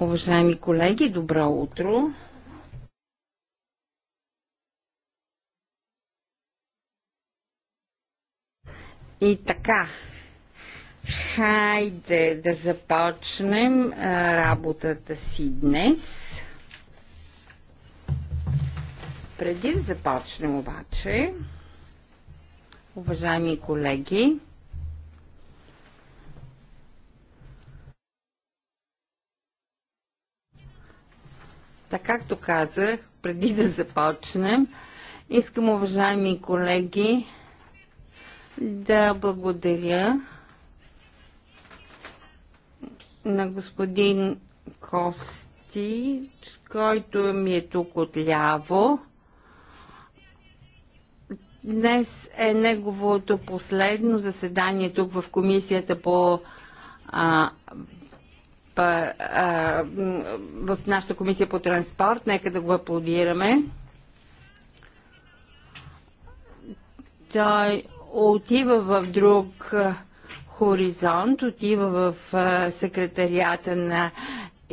Уважаеми колеги, добро утро! И така, хайде да започнем работата си днес. Преди да започнем обаче, Уважаеми колеги, така както казах, преди да започнем, искам, уважаеми колеги, да благодаря на господин Кости, който ми е тук отляво. Днес е неговото последно заседание тук в комисията по а, па, а, в нашата комисия по транспорт. Нека да го аплодираме. Той отива в друг хоризонт, отива в секретарията на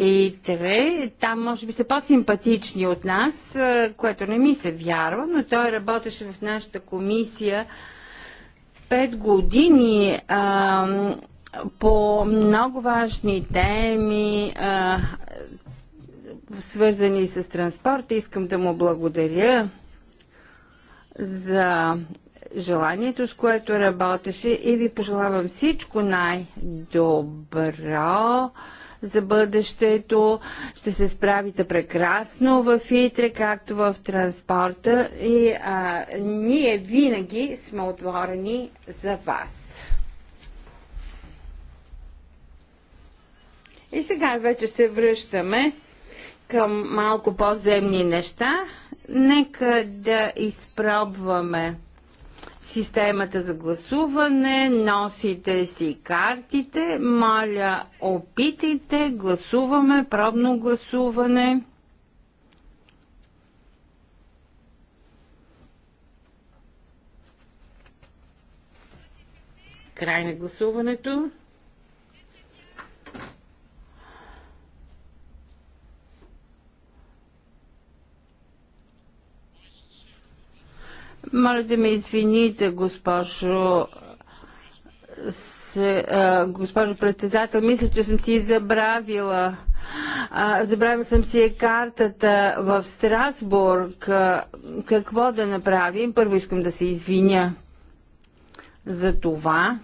и тре, там може би са по-симпатични от нас, което не ми се вярва, но той работеше в нашата комисия пет години а, по много важни теми, а, свързани с транспорта. Искам да му благодаря за желанието, с което работеше и ви пожелавам всичко най-добро за бъдещето. Ще се справите прекрасно в ИТРЕ, както в транспорта и а, ние винаги сме отворени за вас. И сега вече се връщаме към малко по-земни неща. Нека да изпробваме системата за гласуване, носите си картите, моля опитайте, гласуваме, пробно гласуване. Край на гласуването. Моля да ме извините, госпожо се, а, госпожо председател, мисля, че съм си забравила. А, забравила съм си е картата в Страсбург. А, какво да направим? Първо искам да се извиня за това.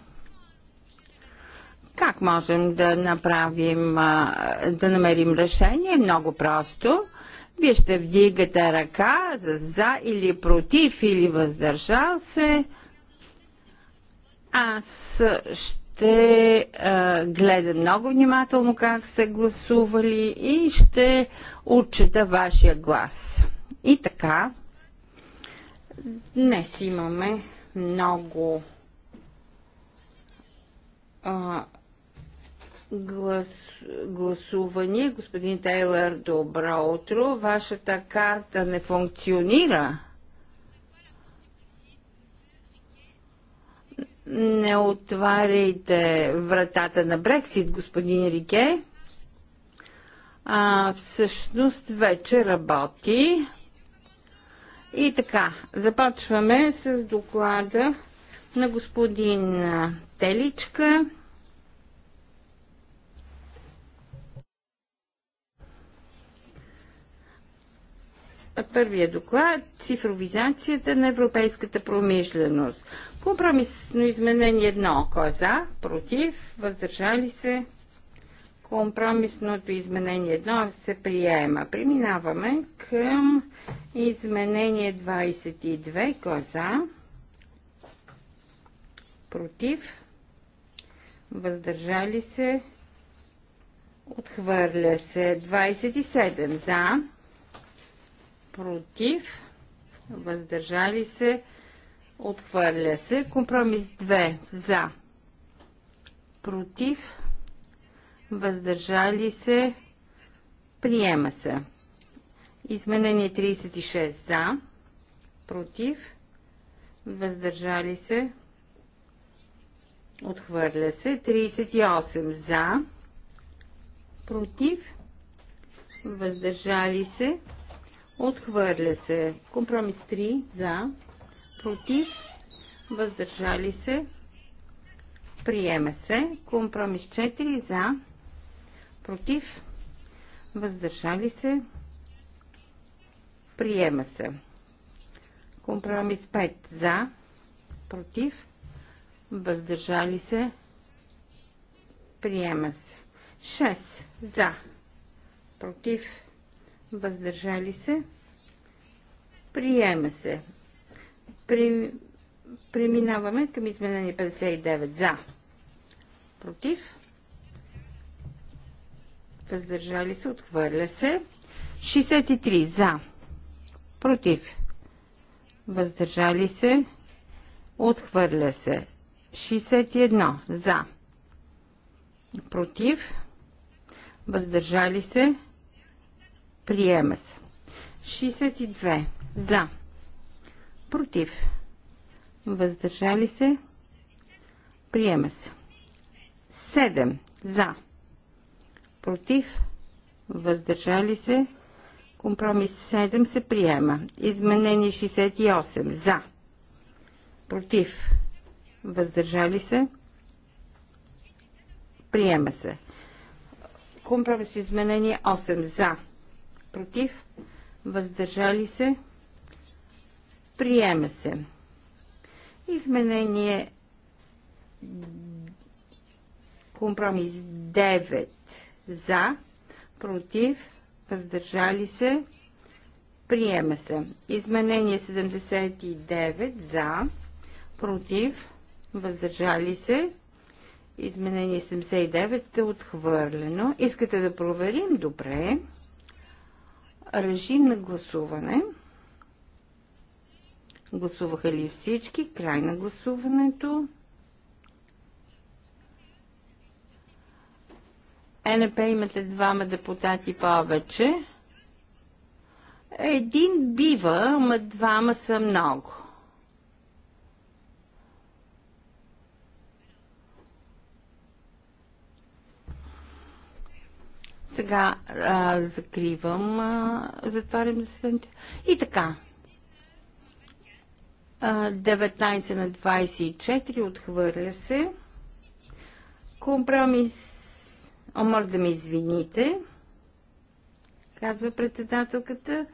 Как можем да направим, а, да намерим решение? Много просто. Вие ще вдигате ръка за, за или против или въздържал се. Аз ще а, гледам много внимателно как сте гласували и ще отчета вашия глас. И така, днес имаме много глас, гласуване. Господин Тейлър, добро утро. Вашата карта не функционира. Не отваряйте вратата на Брексит, господин Рике. А, всъщност вече работи. И така, започваме с доклада на господин Теличка. първия доклад цифровизацията на европейската промишленост. Компромисно изменение едно. Кой е за? Против? Въздържали се? Компромисното изменение едно се приема. Преминаваме към изменение 22. Кой е за? Против? Въздържали се? Отхвърля се. 27 за против, въздържали се, отхвърля се. Компромис 2 за, против, въздържали се, приема се. Изменение 36 за, против, въздържали се, отхвърля се. 38 за, против, въздържали се, Отхвърля се. Компромис 3 за. Против. Въздържали се. Приема се. Компромис 4 за. Против. Въздържали се. Приема се. Компромис 5 за. Против. Въздържали се. Приема се. 6 за. Против въздържали се, приема се. При... Преминаваме към изменение 59 за, против, въздържали се, отхвърля се, 63 за, против, въздържали се, отхвърля се, 61 за, против, въздържали се, Приема се. 62. За. Против. Въздържали се. Приема се. 7. За. Против. Въздържали се. Компромис 7 се приема. Изменение 68. За. Против. Въздържали се. Приема се. Компромис изменение 8. За против, въздържали се, приема се. Изменение компромис 9 за, против, въздържали се, приема се. Изменение 79 за, против, въздържали се, изменение 79 е отхвърлено. Искате да проверим? Добре. Добре. Режим на гласуване. Гласуваха ли всички? Край на гласуването. Е, НП имате двама депутати повече. Един бива, ама двама са много. Сега а, закривам, а, затварям заседанието. И така. А, 19 на 24 отхвърля се. Компромис. О, да ме извините, казва председателката.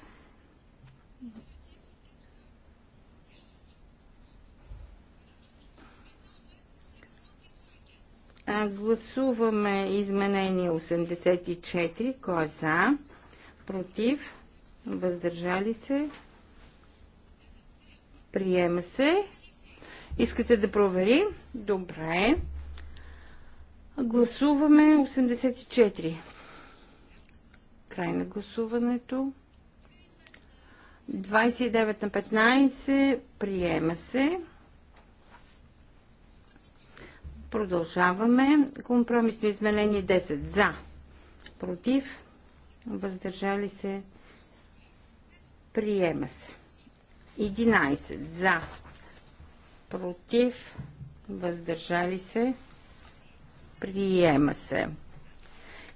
гласуваме изменение 84. Кой е за? Против? Въздържали се? Приема се. Искате да проверим? Добре. Гласуваме 84. Край на гласуването. 29 на 15. Приема се. Продължаваме. Компромисно изменение 10 за. Против. Въздържали се. Приема се. 11 за. Против. Въздържали се. Приема се.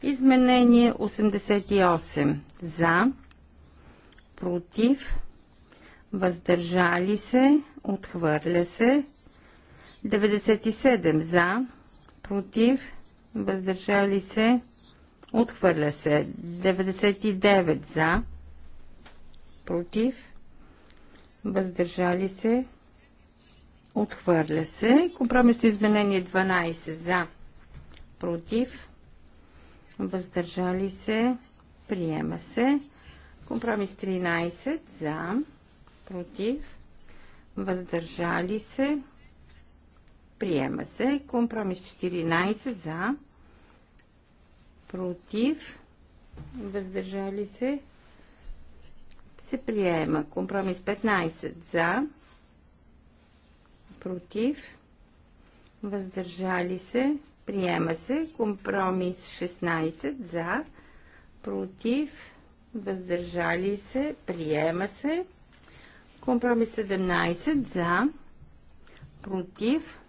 Изменение 88 за. Против. Въздържали се. Отхвърля се. 97 за, против, въздържали се, отхвърля се. 99 за, против, въздържали се, отхвърля се. Компромисно изменение 12 за, против, въздържали се, приема се. Компромис 13 за, против, въздържали се, Приема се. Компромис 14 за. Против. Въздържали се. Се приема. Компромис 15 за. Против. Въздържали се. Приема се. Компромис 16 за. Против. Въздържали се. Приема се. Компромис 17 за. Против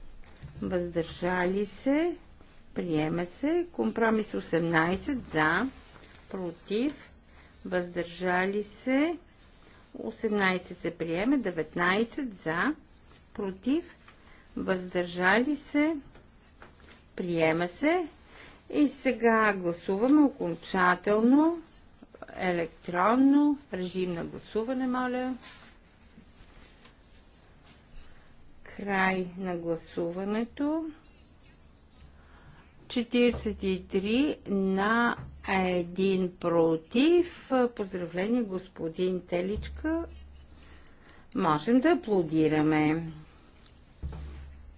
въздържали се, приема се. Компромис 18 за, против, въздържали се, 18 се приема, 19 за, против, въздържали се, приема се. И сега гласуваме окончателно електронно режим на гласуване, моля. Край на гласуването. 43 на 1 против. Поздравление, господин Теличка. Можем да аплодираме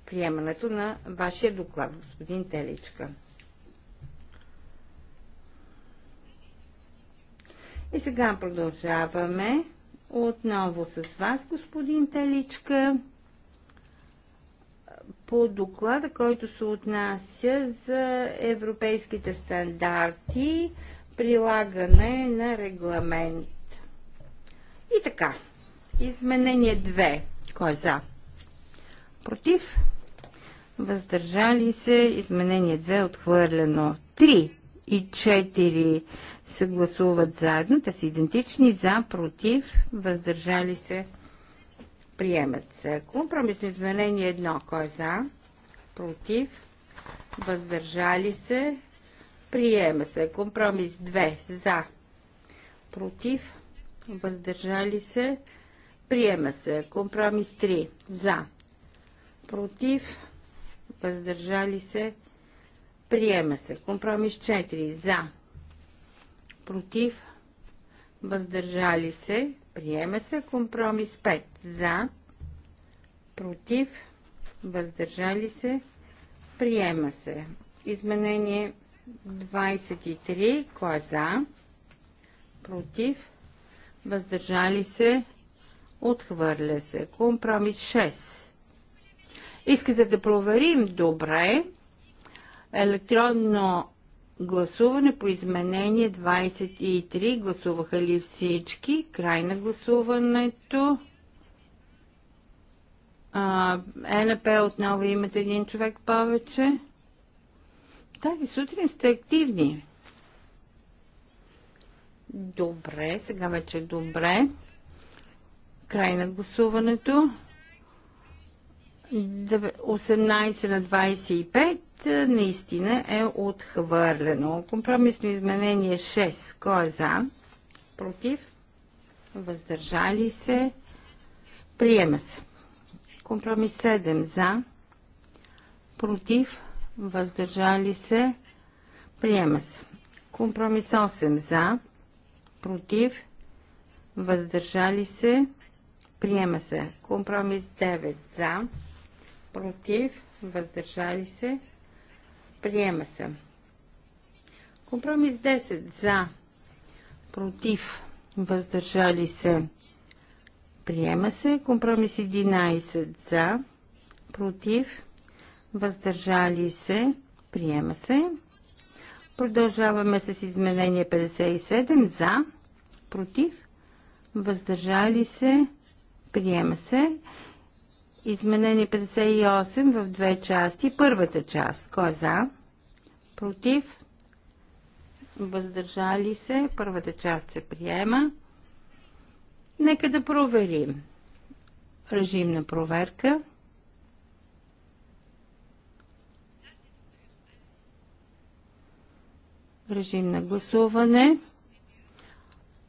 приемането на вашия доклад, господин Теличка. И сега продължаваме отново с вас, господин Теличка по доклада, който се отнася за европейските стандарти, прилагане на регламент. И така. Изменение 2. Кой е за? Против? Въздържали се. Изменение 2 е отхвърлено. 3 и 4 се гласуват заедно. Те са идентични. За, против, въздържали се. Приемат се. Компромисно изменение едно. Кой е за? Против? Въздържали се? Приема се. Компромис 2. За? Против? Въздържали се? Приема се. Компромис 3. За? Против? Въздържали се? Приема се. Компромис 4. За? Против? Въздържали се? Приема се компромис 5 за, против, въздържали се, приема се. Изменение 23, кой е за, против, въздържали се, отхвърля се. Компромис 6. Искате да проверим? Добре. Електронно гласуване по изменение 23. Гласуваха ли всички? Край на гласуването. А, е НП отново имате един човек повече. Тази сутрин сте активни. Добре, сега вече добре. Край на гласуването. 18 на 25 е, наистина е отхвърлено. Компромисно изменение 6. Кой е за? Против? Въздържали се? Приема се. Компромис 7 за. Против? Въздържали се? Приема се. Компромис 8 за. Против? Въздържали се? Приема се. Компромис 9 за против, въздържали се, приема се. Компромис 10 за, против, въздържали се, приема се. Компромис 11 за, против, въздържали се, приема се. Продължаваме с изменение 57 за, против, въздържали се, приема се. Изменение 58 в две части. Първата част. Кой е за? Против? Въздържали се? Първата част се приема. Нека да проверим. Режим на проверка. Режим на гласуване.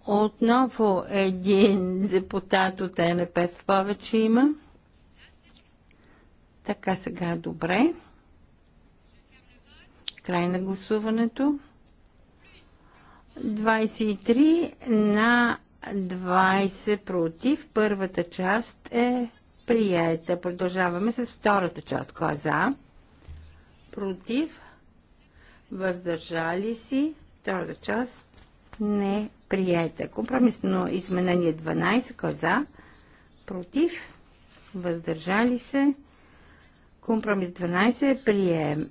Отново един депутат от НП в повече има. Така сега е добре. Край на гласуването. 23 на 20 против. Първата част е приета. Продължаваме с втората част. Кой е за? Против. Въздържали си. Втората част не е приета. Компромисно изменение 12. Кой е за? Против. Въздържали се. Компромис 12 е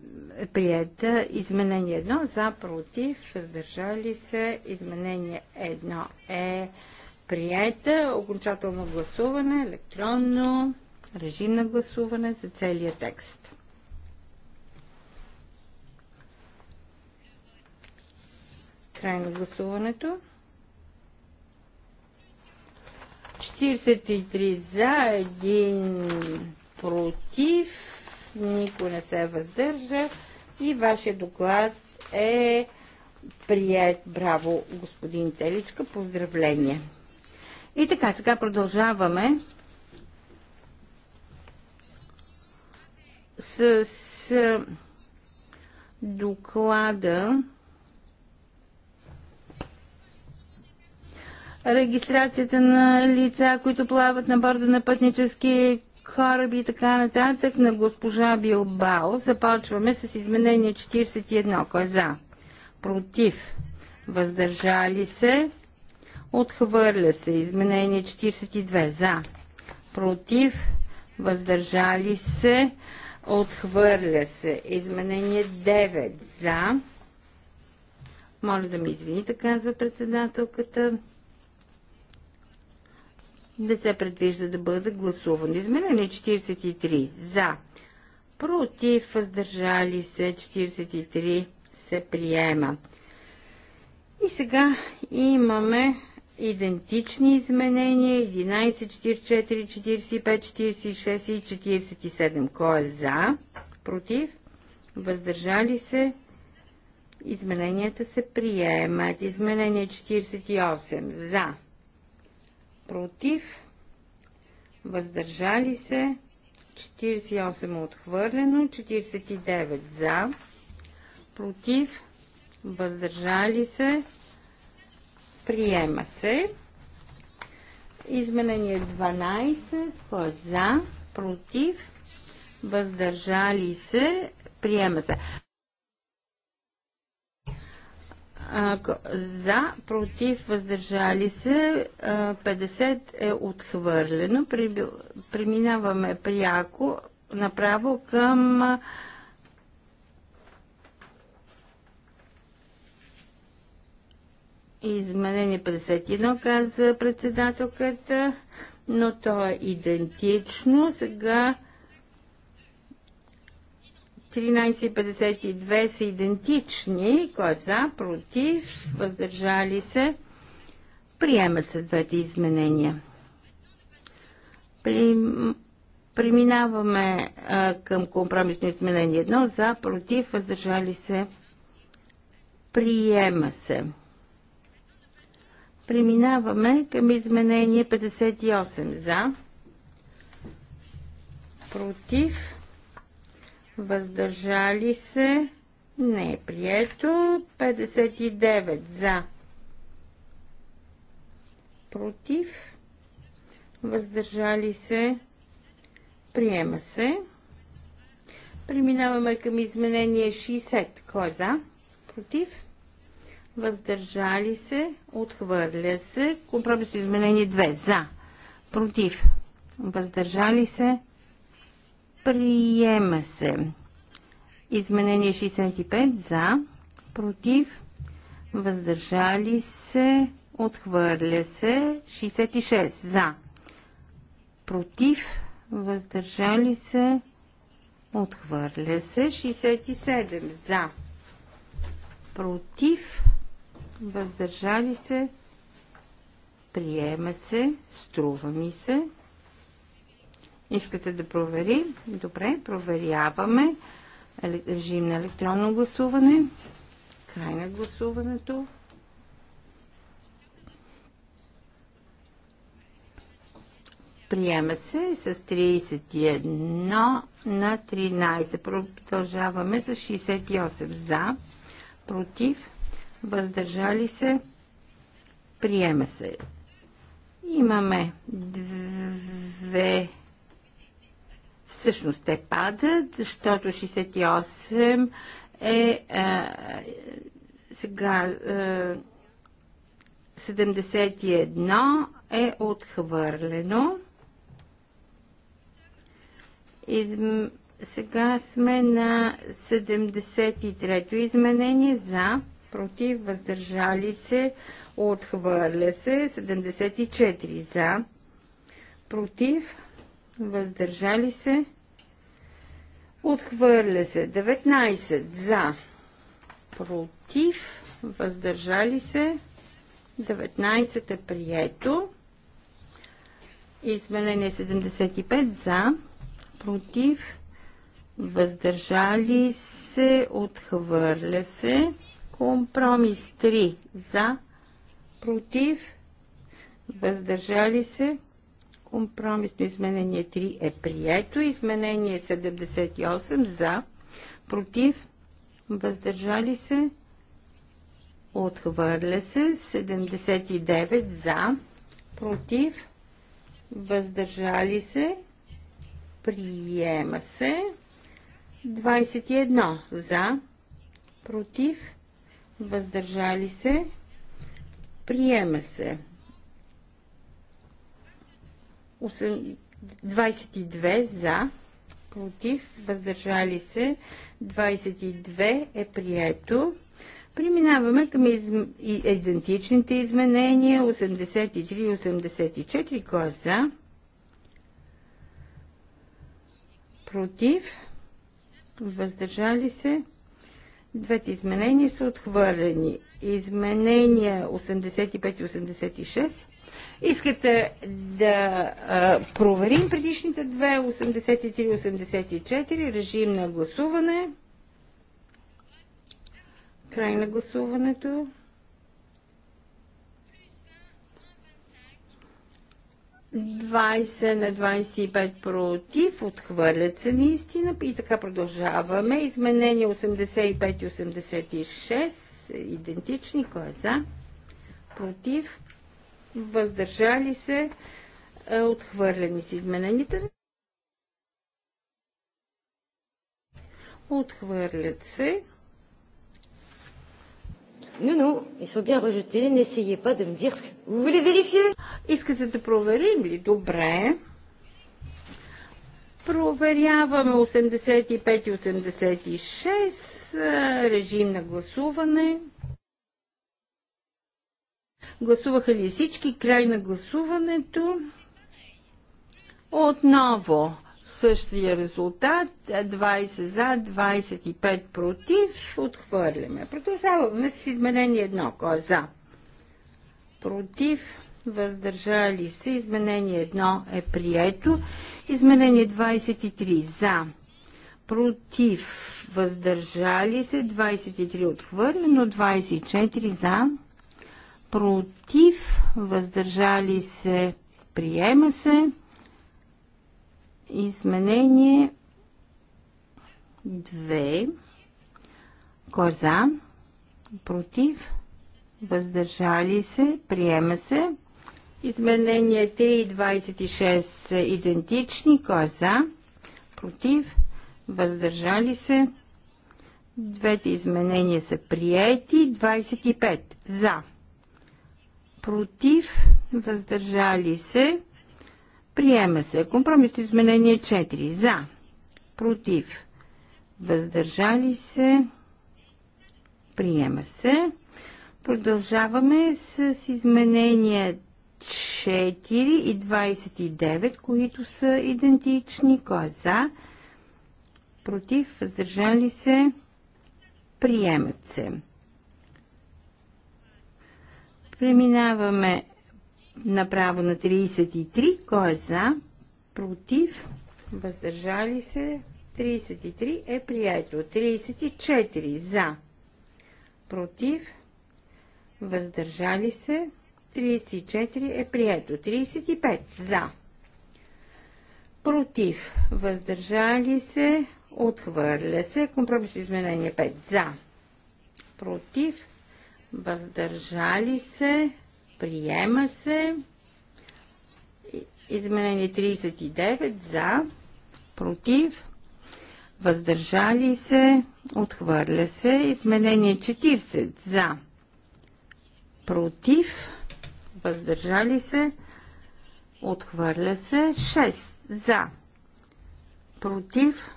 приета изменение 1 за против, въздържали се, изменение 1 е приета. Окончателно гласуване, електронно, режим на гласуване за целия текст. Край на гласуването. 43 за, 1 против никой не се въздържа и вашия доклад е прият. Браво, господин Теличка, поздравление. И така, сега продължаваме с, с доклада регистрацията на лица, които плават на борда на пътнически кораби и така нататък на госпожа Билбао. Започваме с изменение 41. Кой е за? Против. Въздържали се. Отхвърля се. Изменение 42. За. Против. Въздържали се. Отхвърля се. Изменение 9. За. Моля да ми извините, казва председателката не се предвижда да бъде гласувано. Изменение 43 за, против, въздържали се 43 се приема. И сега имаме идентични изменения 11, 44, 45, 46 и 47. Кой е за? Против? Въздържали се? Измененията се приемат. Изменение 48. За против, въздържали се, 48 е отхвърлено, 49 за, против, въздържали се, приема се. Изменение 12, кой е за, против, въздържали се, приема се за, против, въздържали се, 50 е отхвърлено. Преминаваме пряко направо към изменение 51, каза председателката, но то е идентично. Сега 13,52 са идентични. Кой е за, против, въздържали се, приемат се двете изменения. При... Преминаваме а, към компромисно изменение 1. За, против, въздържали се, приема се. Преминаваме към изменение 58. За, против, въздържали се, не е прието. 59 за, против, въздържали се, приема се. Преминаваме към изменение 60. Кой е за? Против? Въздържали се, отхвърля се. Компромисно изменение 2. За. Против. Въздържали се, Приема се. Изменение 65 за, против, въздържали се, отхвърля се. 66 за, против, въздържали се, отхвърля се. 67 за, против, въздържали се, приема се, струва ми се. Искате да провери? Добре, проверяваме. Режим на електронно гласуване. Край на гласуването. Приема се с 31 на 13. Продължаваме с 68 за, против, въздържали се. Приема се. Имаме две всъщност те падат, защото 68 е а, е, сега а, е, 71 е отхвърлено. И сега сме на 73-то изменение за, против, въздържали се, отхвърля се, 74 за, против, въздържали се, отхвърля се. 19 за, против, въздържали се, 19 е прието. Изменение 75 за, против, въздържали се, отхвърля се. Компромис 3 за, против, въздържали се, Компромисно изменение 3 е прието. Изменение 78 за, против, въздържали се, отхвърля се. 79 за, против, въздържали се, приема се. 21 за, против, въздържали се, приема се. 22 за, против, въздържали се, 22 е прието. Преминаваме към идентичните изменения 83 и 84. Кой е за? Против? Въздържали се? Двете изменения са отхвърлени. Изменения 85 и 86 Искате да а, проверим предишните две, 83-84, режим на гласуване. Край на гласуването. Двайсет на 25 против, отхвърлят се наистина и така продължаваме. Изменения 85 и 86, идентични, кой е за? Против, въздържали се, отхвърлени с изменените. Отхвърлят се. Но но, и sont bien rejetés. не си de me dire ce que... Искате да проверим ли? Добре. Проверяваме 85 и 86. Режим на гласуване. Гласуваха ли всички? Край на гласуването. Отново същия резултат. 20 за, 25 против. Отхвърляме. Продължаваме с изменение едно. Кой е за? Против. Въздържали се. Изменение едно е прието. Изменение 23 за. Против. Въздържали се. 23 отхвърлено. 24 за против, въздържали се, приема се. Изменение 2. коза е за? Против, въздържали се, приема се. Изменение 3 и 26 са идентични. коза е за? Против, въздържали се. Двете изменения са приети. 25 за против, въздържали се, приема се. Компромис изменение 4 за, против, въздържали се, приема се. Продължаваме с изменение 4 и 29, които са идентични. Кой е за? Против, въздържали се, приемат се. Преминаваме направо на 33. Кой е за? Против? Въздържали се? 33 е прието. 34 за. Против? Въздържали се? 34 е прието. 35 за. Против? Въздържали се? Отхвърля се. Компромисно изменение 5 за. Против? въздържали се, приема се. Изменени 39 за, против, въздържали се, отхвърля се. Изменение 40 за, против, въздържали се, отхвърля се. 6 за, против,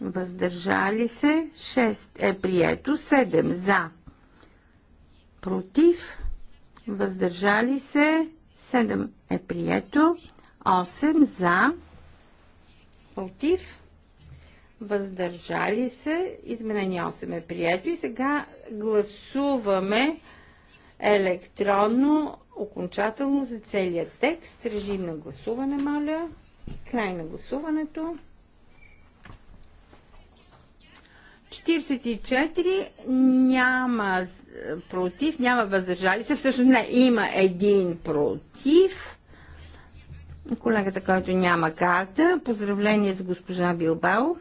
въздържали се. 6 е прието. 7 за, против, въздържали се, 7 е прието, 8 за, против, въздържали се, изменение 8 е прието и сега гласуваме електронно, окончателно за целият текст. Режим на гласуване, моля. Край на гласуването. 44 няма против, няма въздържали се. Всъщност не, има един против. Колегата, който няма карта. Поздравление за госпожа Билбао.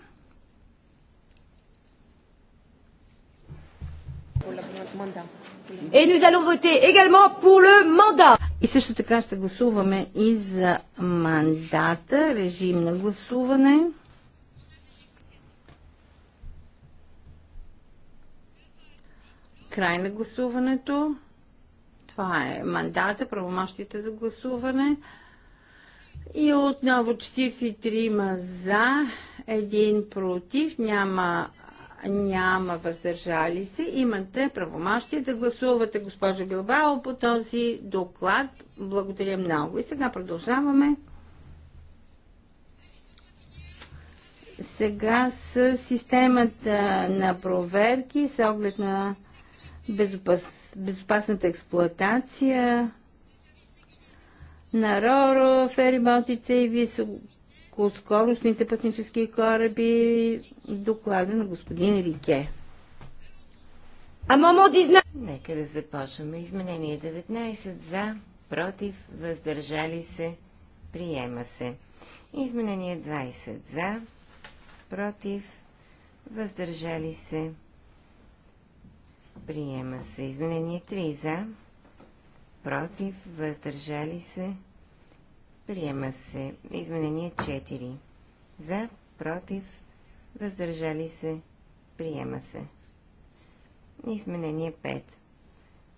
Et nous allons voter également pour le mandat. И също така ще гласуваме и за мандата, режим на гласуване. Край на гласуването. Това е мандата, правомощите за гласуване. И отново 43 за, един против, няма, няма въздържали се. Имате правомощите да гласувате, госпожо Билбао, по този доклад. Благодаря много. И сега продължаваме. Сега с системата на проверки с оглед на безопас, безопасната експлоатация на РОРО, фериботите и високоскоростните пътнически кораби, доклада на господин Рике. А мамо дизна... Нека да започваме. Изменение 19 за, против, въздържали се, приема се. Изменение 20 за, против, въздържали се, Приема се изменение 3 за, против, въздържали се. Приема се изменение 4 за, против, въздържали се. Приема се. Изменение 5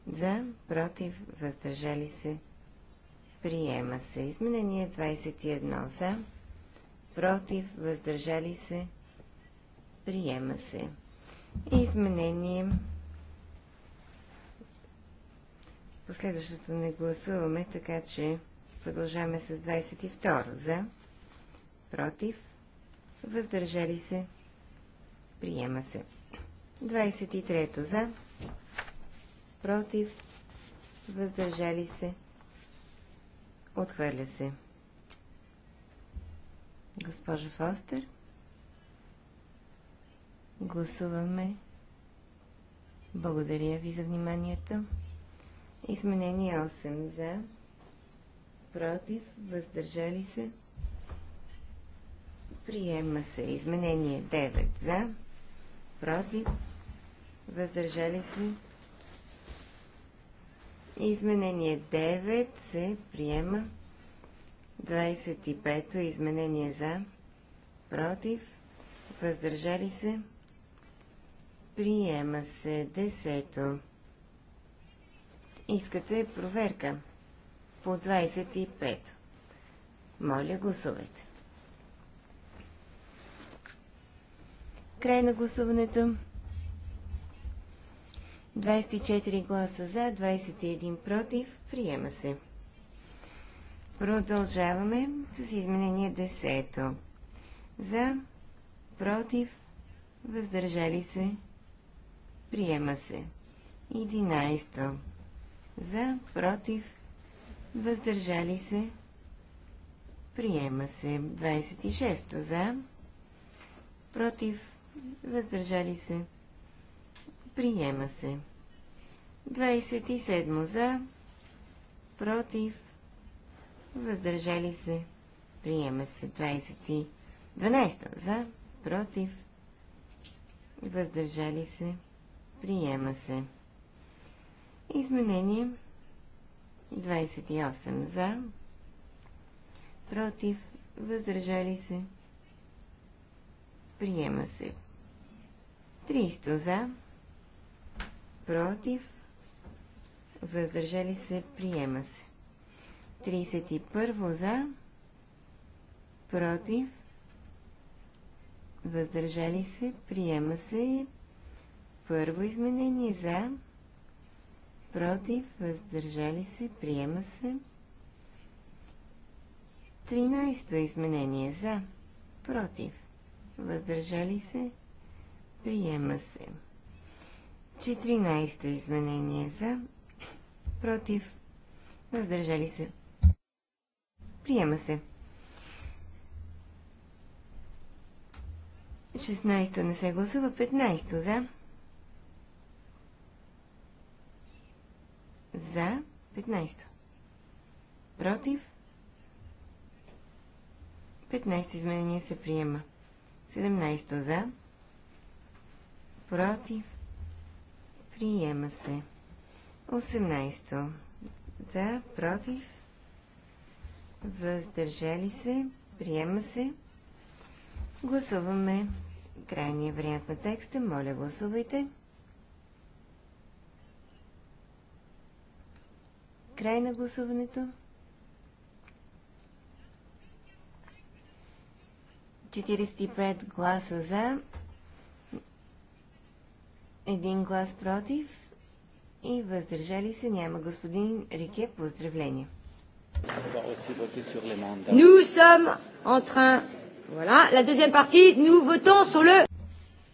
за, против, въздържали се. Приема се. Изменение 21 за, против, въздържали се. Приема се. Изменение Последващото не гласуваме, така че продължаваме с 22. За, против, въздържали се, приема се. 23. За, против, въздържали се, отхвърля се. Госпожа Фостер, гласуваме. Благодаря ви за вниманието. Изменение 8 за, против, въздържали се, приема се. Изменение 9 за, против, въздържали се. Изменение 9 се приема. 25-то изменение за, против, въздържали се, приема се. 10-то Искате проверка по 25. Моля, гласувайте. Край на гласуването. 24 гласа за, 21 против. Приема се. Продължаваме с изменение 10. За, против, въздържали се. Приема се. 11 за, против, въздържали се, приема се. 26 за, против, въздържали се, приема се. 27 за, против, въздържали се, приема се. 12 12 за, против, въздържали се, приема се. Изменение 28 за, против, въздържали се, приема се. 300 за, против, въздържали се, приема се. 31 за, против, въздържали се, приема се. Първо изменение за, против, въздържали се, приема се. 13-то изменение за, против, въздържали се, приема се. 14-то изменение за, против, въздържали се, приема се. 16-то не се гласува, 15-то за, За 15. Против. 15 изменение се приема. 17 за. Против. Приема се. 18 за. Против. Въздържали се. Приема се. Гласуваме крайния вариант на текста. Моля, гласувайте. Край на гласуването. 45 гласа за, един глас против и въздържали се няма. Господин Рике, поздравления. Nous sommes en train... Voilà, la deuxième partie, nous votons sur le...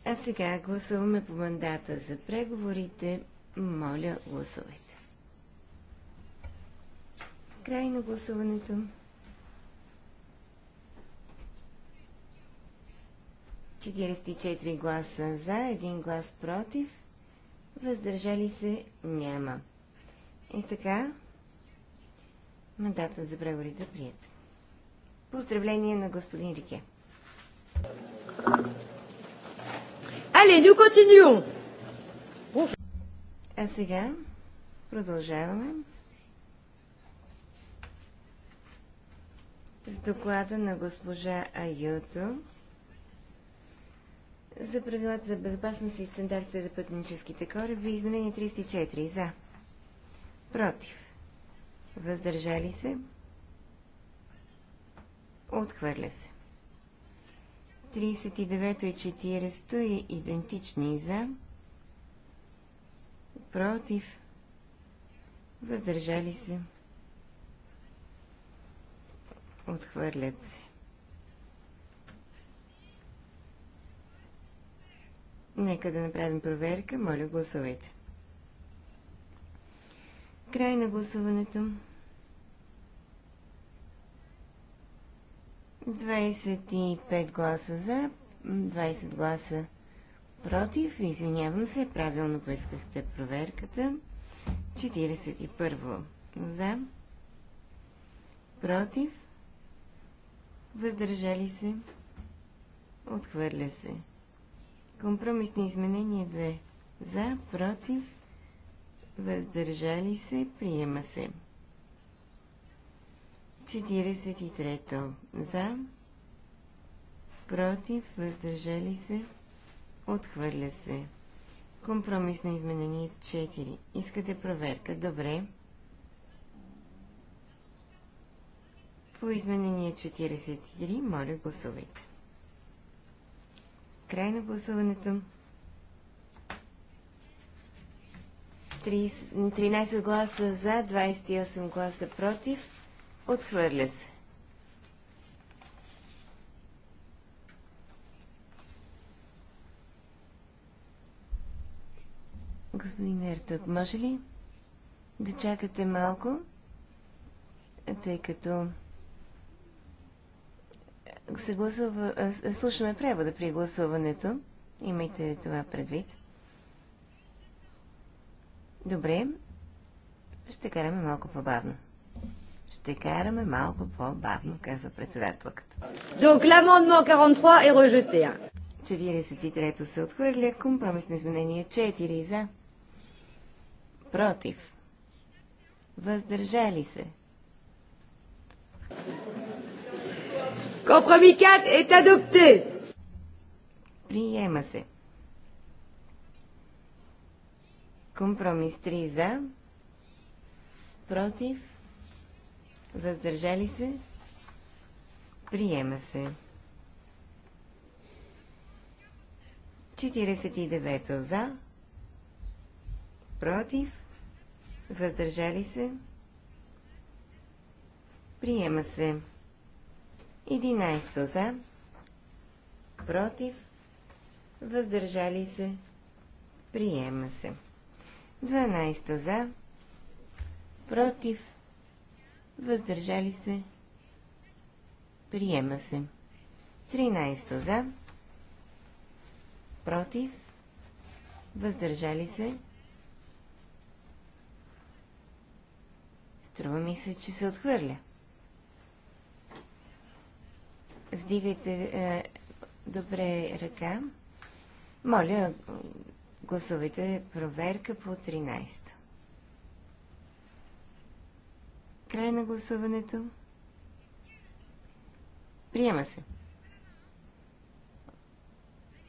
А сега гласуваме по мандата за преговорите. Моля, гласувайте. Край на гласуването. Четиридесет четири гласа за, един глас против, въздържали се няма. И така, мандатът за преговорите е прият. Поздравление на господин Рике. Але, ню continuons! А сега продължаваме. с доклада на госпожа Аюто за правилата за безопасност и стандартите за пътническите кораби. Изменение 34. За. Против. Въздържали се. Отхвърля се. 39 и 40 и идентични за. Против. Въздържали се. Отхвърлят се. Нека да направим проверка. Моля, гласувайте. Край на гласуването. 25 гласа за, 20 гласа против. Извинявам се, правилно поискахте проверката. 41 за, против въздържали се, отхвърля се. Компромисни изменения 2. За, против, въздържали се, приема се. 43. За, против, въздържали се, отхвърля се. Компромисно изменение 4. Искате проверка? Добре. По изменение 43, моля гласувайте. Край на гласуването. 13 гласа за, 28 гласа против. Отхвърля се. Господин Ертък, може ли да чакате малко, тъй като се гласува, слушаме превода при гласуването. Имайте това предвид. Добре. Ще караме малко по-бавно. Ще караме малко по-бавно, казва председателката. Donc l'amendement 43 е rejeté. 43-то се отхвърля. Компромисно изменение 4 за. Против. Въздържали се. Компромикат 4 адопте. Приема се. Компромис 3 за. Против. Въздържали се. Приема се. 49 за. Против. Въздържали се. Приема се. 11 за, против, въздържали се, приема се. 12 за, против, въздържали се, приема се. 13 за, против, въздържали се. Струва ми се, че се отхвърля. 14 Вдигайте е, добре ръка. Моля, гласувайте проверка по 13. Край на гласуването. Приема се.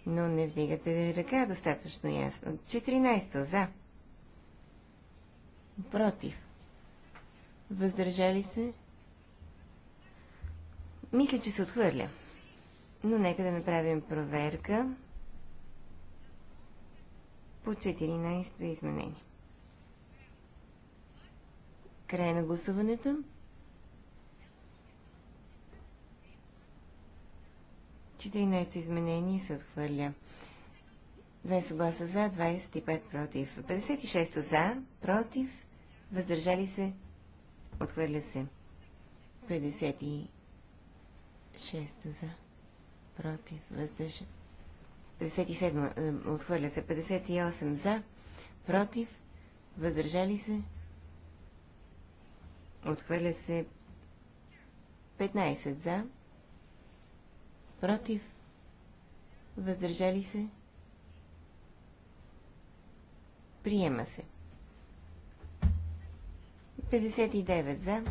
Но не вдигате ръка достатъчно ясно. 14. За. Против. Въздържали се. Мисля, че се отхвърля. Но нека да направим проверка по 14-то изменение. Край на гласуването. Четиринайсто изменение се отхвърля. 20 гласа за, 25 против. 56 за, против, въздържали се, отхвърля се. 56 за. Против. Въздържа. 57. Е, отхвърля се. 58 за. Против. Въздържали се. Отхвърля се. 15 за. Против. Въздържали се. Приема се. 59 за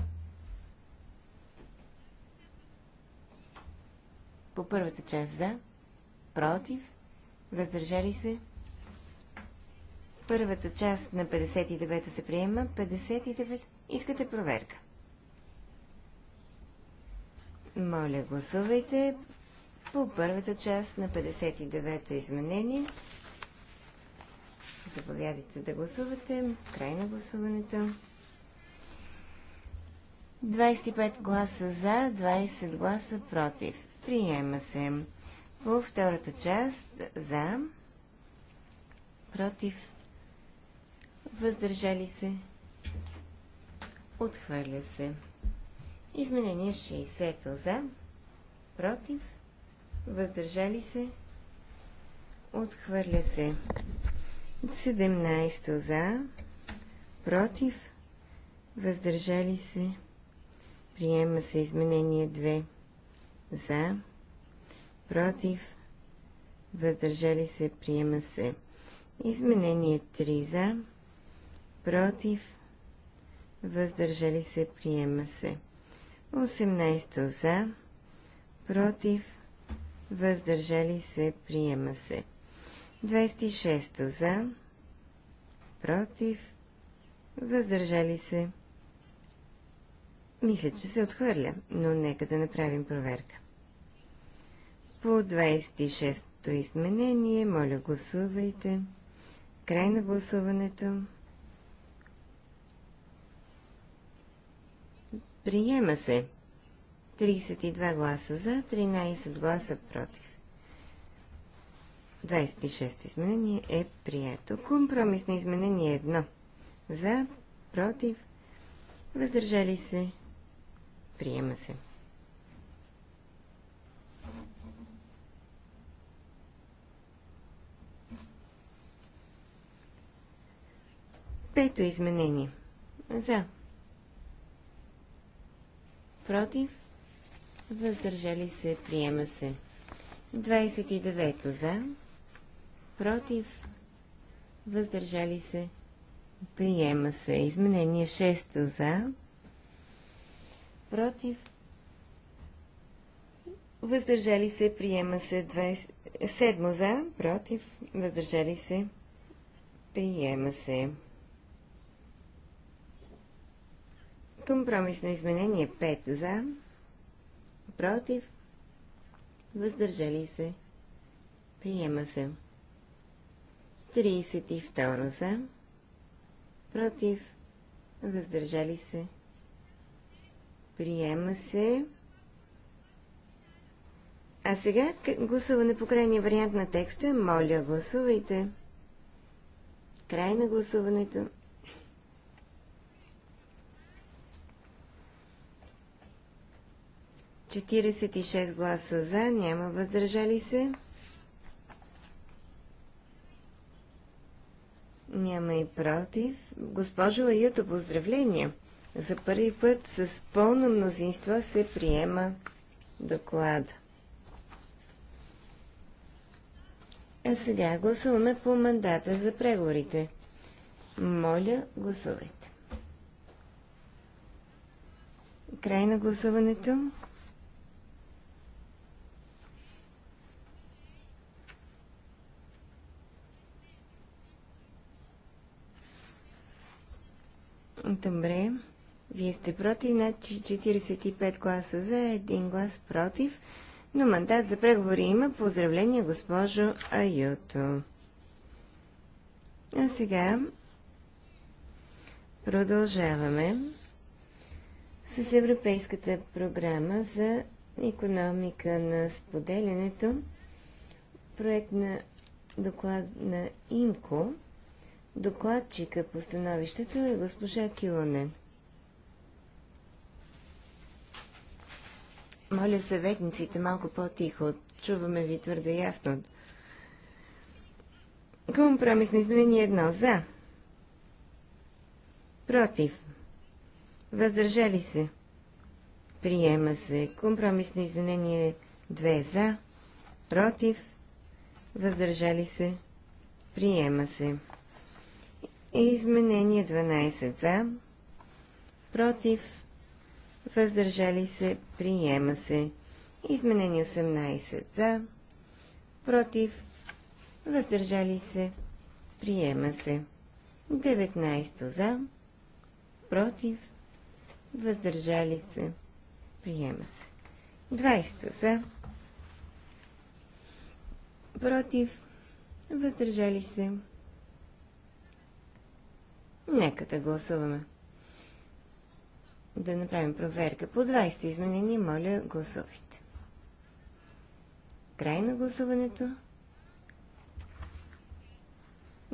По първата част за, против, въздържали се. Първата част на 59 то се приема, 59 искате проверка. Моля, гласувайте по първата част на 59-то изменение. Заповядайте да гласувате. Край на гласуването. 25 гласа за, 20 гласа против. Приема се. Във втората част за, против, въздържали се, отхвърля се. Изменение 60 за, против, въздържали се, отхвърля се. 17 за, против, въздържали се, приема се изменение 2 за, против, въздържали се, приема се. Изменение 3 за, против, въздържали се, приема се. 18 за, против, въздържали се, приема се. 26 за, против, въздържали се. Мисля, че се отхвърля, но нека да направим проверка. По 26-то изменение, моля гласувайте. Край на гласуването. Приема се. 32 гласа за, 13 гласа против. 26 изменение е прието. Компромисно изменение 1. За, против, въздържали се, приема се. Пето изменение. За. Против. Въздържали се. Приема се. 29 за. Против. Въздържали се. Приема се. Изменение 6 за. Против. Въздържали се. Приема се. 20... 7 за. Против. Въздържали се. Приема се. Компромисно изменение 5 за, против, въздържали се, приема се. 32 за, против, въздържали се, приема се. А сега гласуване по крайния вариант на текста. Моля, гласувайте. Край на гласуването. 46 гласа за, няма въздържали се. Няма и против. Госпожо Аюто, поздравления! За първи път с пълно мнозинство се приема доклада. А сега гласуваме по мандата за преговорите. Моля, гласувайте. Край на гласуването. Добре. Вие сте против, значи 45 гласа за, един глас против. Но мандат за преговори има. Поздравление, госпожо Аюто. А сега продължаваме с Европейската програма за економика на споделянето. Проект на доклад на ИМКО. Докладчика по становището е госпожа Килонен. Моля съветниците малко по-тихо. Чуваме ви твърде ясно. Компромис на изменение едно. За. Против. Въздържали се. Приема се. Компромис на изменение 2 за. Против. Въздържали се. Приема се. И изменение 12 за, против, въздържали се, приема се. Изменение 18 за, против, въздържали се, приема се. 19 за, против, въздържали се, приема се. 20 за, против, въздържали се, Нека да гласуваме. Да направим проверка. По 20 изменения, моля, гласувайте. Край на гласуването.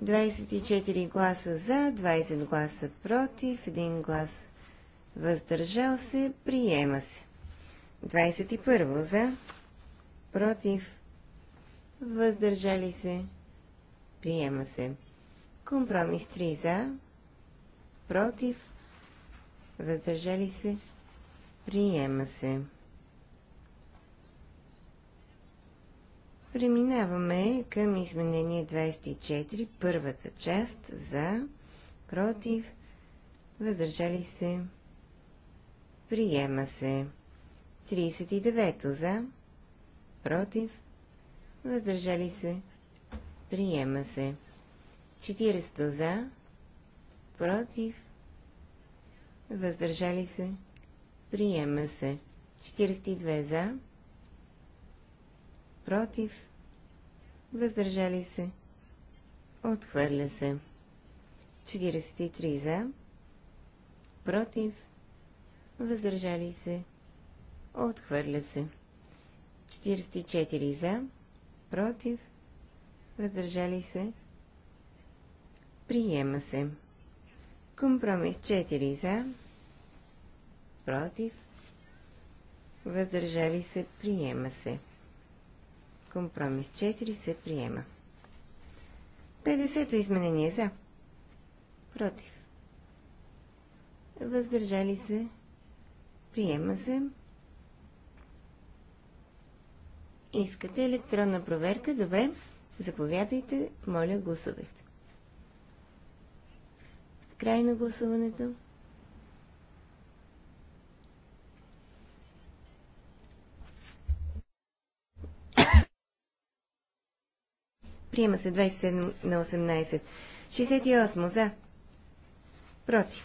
24 гласа за, 20 гласа против, 1 глас въздържал се, приема се. 21 за, против, въздържали се, приема се. Компромис 3 за, против, въздържали се, приема се. Преминаваме към изменение 24, първата част за, против, въздържали се, приема се. 39 за, против, въздържали се, приема се. 40 за, против, въздържали се, приема се. 42 за, против, въздържали се, отхвърля се. 43 за, против, въздържали се, отхвърля се. 44 за, против, въздържали се, приема се. Компромис 4 за, против, въздържали се, приема се. Компромис 4 се приема. 50-то изменение за, против, въздържали се, приема се. Искате електронна проверка? Добре. Заповядайте, моля, гласувайте. Край на гласуването. Приема се 27 на 18. 68 за. Против.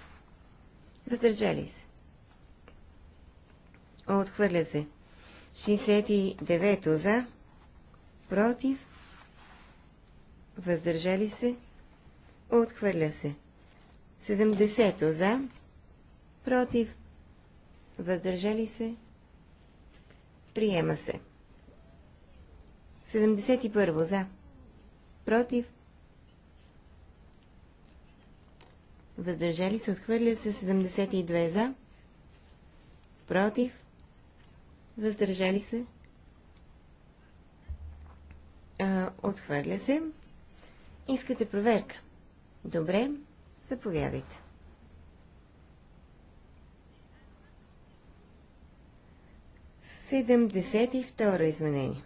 Въздържали се. Отхвърля се. 69 за. Против. Въздържали се. Отхвърля се. 70 за, против, въздържали се, приема се. 71 за, против, въздържали се, отхвърля се 72 за, против, въздържали се, а, отхвърля се. Искате проверка? Добре, Заповядайте. Седемдесет и второ изменение.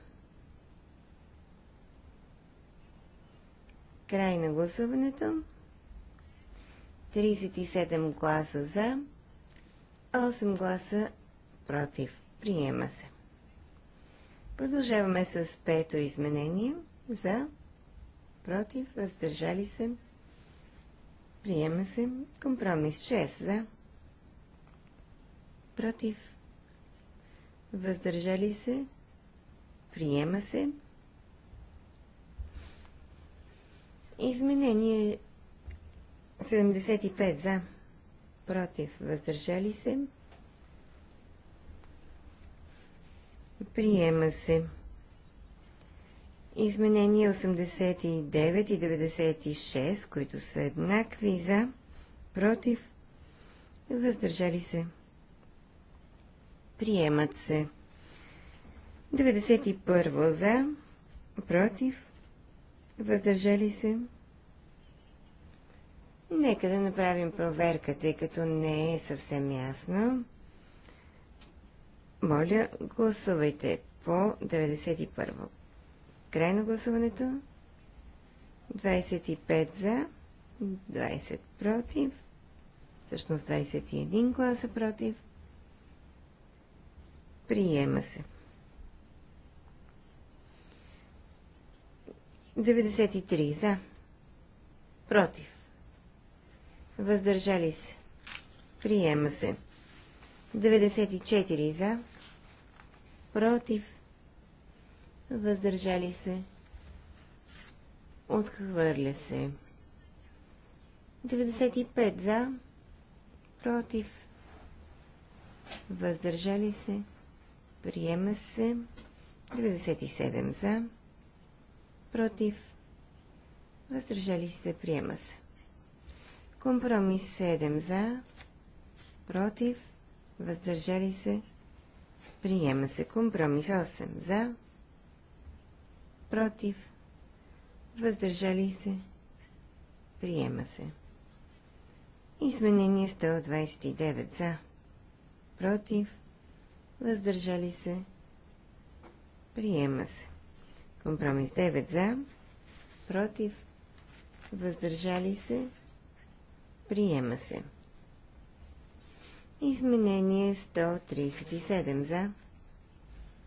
Край на гласуването. 37 гласа за, 8 гласа против. Приема се. Продължаваме с пето изменение. За, против, въздържали се, Приема се. Компромис 6 за. Против. Въздържали се. Приема се. Изменение 75 за. Против. Въздържали се. Приема се. Изменения 89 и 96, които са еднакви за, против, въздържали се. Приемат се. 91 за, против, въздържали се. Нека да направим проверка, тъй като не е съвсем ясно. Моля, гласувайте по 91. Край на гласуването. 25 за, 20 против, всъщност 21 гласа против. Приема се. 93 за, против, въздържали се. Приема се. 94 за, против, въздържали се, отхвърля се. 95 за, против, въздържали се, приема се. 97 за, против, въздържали се, приема се. Компромис 7 за, против, въздържали се, приема се. Компромис 8 за, против, въздържали се, приема се. Изменение 129 за, против, въздържали се, приема се. Компромис 9 за, против, въздържали се, приема се. Изменение 137 за,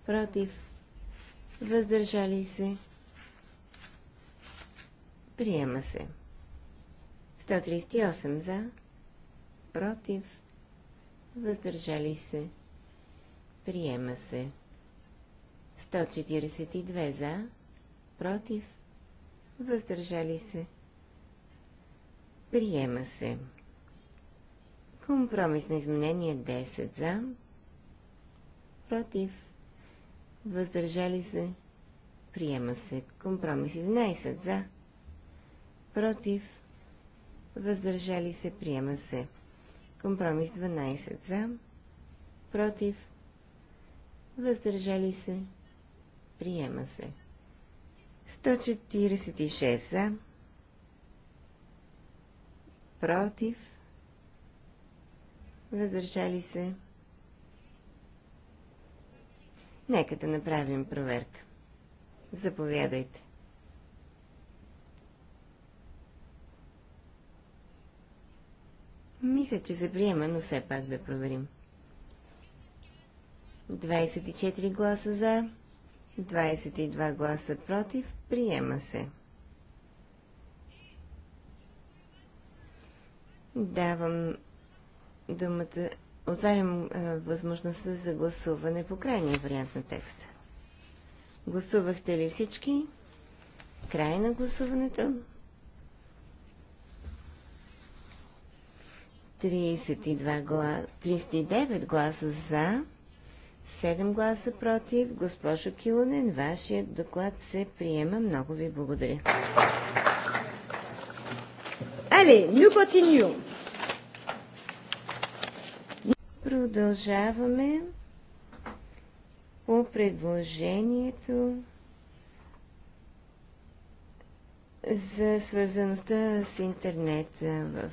против, въздържали се, приема се. 138 за, против, въздържали се, приема се. 142 за, против, въздържали се, приема се. Компромисно изменение 10 за, против, въздържали се, приема се. Компромис 11 за, против, въздържали се, приема се. Компромис 12 за, против, въздържали се, приема се. 146 за, против, въздържали се, приема се. Нека да направим проверка. Заповядайте. Мисля, че се приема, но все пак да проверим. 24 гласа за, 22 гласа против, приема се. Давам думата отварям е, възможността за гласуване по крайния вариант на текста. Гласувахте ли всички? Край на гласуването. 32 39 гласа за, 7 гласа против. Госпожо Килонен, вашият доклад се приема. Много ви благодаря. Allez, nous continuons. Продължаваме по предложението за свързаността с интернет в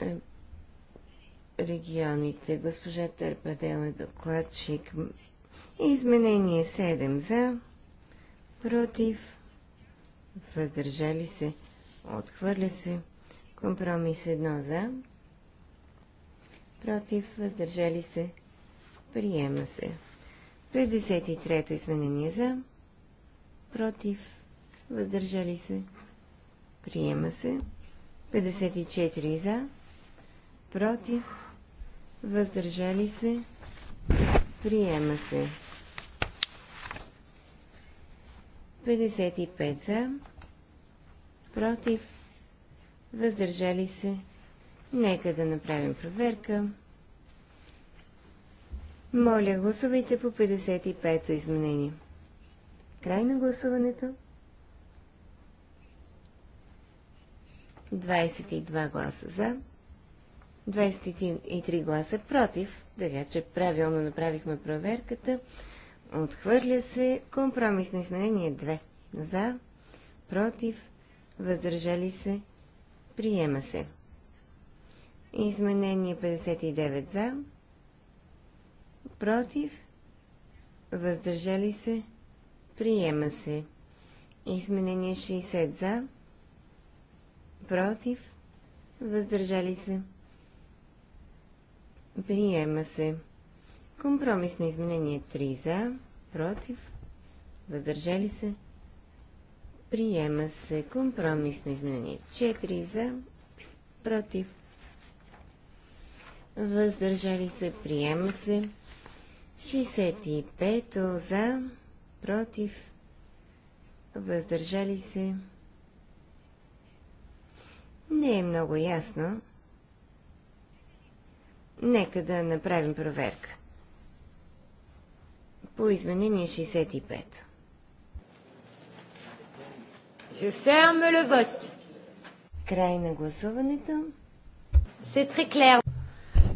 е, регионите. Госпожа Търпадел е докладчик. Изменение 7 за, против, въздържали се, отхвърля се. Компромис 1 за. Против, въздържали се. Приема се. 53-то изменение за. Против, въздържали се. Приема се. 54 за. Против, въздържали се. Приема се. 55 за. Против, въздържали се. Нека да направим проверка. Моля, гласувайте по 55-то изменение. Край на гласуването. 22 гласа за, 23 гласа против, така че правилно направихме проверката. Отхвърля се компромисно изменение 2. За, против, въздържали се, Приема се. Изменение 59 за. Против. Въздържали се. Приема се. Изменение 60 за. Против. Въздържали се. Приема се. Компромисно изменение 3 за. Против. Въздържали се. Приема се компромисно изменение. 4 за, против, въздържали се, приема се. 65 за, против, въздържали се. Не е много ясно. Нека да направим проверка. По изменение 65. Je ferme le vote. Край на гласуването. C'est très clair.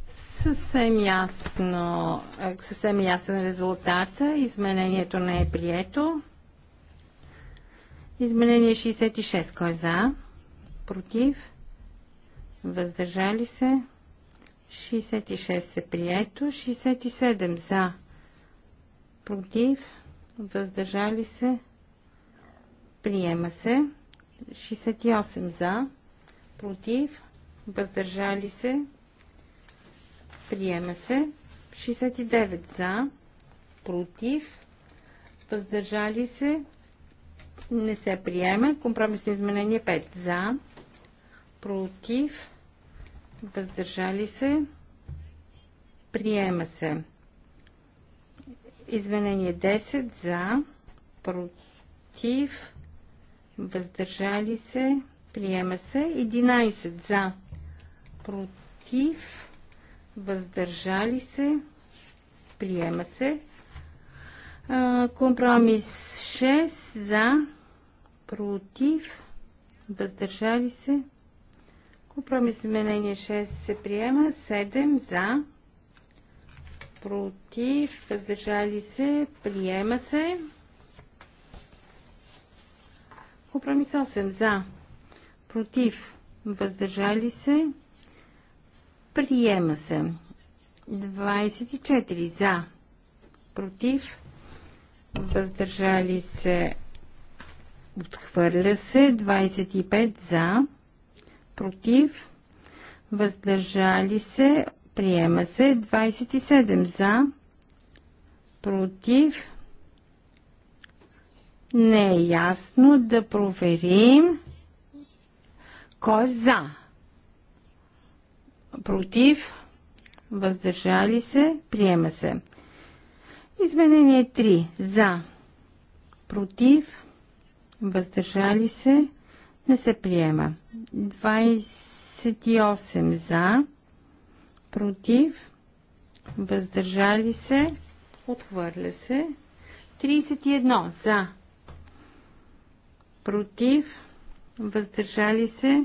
Съвсем ясно, е, съвсем ясен резултата. Изменението не е прието. Изменение 66. Кой е за? Против? Въздържали се? 66 е прието. 67 за. Против? Въздържали се? Приема се. 68 за. Против. Въздържали се. Приема се. 69 за. Против. Въздържали се. Не се приема. Компромисно изменение 5 за. Против. Въздържали се. Приема се. Изменение 10 за. Против въздържали се, приема се. 11 за, против, въздържали се, приема се. Компромис 6 за, против, въздържали се. Компромис изменение 6 се приема, 7 за, против, въздържали се, приема се. Компромис 8 за, против, въздържали се, приема се. 24 за, против, въздържали се, отхвърля се, 25 за, против, въздържали се, приема се, 27 за, против, не е ясно, да проверим кой е за. Против, въздържали се, приема се. Изменение 3. За. Против, въздържали се, не се приема. 28 за, против, въздържали се, отхвърля се. 31 за, против, въздържали се,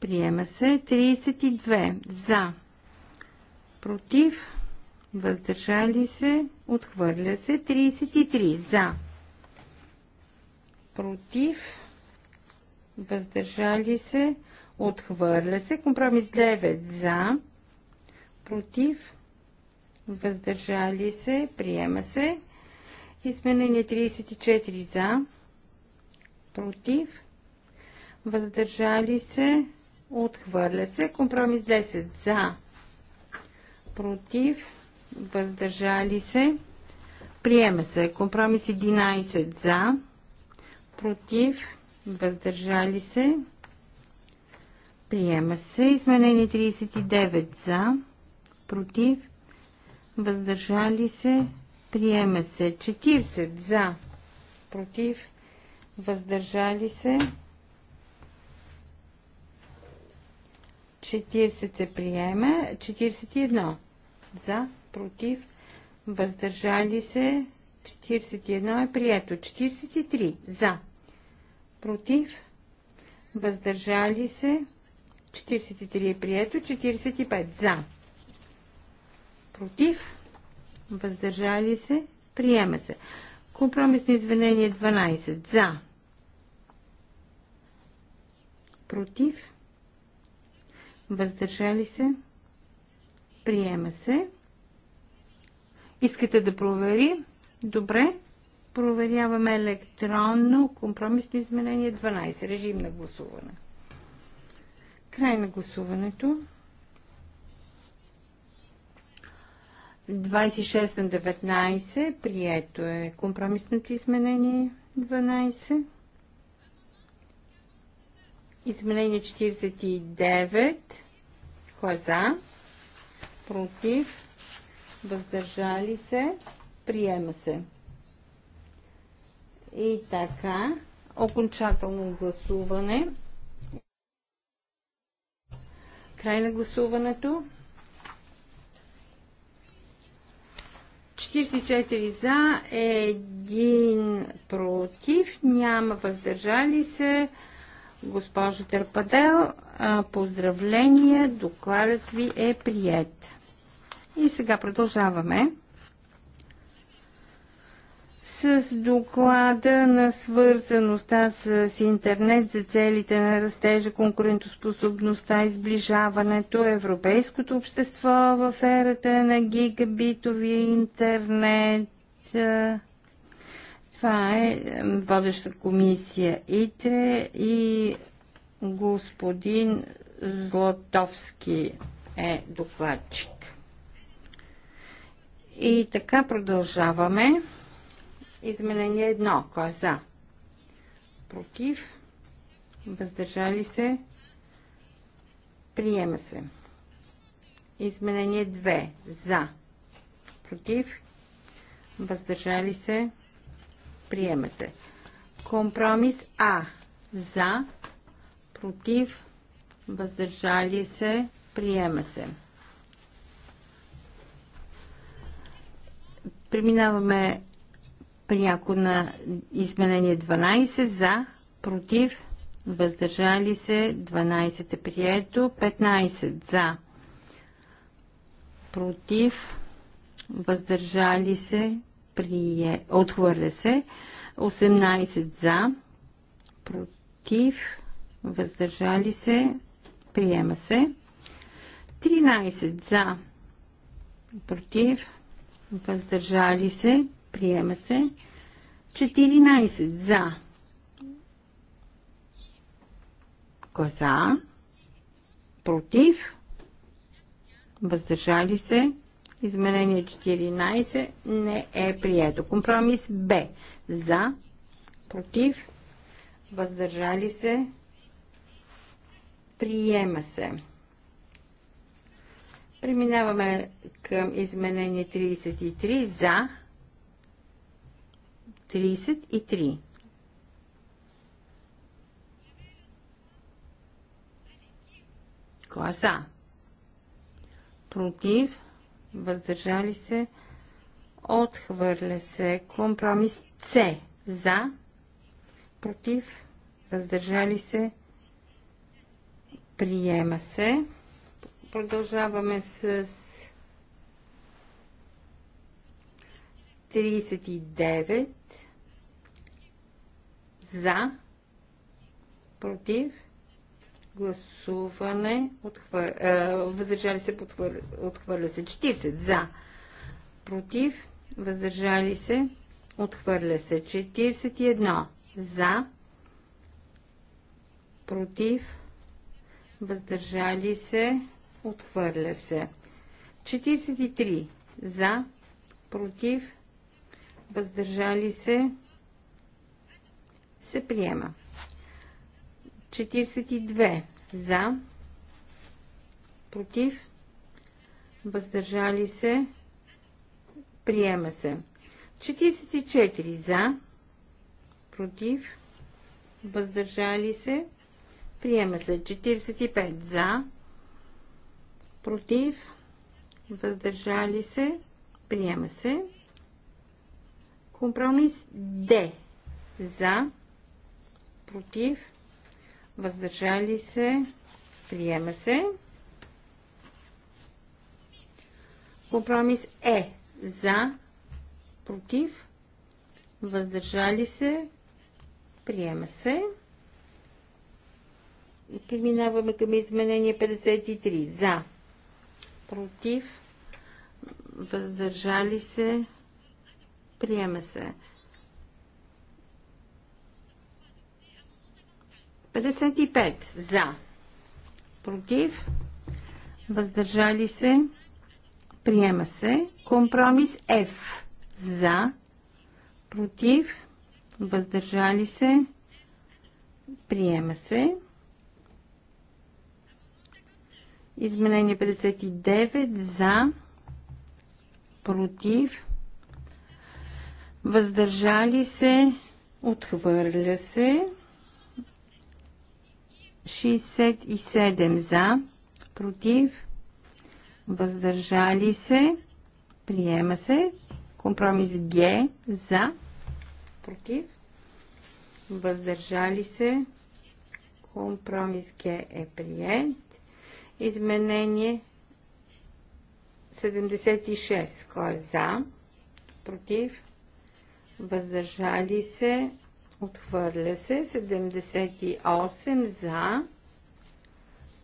приема се. 32 за, против, въздържали се, отхвърля се. 33 за, против, въздържали се, отхвърля се. Компромис 9 за, против, въздържали се, приема се. Изменение 34 за, против, въздържали се, отхвърля се. Компромис 10 за, против, въздържали се, приема се. Компромис 11 за, против, въздържали се, приема се. Изменение 39 за, против, въздържали се, приема се. 40 за, против, въздържали се въздържали се. 40 се приема. 41 за, против, въздържали се. 41 е прието. 43 за, против, въздържали се. 43 е прието. 45 за, против, въздържали се. Приема се. Компромисно извинение 12 за, против, въздържали се, приема се. Искате да провери? Добре. Проверяваме електронно компромисно изменение 12. Режим на гласуване. Край на гласуването. 26 на 19. Прието е компромисното изменение 12. Изменение 49. Кой е за? Против? Въздържали се? Приема се. И така, окончателно гласуване. Край на гласуването. 44 за, 1 против, няма въздържали се. Госпожо Търпадел, поздравления, докладът ви е прият. И сега продължаваме с доклада на свързаността с интернет за целите на растежа, конкурентоспособността изближаването европейското общество в ерата на гигабитови интернет. Това е водеща комисия ИТРЕ и господин Злотовски е докладчик. И така продължаваме. Изменение едно. Кой е за? Против? Въздържали се? Приема се. Изменение 2. За. Против? Въздържали се? приемате. Компромис А. За, против, въздържали се, приема се. Преминаваме пряко на изменение 12 за, против, въздържали се, 12 е прието, 15 за, против, въздържали се, прие, отхвърля се. 18 за, против, въздържали се, приема се. 13 за, против, въздържали се, приема се. 14 за, коза, против, въздържали се, Изменение 14 не е прието. Компромис Б. За, против, въздържали се, приема се. Преминаваме към изменение 33 за 33. Кой е за? Против? въздържали се, отхвърля се. Компромис С за, против, въздържали се, приема се. Продължаваме с 39 за, против, гласуване, отхвър... Е, въздържали се, подхвър... отхвърля се 40 за, против, въздържали се, отхвърля се 41 за, против, въздържали се, отхвърля се 43 за, против, въздържали се, се приема. 42 за, против, въздържали се, приема се. 44 за, против, въздържали се, приема се. 45 за, против, въздържали се, приема се. Компромис Д за, против, въздържали се, приема се. Компромис е за, против, въздържали се, приема се. И Преминаваме към изменение 53. За, против, въздържали се, приема се. 55 за, против, въздържали се, приема се. Компромис F за, против, въздържали се, приема се. Изменение 59 за, против, въздържали се, отхвърля се. 67 за, против, въздържали се, приема се. Компромис Г за, против, въздържали се, компромис Г е прият. Изменение 76, кой е за, против, въздържали се, Отхвърля се. 78 за.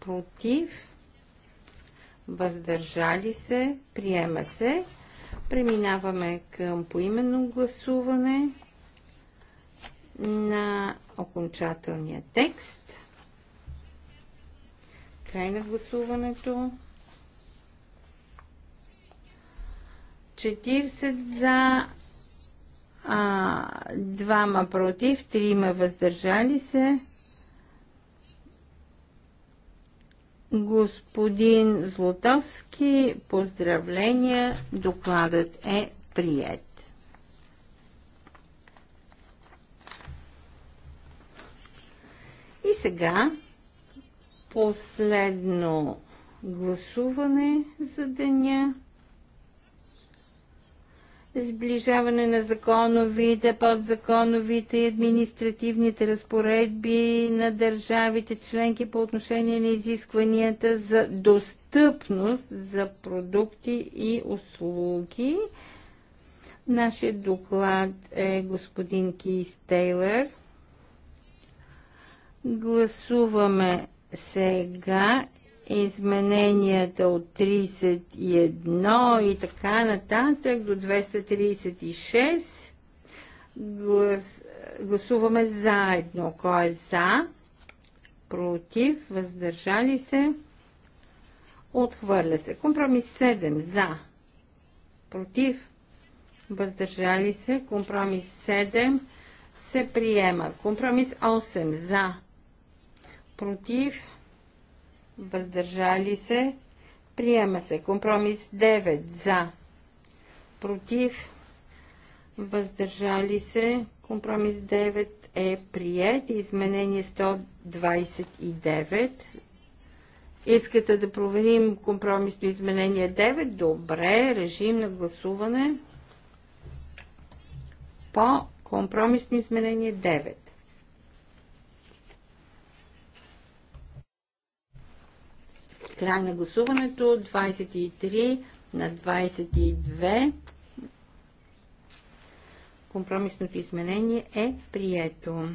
Против. Въздържали се. Приема се. Преминаваме към поименно гласуване на окончателния текст. Край на гласуването. 40 за, а, двама против, трима въздържали се. Господин Злотовски, поздравления, докладът е прият. И сега последно гласуване за деня сближаване на законовите, подзаконовите и административните разпоредби на държавите членки по отношение на изискванията за достъпност за продукти и услуги. Нашият доклад е господин Кейс Тейлър. Гласуваме сега измененията от 31 и така нататък до 236. Глас, гласуваме заедно. Кой е за? Против? Въздържали се? Отхвърля се. Компромис 7. За. Против? Въздържали се. Компромис 7 се приема. Компромис 8. За. Против? въздържали се, приема се. Компромис 9 за, против, въздържали се, компромис 9 е прият, изменение 129. Искате да проверим компромисно изменение 9? Добре, режим на гласуване по компромисно изменение 9. Край на гласуването 23 на 22. Компромисното изменение е прието.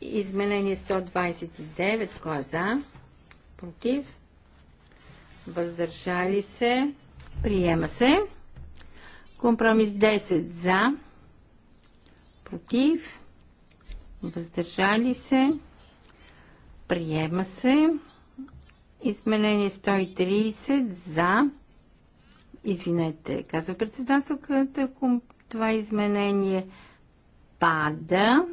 Изменение 129. Кой е за? Против? Въздържали се? Приема се. Компромис 10 за. Против? въздържали се, приема се. Изменение 130 за, извинете, казва председателката, това изменение пада.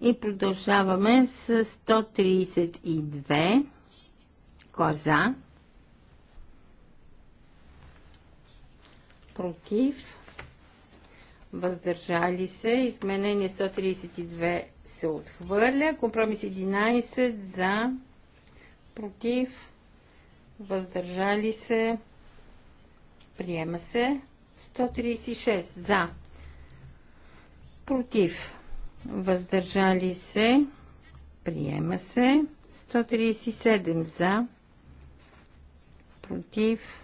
И продължаваме с 132 коза е против, въздържали се. Изменение 132 се отхвърля. Компромис 11 за, против, въздържали се, приема се. 136 за, против, въздържали се, приема се. 137 за, против,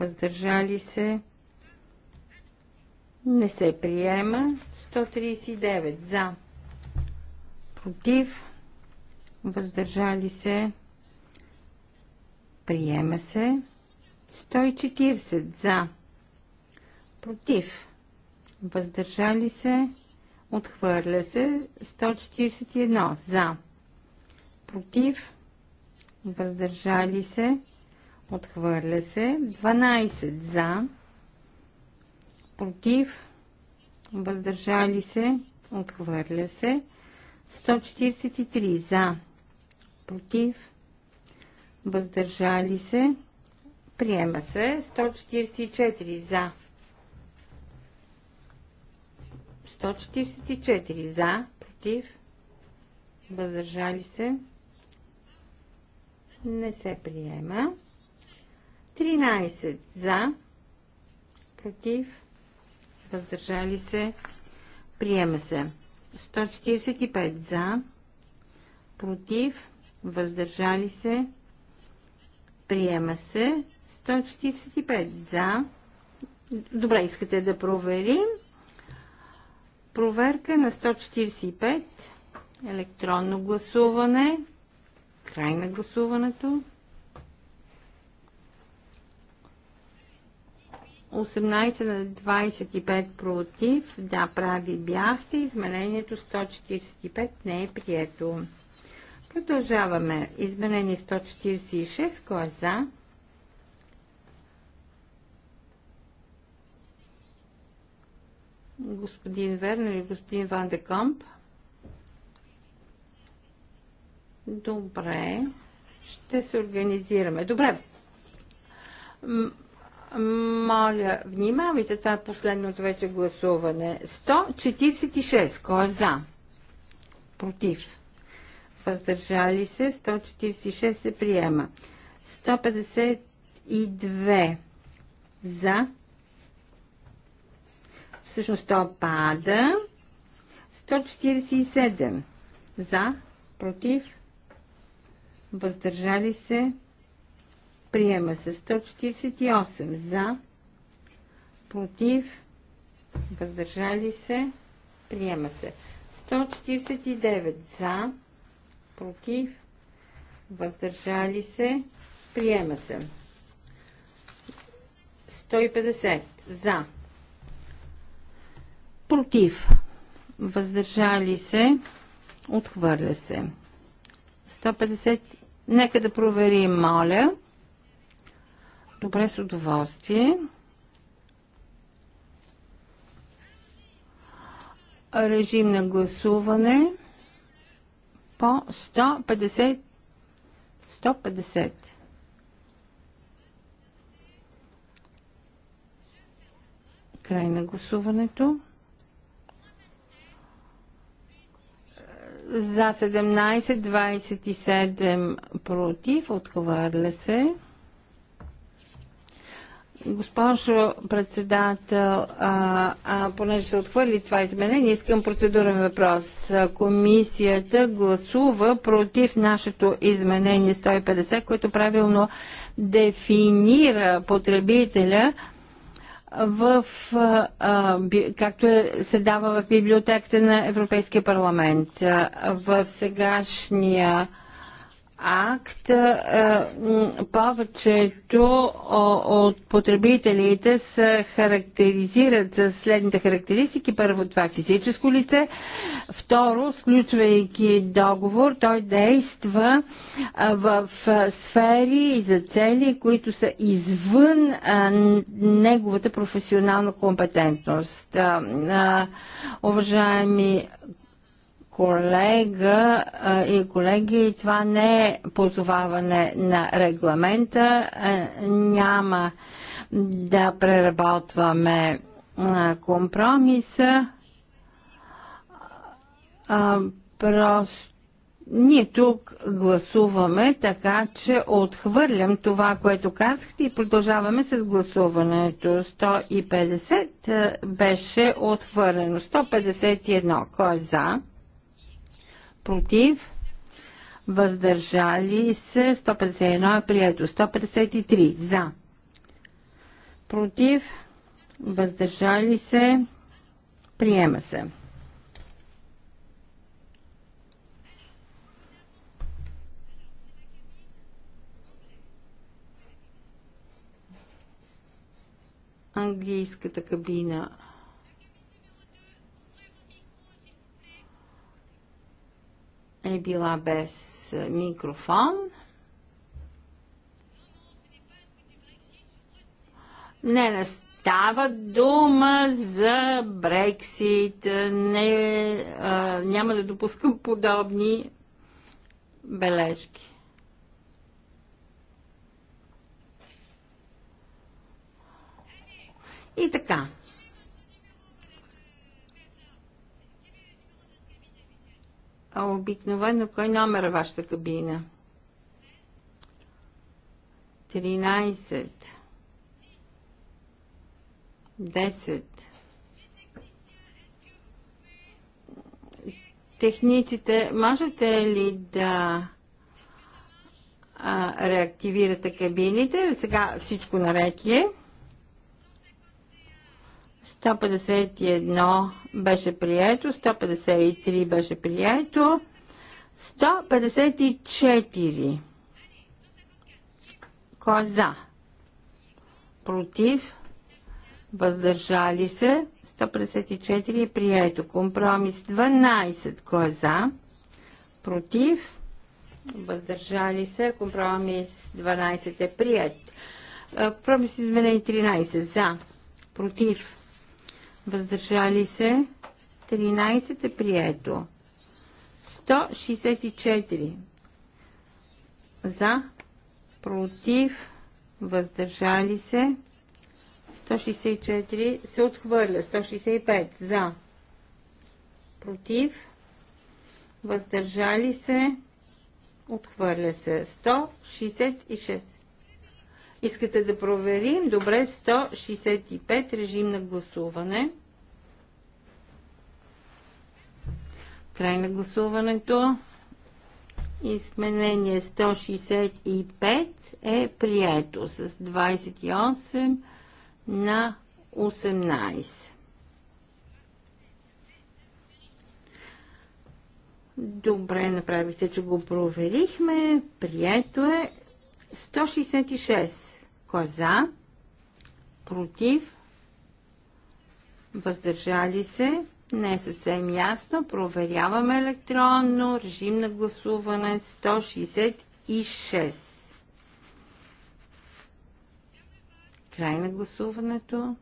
въздържали се, не се приема. 139 за. Против. Въздържали се. Приема се. 140 за. Против. Въздържали се. Отхвърля се. 141 за. Против. Въздържали се. Отхвърля се. 12 за против, въздържали се, отхвърля се. 143 за, против, въздържали се, приема се. 144 за, 144 за, против, въздържали се, не се приема. 13 за, против, въздържали се, приема се. 145 за, против, въздържали се, приема се. 145 за. Добре, искате да проверим. Проверка на 145. Електронно гласуване. Край на гласуването. 18 на 25 против. Да, прави бяхте. Изменението 145 не е прието. Продължаваме. Изменение 146. Кой е за? Господин Верно или господин Ван де Комп. Добре. Ще се организираме. Добре. Моля, внимавайте, това е последното вече гласуване. 146. Кой е за? Против. Въздържали се. 146 се приема. 152 за. Всъщност то пада. 147 за. Против. Въздържали се. Приема се 148 за, против, въздържали се, приема се 149 за, против, въздържали се, приема се 150 за, против, въздържали се, отхвърля се 150, нека да проверим, моля. Добре, с удоволствие. Режим на гласуване по 150. 150. Край на гласуването. За 17, 27 против. Отхвърля се. Госпожо председател, а, а, понеже се отхвърли това изменение, искам процедурен въпрос. Комисията гласува против нашето изменение 150, което правилно дефинира потребителя в, а, както е, се дава в библиотеката на Европейския парламент. В сегашния акт повечето от потребителите се характеризират с следните характеристики. Първо това е физическо лице. Второ, сключвайки договор, той действа в сфери и за цели, които са извън неговата професионална компетентност. Уважаеми колега и колеги, това не е позоваване на регламента. Няма да преработваме компромиса. Просто ние тук гласуваме, така че отхвърлям това, което казахте и продължаваме с гласуването. 150 беше отхвърлено. 151. Кой е за? против, въздържали се 151 е прието, 153 за, против, въздържали се, приема се. английската кабина е била без микрофон. Не, не става дума за Брексит. Не, а, няма да допускам подобни бележки. И така. А обикновено кой номер е вашата кабина? 13 10 Техниците, можете ли да а, реактивирате кабините? Сега всичко наред е. 151 беше прието, 153 беше прието, 154 коза, е за? Против? Въздържали се? 154 е прието. Компромис 12. коза, е за? Против? Въздържали се? Компромис 12 е прият. Промис изменение 13. За? Против? въздържали се, 13 е прието. 164 за, против, въздържали се, 164 се отхвърля, 165 за, против, въздържали се, отхвърля се, 166 Искате да проверим? Добре, 165 режим на гласуване. Край на гласуването. Изменение 165 е прието с 28 на 18. Добре направихте, че го проверихме. Прието е 166. Кой е за? Против? Въздържали се? Не е съвсем ясно. Проверяваме електронно. Режим на гласуване 166. Край на гласуването.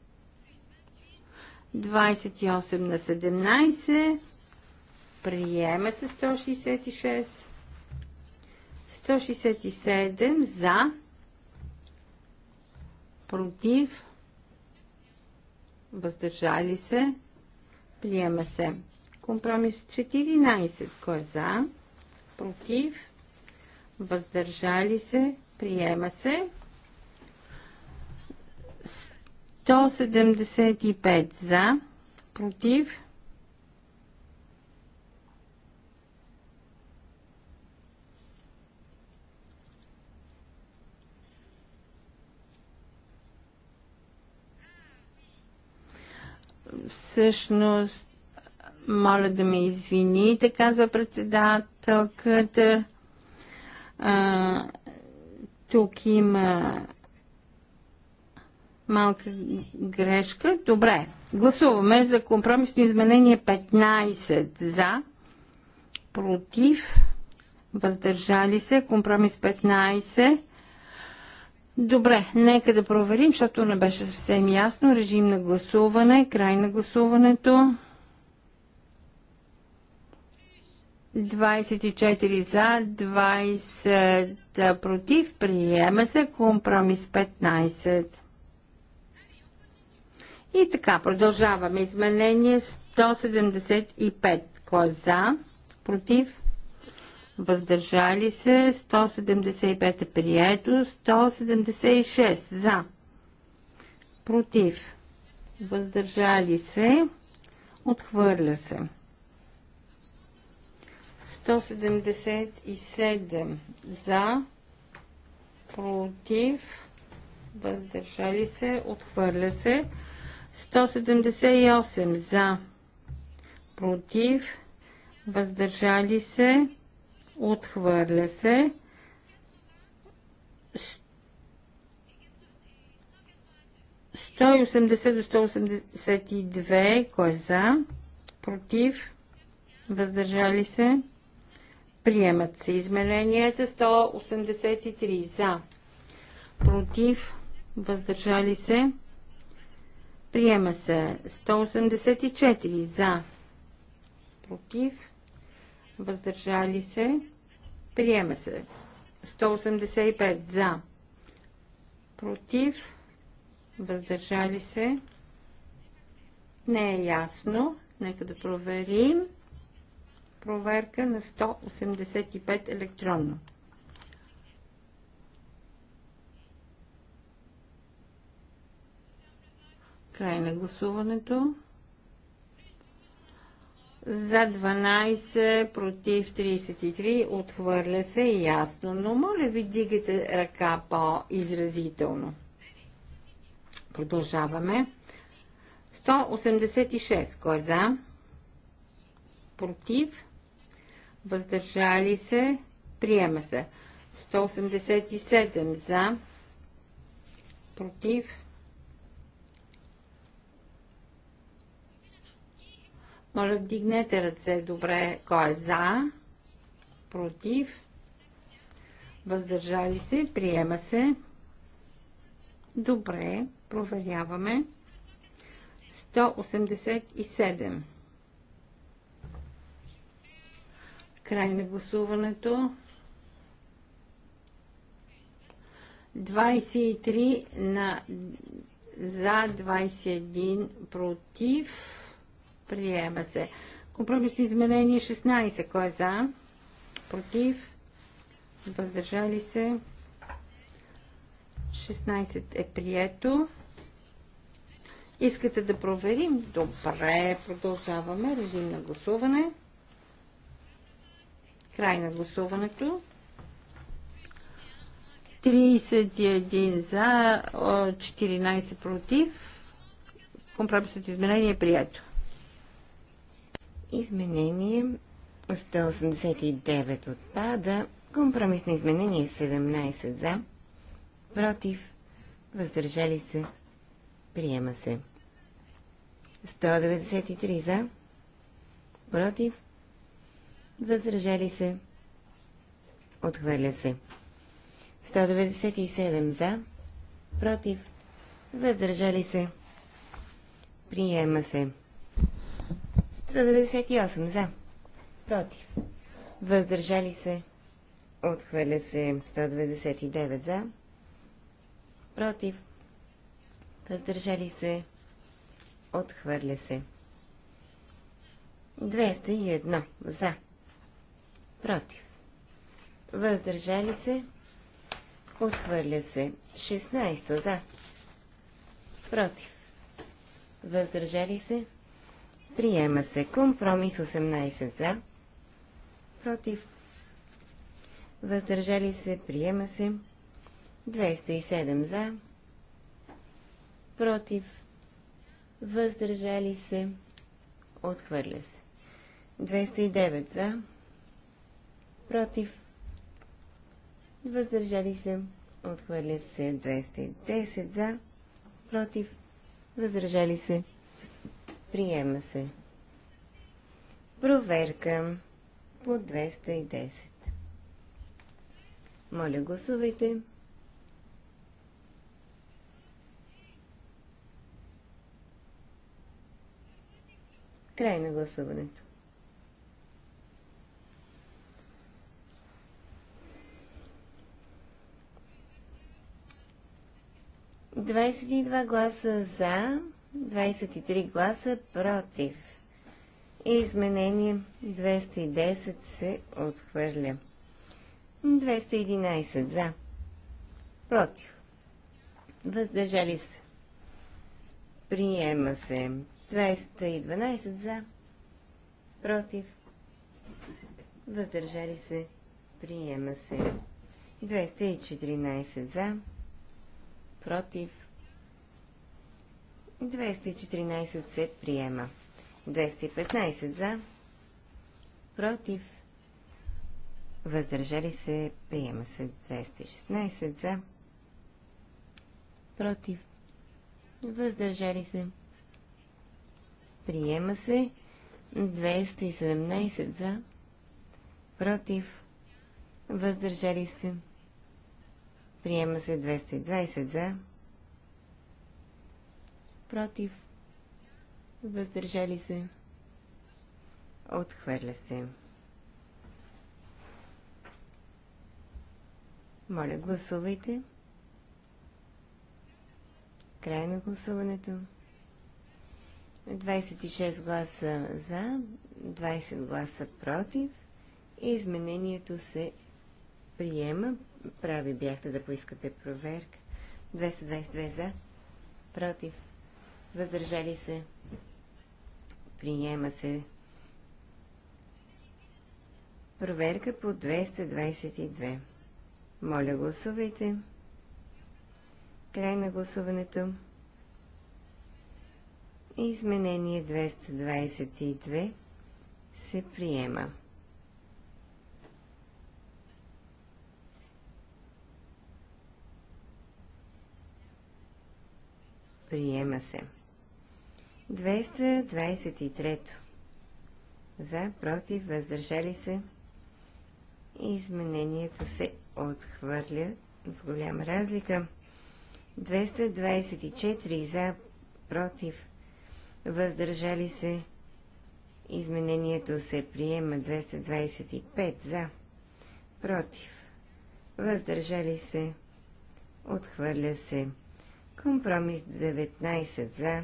28 на 17. Приема се 166. 167 за против, въздържали се, приема се. Компромис 14, кой е за, против, въздържали се, приема се. 175 за, против, всъщност, моля да ме извините, казва председателката. А, тук има малка грешка. Добре, гласуваме за компромисно изменение 15 за, против, въздържали се, компромис 15 Добре, нека да проверим, защото не беше съвсем ясно. Режим на гласуване, край на гласуването. 24 за, 20 против. Приема се компромис 15. И така, продължаваме. Изменение 175. Кой е за? Против? въздържали се, 175 е прието, 176 за, против, въздържали се, отхвърля се. 177 за, против, въздържали се, отхвърля се. 178 за, против, въздържали се, Отхвърля се. 180 до 182. Кой е за? Против? Въздържали се? Приемат се измененията. 183 за. Против? Въздържали се? Приема се 184 за. Против? въздържали се, приема се. 185 за, против, въздържали се, не е ясно. Нека да проверим. Проверка на 185 електронно. Край на гласуването за 12, против 33, отхвърля се ясно. Но моля ви, дигате ръка по-изразително. Продължаваме. 186. Кой е за? Против? Въздържали се? Приема се. 187 за. Против? Моля, вдигнете ръце. Добре. Кой е за? Против? Въздържали се? Приема се. Добре. Проверяваме. 187. Край на гласуването. 23 на за 21 против приема се. Компромисно изменение 16. Кой е за? Против? Въздържали се? 16 е прието. Искате да проверим? Добре, продължаваме. Режим на гласуване. Край на гласуването. 31 за, 14 против. Компромисното изменение е прието. Изменение 189 отпада. Компромисно изменение 17 за. Против. Въздържали се. Приема се. 193 за. Против. Въздържали се. Отхвърля се. 197 за. Против. Въздържали се. Приема се. 198 за. Против. Въздържали се. Отхвърля се 199 за. Против. Въздържали се. Отхвърля се. 201 за. Против. Въздържали се. Отхвърля се. 16 за. Против. Въздържали се. Приема се компромис 18 за. Против. Въздържали се. Приема се. 207 за. Против. Въздържали се. Отхвърля се. 209 за. Против. Въздържали се. Отхвърля се. 210 за. Против. Въздържали се. Приема се. Проверка по 210. Моля, гласувайте. Край на гласуването. Двадесет и два гласа за, 23 гласа против. И изменение 210 се отхвърля. 211 за. Против. Въздържали се. Приема се. 212 за. Против. Въздържали се. Приема се. 214 за. Против 214 се приема. 215 за. Против. Въздържали се. Приема се. 216 за. Против. Въздържали се. Приема се. 217 за. Против. Въздържали се. Приема се 220 за против, въздържали се, отхвърля се. Моля, гласувайте. Край на гласуването. 26 гласа за, 20 гласа против и изменението се приема. Прави бяхте да поискате проверка. 222 за, против въздържали се, приема се. Проверка по 222. Моля, гласувайте. Край на гласуването. Изменение 222 се приема. Приема се. 223. За, против, въздържали се. Изменението се отхвърля с голяма разлика. 224 за, против, въздържали се. Изменението се приема 225 за, против, въздържали се, отхвърля се. Компромис 19 за,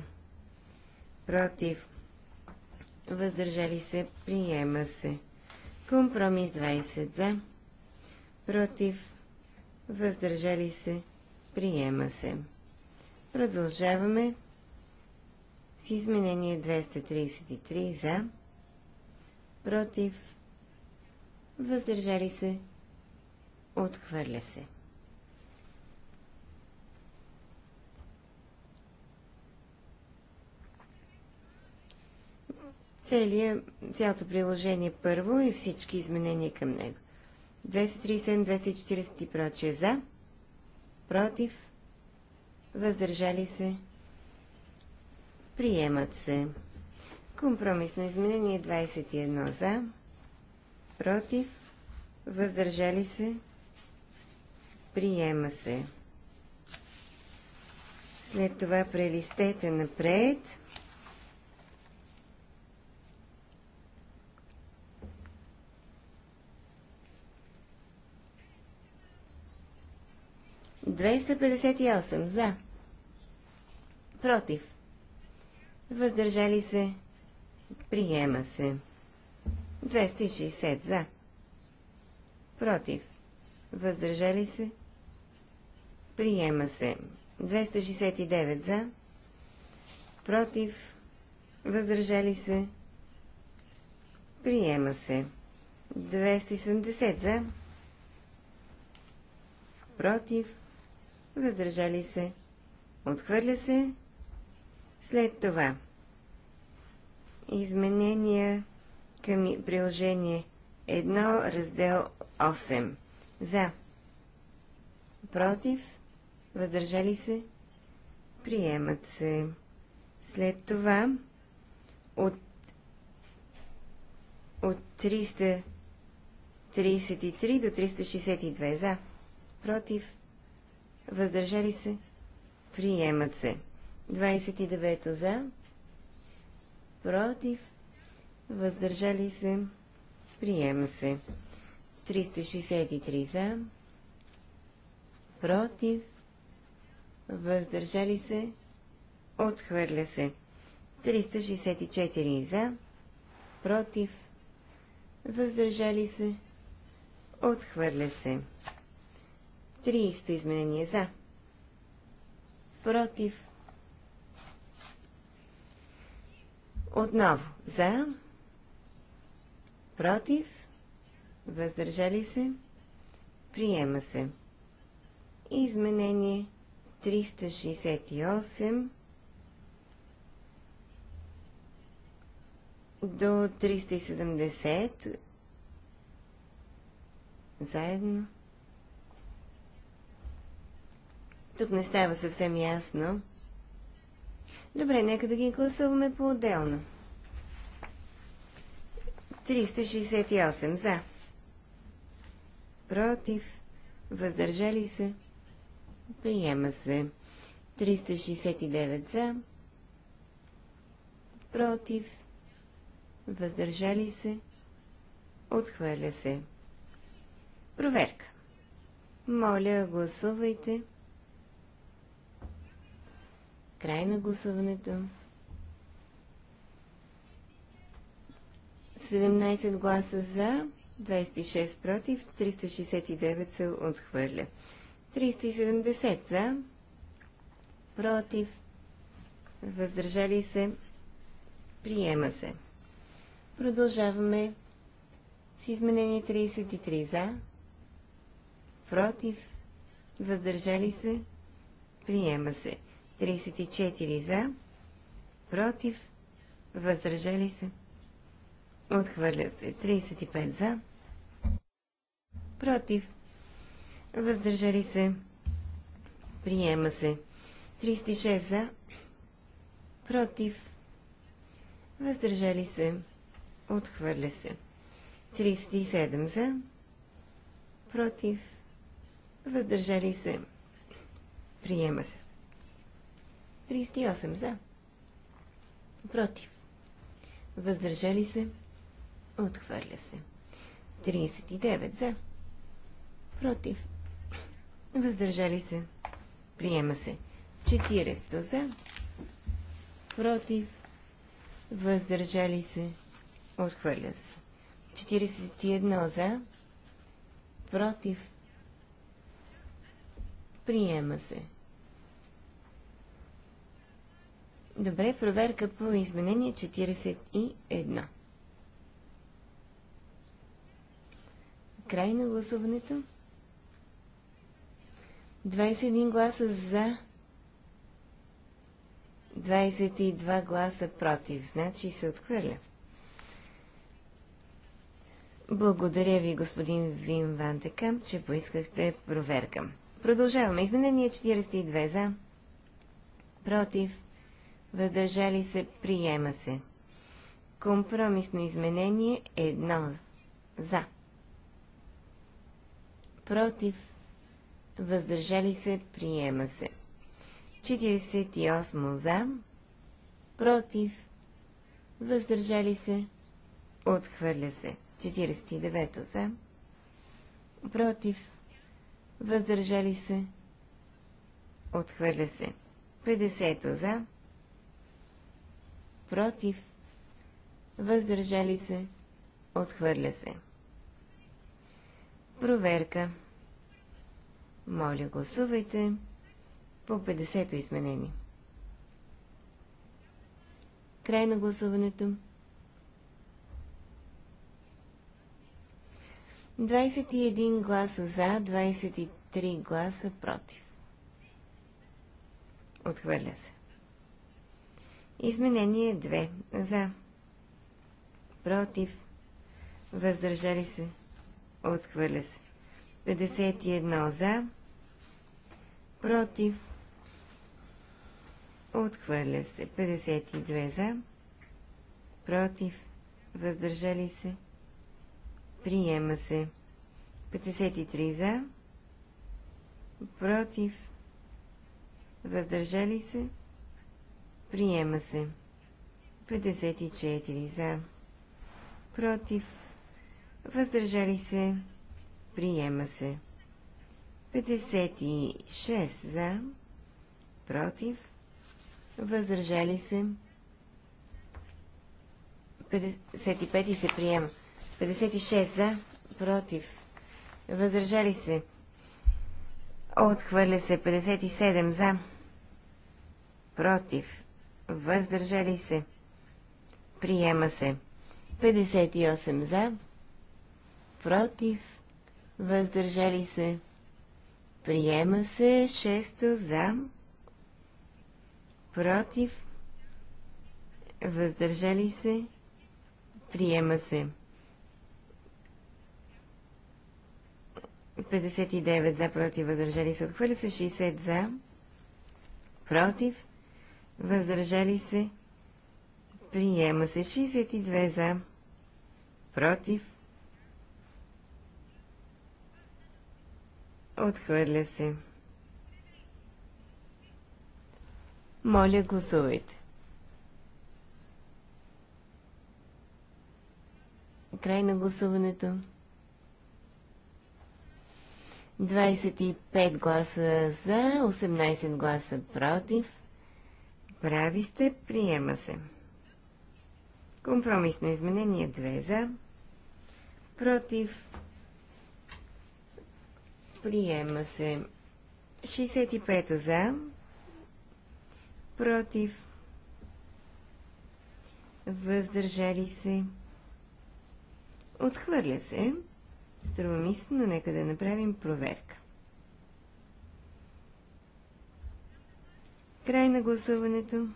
против, въздържали се, приема се. Компромис 20 за, против, въздържали се, приема се. Продължаваме с изменение 233 за, против, въздържали се, отхвърля се. целия, цялото приложение първо и всички изменения към него. 237, 240 и прочие за, против, въздържали се, приемат се. Компромисно изменение 21 за, против, въздържали се, приема се. След това прелистете напред. 258 за. Против. Въздържали се. Приема се. 260 за. Против. Въздържали се. Приема се. 269 за. Против. Въздържали се. Приема се. 270 за. Против въздържали се, отхвърля се. След това изменения към приложение 1, раздел 8. За, против, въздържали се, приемат се. След това от, от 333 до 362 за, против, въздържали се, приемат се. 29 за, против, въздържали се, приема се. 363 за, против, въздържали се, отхвърля се. 364 за, против, въздържали се, отхвърля се. 30 изменение за. Против. Отново за. Против. Въздържали се. Приема се. Изменение 368 до 370 заедно. Тук не става съвсем ясно. Добре, нека да ги гласуваме по-отделно. 368 за. Против. Въздържали се. Приема се. 369 за. Против. Въздържали се. Отхвърля се. Проверка. Моля, гласувайте. Край на гласуването. 17 гласа за, 26 против, 369 се отхвърля. 370 за, против, въздържали се, приема се. Продължаваме с изменение 33 за, против, въздържали се, приема се. 34 за, против, въздържали се, отхвърлят се. 35 за, против, въздържали се, приема се. 36 за, против, въздържали се, отхвърля се. 37 за, против, въздържали се, приема се. 38 за. Против. Въздържали се. Отхвърля се. 39 за. Против. Въздържали се. Приема се. 40 за. Против. Въздържали се. Отхвърля се. 41 за. Против. Приема се. Добре, проверка по изменение 41. Край на гласуването. 21 гласа за, 22 гласа против, значи се отхвърля. Благодаря ви, господин Вим Вантекам, че поискахте проверка. Продължаваме. Изменение 42 за, против, въздържали се, приема се. Компромисно изменение едно за. Против, въздържали се, приема се. 48 за, против, въздържали се, отхвърля се. 49 за, против, въздържали се, отхвърля се. 50 за, против, въздържали се, отхвърля се. Проверка. Моля, гласувайте по 50-то изменение. Край на гласуването. 21 гласа за, 23 гласа против. Отхвърля се. Изменение 2. За. Против. Въздържали се. Отхвърля се. 51 за. Против. Отхвърля се. 52 за. Против. Въздържали се. Приема се. 53 за. Против. Въздържали се. Приема се. 54 за. Против. Въздържали се. Приема се. 56 за. Против. Въздържали се. 55 и се приема. 56 за. Против. Въздържали се. Отхвърля се 57 за. Против въздържали се, приема се. 58 за, против, въздържали се, приема се. 6 за, против, въздържали се, приема се. 59 за, против, въздържали се, отхвърля се, 60 за, против, въздържали се, приема се 62 за, против, отхвърля се. Моля, гласувайте. Край на гласуването. 25 гласа за, 18 гласа против. Прави сте, приема се. Компромисно изменение 2 за. Против. Приема се. 65 за. Против. Въздържали се. Отхвърля се. Струва но нека да направим проверка. Край на гласуването.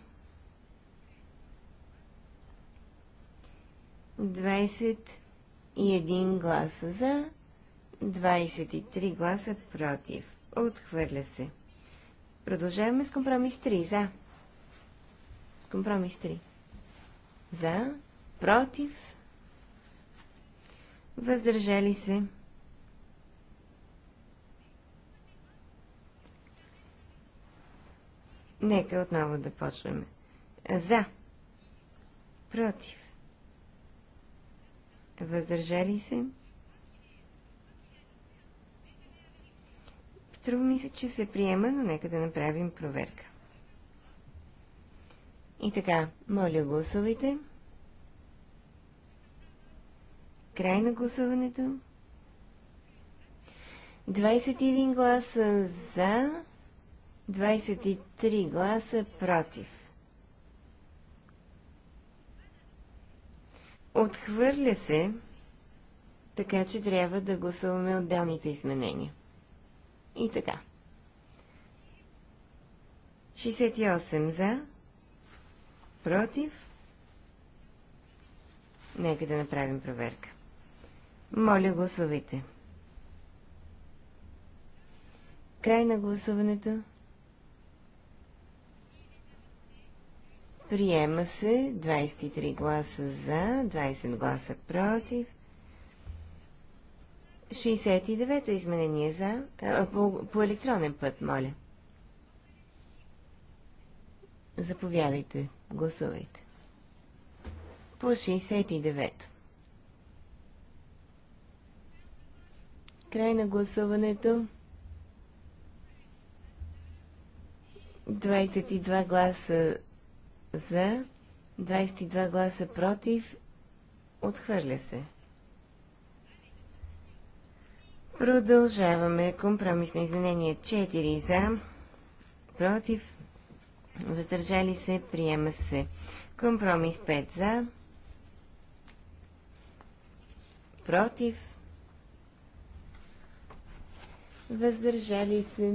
21 гласа за, 23 гласа против. Отхвърля се. Продължаваме с компромис 3. За. Компромис 3. За. Против. Въздържали се. Нека отново да почваме. За. Против. Въздържали се. Струва ми се, че се приема, но нека да направим проверка. И така, моля гласувайте. Край на гласуването. 21 гласа за, 23 гласа против. Отхвърля се, така че трябва да гласуваме отделните изменения. И така. 68 за, против. Нека да направим проверка. Моля, гласувайте. Край на гласуването. Приема се 23 гласа за, 20 гласа против. 69-то изменение за, а, по, по електронен път, моля. Заповядайте, гласувайте. По 69-то. Край на гласуването. 22 гласа за, 22 гласа против, отхвърля се. Продължаваме компромис на изменение 4 за, против, въздържали се, приема се. Компромис 5 за, против, въздържали се,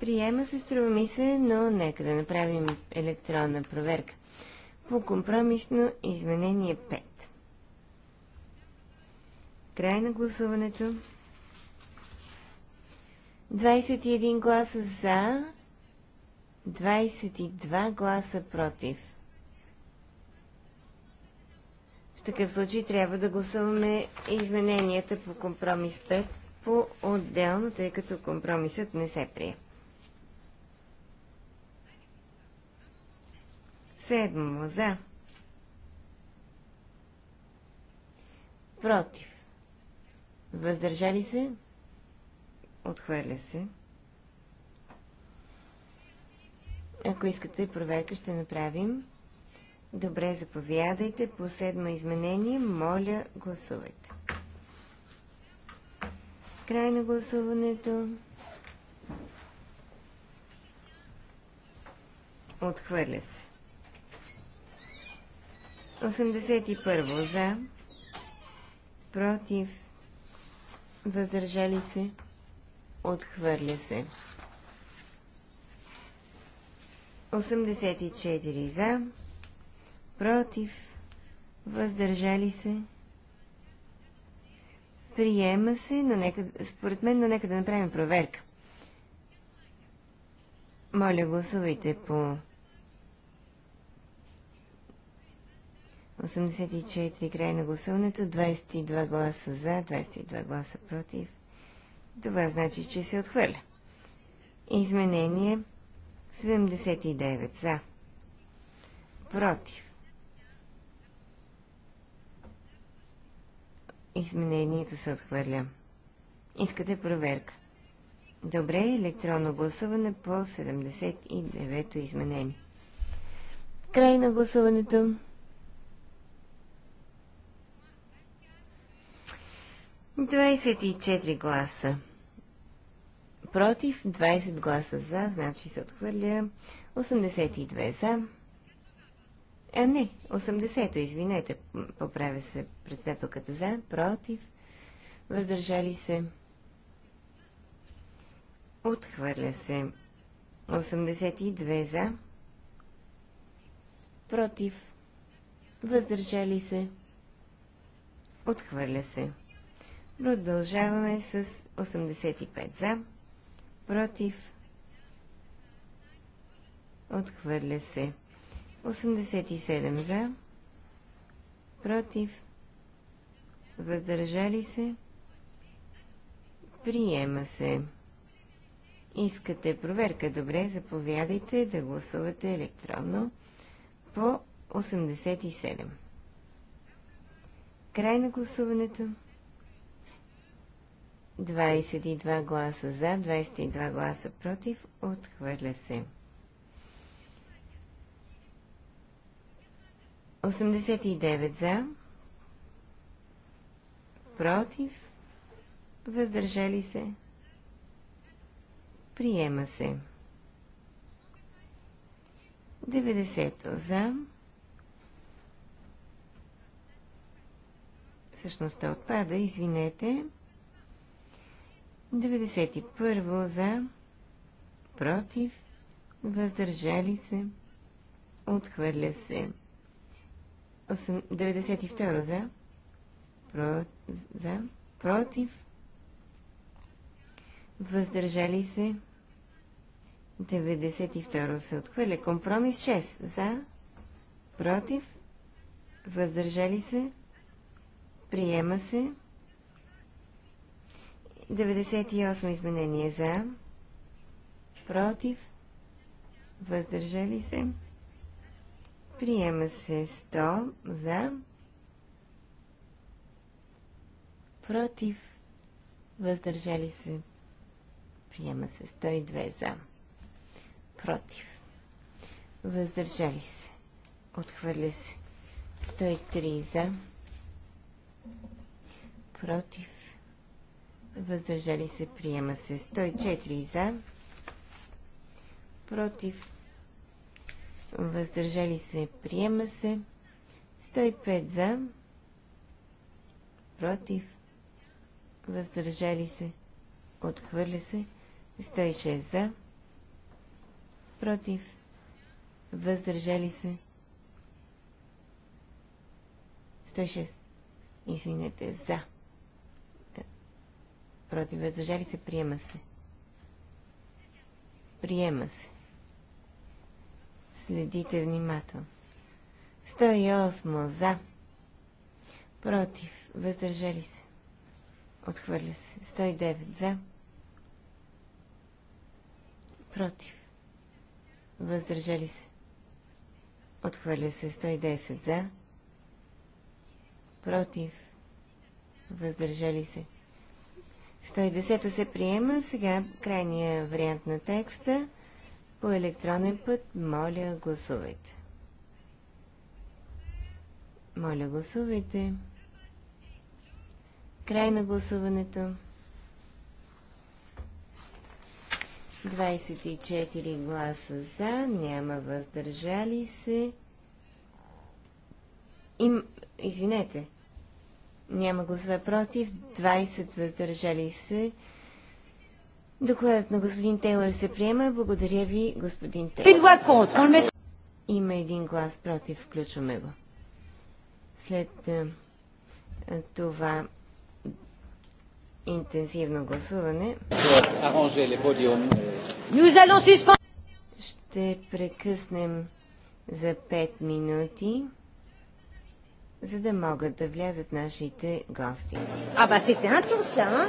Приема се, струва ми се, но нека да направим електронна проверка. По компромисно изменение 5. Край на гласуването. 21 гласа за, 22 гласа против. В такъв случай трябва да гласуваме измененията по компромис 5 по отделно, тъй като компромисът не се приема. Седмо за. Против. Въздържали се? Отхвърля се. Ако искате проверка, ще направим. Добре, заповядайте. По седмо изменение, моля, гласувайте. Край на гласуването. Отхвърля се. 81 за, против, въздържали се, отхвърля се. 84 за, против, въздържали се, приема се, но нека, според мен, но нека да направим проверка. Моля, гласувайте по 84 край на гласуването, 22 гласа за, 22 гласа против. Това значи, че се отхвърля. Изменение 79 за, против. Изменението се отхвърля. Искате проверка. Добре, електронно гласуване по 79-то изменение. Край на гласуването. 24 гласа против, 20 гласа за, значи се отхвърля 82 за. А не, 80-то, извинете, поправя се председателката за, против, въздържали се, отхвърля се 82 за, против, въздържали се, отхвърля се Продължаваме с 85 за, против, отхвърля се. 87 за, против, въздържали се, приема се. Искате проверка? Добре, заповядайте да гласувате електронно по 87. Край на гласуването. 22 гласа за, 22 гласа против, отхвърля се. 89 за, против, въздържали се, приема се. 90 за, всъщност отпада, извинете, 91 за, против, въздържали се, отхвърля се. 92 за, про, за, против, въздържали се, 92 се отхвърля. Компромис 6 за, против, въздържали се, приема се. 98 изменение за, против, въздържали се, приема се 100 за, против, въздържали се, приема се 102 за, против, въздържали се, отхвърля се 103 за, против, въздържали се, приема се. 104 за, против, въздържали се, приема се. 105 за, против, въздържали се, отхвърля се. 106 за, против, въздържали се. 106. Извинете, за против, въздържали се, приема се. Приема се. Следите внимателно. 108 за. Против. Въздържали се. Отхвърля се. 109 за. Против. Въздържали се. Отхвърля се. 110 за. Против. Въздържали се. 110 се приема. Сега крайния вариант на текста. По електронен път, моля, гласувайте. Моля, гласувайте. Край на гласуването. 24 гласа за, няма въздържали се. Им... Извинете няма гласове против, 20 въздържали се. Докладът на господин Тейлър се приема. Благодаря ви, господин Тейлър. Има един глас против. Включваме го. След това интензивно гласуване ще прекъснем за 5 минути за да могат да влязат нашите гости. Аба си театър са?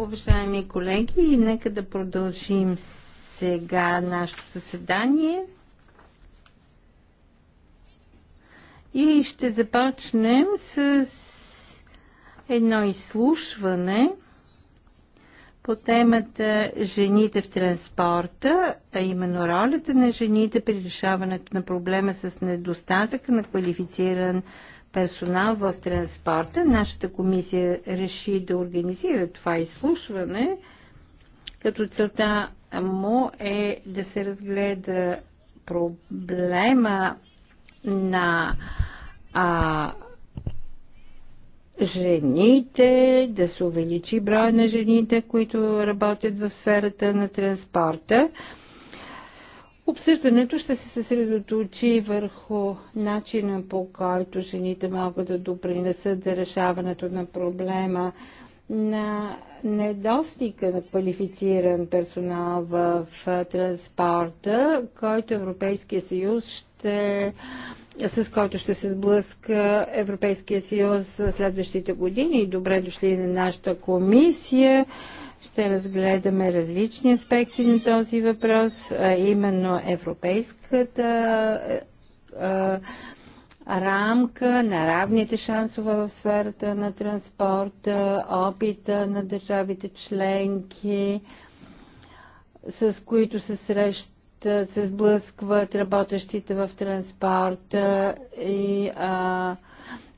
Уважаеми колеги, нека да продължим сега нашето съседание. И ще започнем с едно изслушване по темата Жените в транспорта, а именно ролята на жените при решаването на проблема с недостатъка на квалифициран транспорт персонал в транспорта. Нашата комисия реши да организира това изслушване, като целта му е да се разгледа проблема на а, жените, да се увеличи броя на жените, които работят в сферата на транспорта. А, Обсъждането ще се съсредоточи върху начина по който жените могат да допринесат за решаването на проблема на недостига на квалифициран персонал в транспорта, който Европейския съюз ще с който ще се сблъска Европейския съюз в следващите години. Добре дошли на нашата комисия ще разгледаме различни аспекти на този въпрос, а именно европейската а, рамка на равните шансове в сферата на транспорта, опита на държавите членки, с които се срещат, се сблъскват работещите в транспорта и а,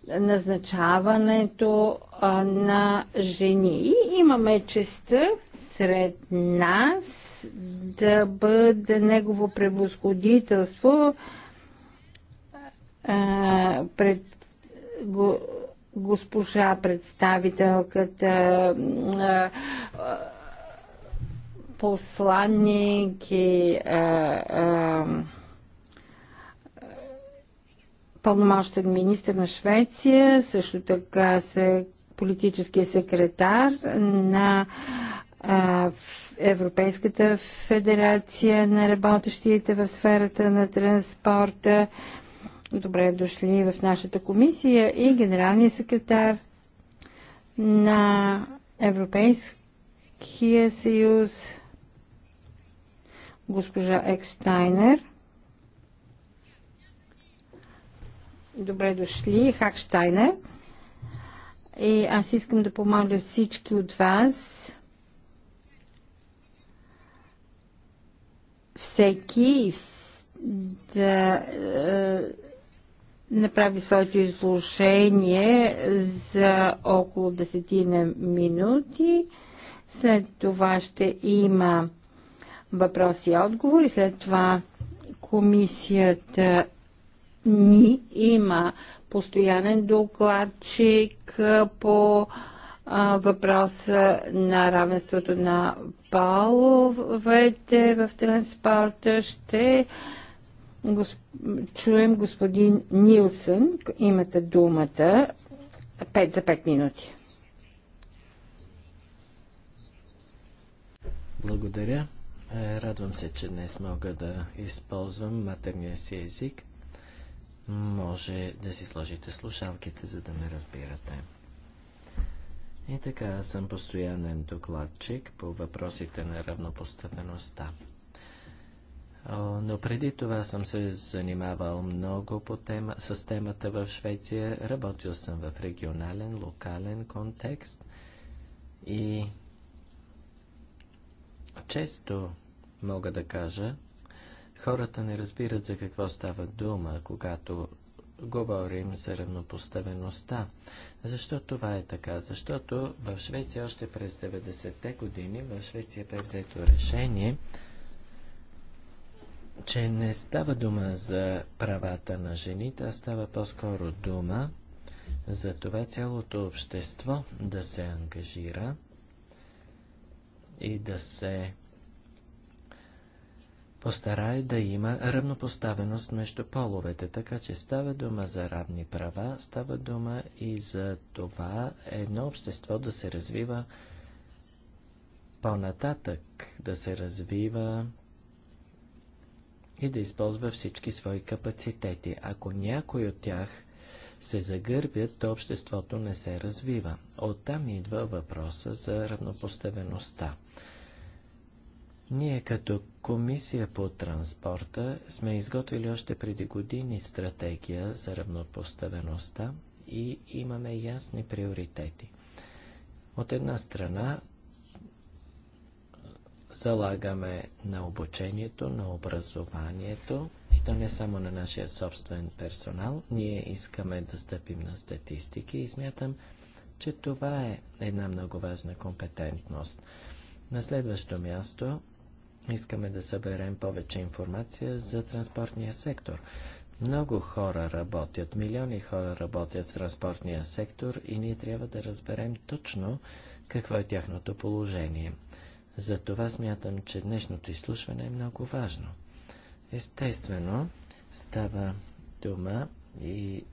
назначаването а, на жени. И имаме честа сред нас да бъде негово превосходителство а, пред го, госпожа представителката а, а, посланник и а, а, пълномощен министр на Швеция, също така се политическия секретар на а, Европейската федерация на работещите в сферата на транспорта. Добре дошли в нашата комисия и генералния секретар на Европейския съюз госпожа Екстайнер. Добре дошли, Хакштайнер. И аз искам да помоля всички от вас всеки да е, направи своето изложение за около 10 минути. След това ще има въпроси и отговори. След това комисията ни има постоянен докладчик по въпроса на равенството на Паловете в транспорта. Ще чуем господин Нилсън. Имате думата 5 за 5 минути. Благодаря. Радвам се, че днес мога да използвам матерния си език може да си сложите слушалките, за да ме разбирате. И така, аз съм постоянен докладчик по въпросите на равнопоставеността. Но преди това съм се занимавал много по тема, с темата в Швеция. Работил съм в регионален, локален контекст и често мога да кажа, Хората не разбират за какво става дума, когато говорим за равнопоставеността. Защо това е така? Защото в Швеция още през 90-те години в Швеция бе взето решение, че не става дума за правата на жените, а става по-скоро дума за това цялото общество да се ангажира и да се Постарай да има равнопоставеност между половете, така че става дума за равни права, става дума и за това едно общество да се развива по-нататък, да се развива и да използва всички свои капацитети. Ако някой от тях се загърбят, то обществото не се развива. Оттам идва въпроса за равнопоставеността. Ние като Комисия по транспорта сме изготвили още преди години стратегия за равнопоставеността и имаме ясни приоритети. От една страна залагаме на обучението, на образованието и то не само на нашия собствен персонал. Ние искаме да стъпим на статистики и смятам, че това е една много важна компетентност. На следващо място Искаме да съберем повече информация за транспортния сектор. Много хора работят, милиони хора работят в транспортния сектор и ние трябва да разберем точно какво е тяхното положение. Затова смятам, че днешното изслушване е много важно. Естествено, става дума и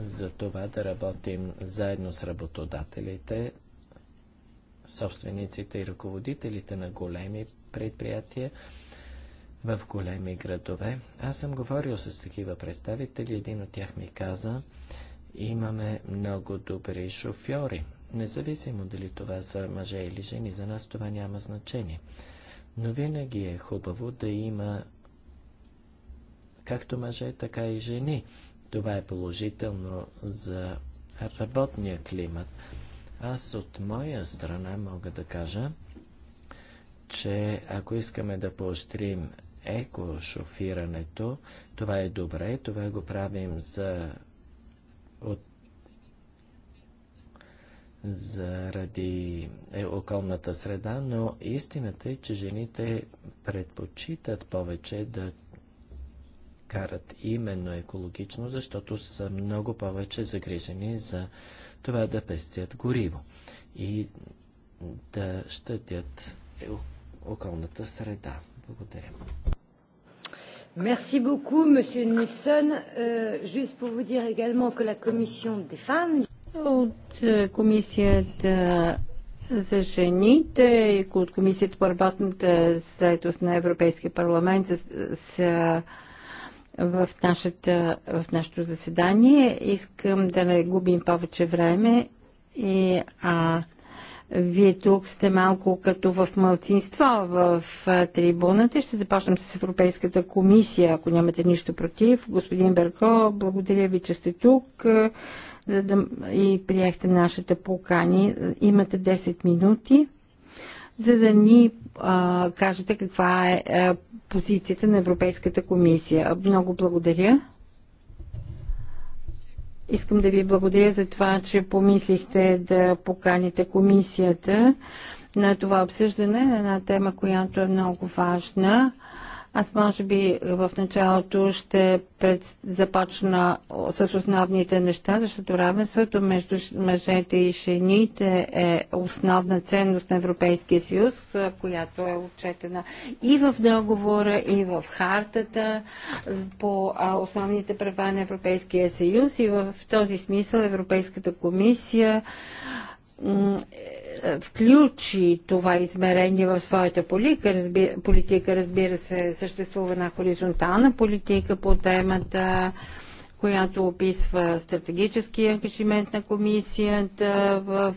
за това да работим заедно с работодателите, собствениците и ръководителите на големи предприятия в големи градове. Аз съм говорил с такива представители, един от тях ми каза, имаме много добри шофьори. Независимо дали това са мъже или жени, за нас това няма значение. Но винаги е хубаво да има както мъже, така и жени. Това е положително за работния климат. Аз от моя страна мога да кажа, че ако искаме да поощрим екошофирането, това е добре, това го правим за от заради е, околната среда, но истината е, че жените предпочитат повече да карат именно екологично, защото са много повече загрижени за това да пестят гориво и да щадят околната среда. Благодаря. Merci beaucoup, Monsieur Nixon. Euh, juste pour vous dire également que la Commission des femmes... От е, Комисията за жените и от Комисията по работната заедост на Европейския парламент са, са в, нашата, в нашето заседание. Искам да не губим повече време и а, вие тук сте малко като в мълцинство в трибуната. Ще започнем с Европейската комисия, ако нямате нищо против. Господин Берко, благодаря ви, че сте тук за да и приехте нашата покани. Имате 10 минути, за да ни а, кажете каква е а, позицията на Европейската комисия. Много благодаря. Искам да ви благодаря за това, че помислихте да поканите комисията на това обсъждане на една тема, която е много важна. Аз може би в началото ще пред... започна с основните неща, защото равенството между мъжете и жените е основна ценност на Европейския съюз, която е отчетена и в договора, и в хартата по основните права на Европейския съюз. И в този смисъл Европейската комисия е, включи това измерение в своята политика. Разбира, политика, разбира се, съществува една хоризонтална политика по темата, която описва стратегически ангажимент на комисията в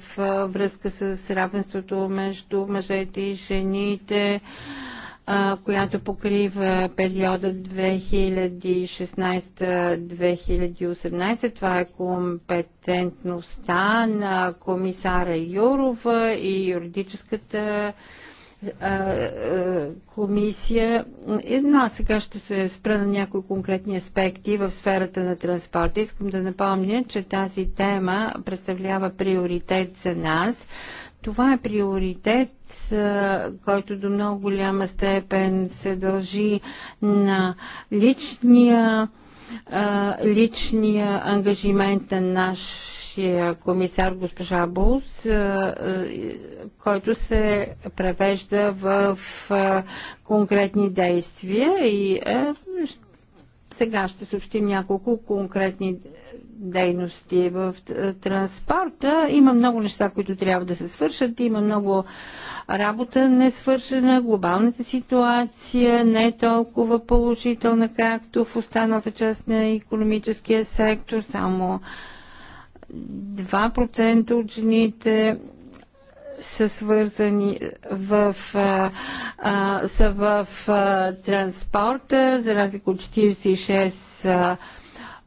връзка с равенството между мъжете и жените която покрива периода 2016-2018. Това е компетентността на комисара Юрова и юридическата комисия. Една сега ще се спра на някои конкретни аспекти в сферата на транспорта. Искам да напомня, че тази тема представлява приоритет за нас. Това е приоритет е, който до много голяма степен се дължи на личния е, личния ангажимент на нашия комисар госпожа Булс, е, който се превежда в конкретни действия и сега ще съобщим няколко конкретни дейности в е, транспорта. Има много неща, които трябва да се свършат. Има много работа не свършена. Глобалната ситуация не е толкова положителна, както в останалата част на економическия сектор. Само 2% от жените са свързани в, а, е, а, е, са в а, транспорта, за разлика от 46%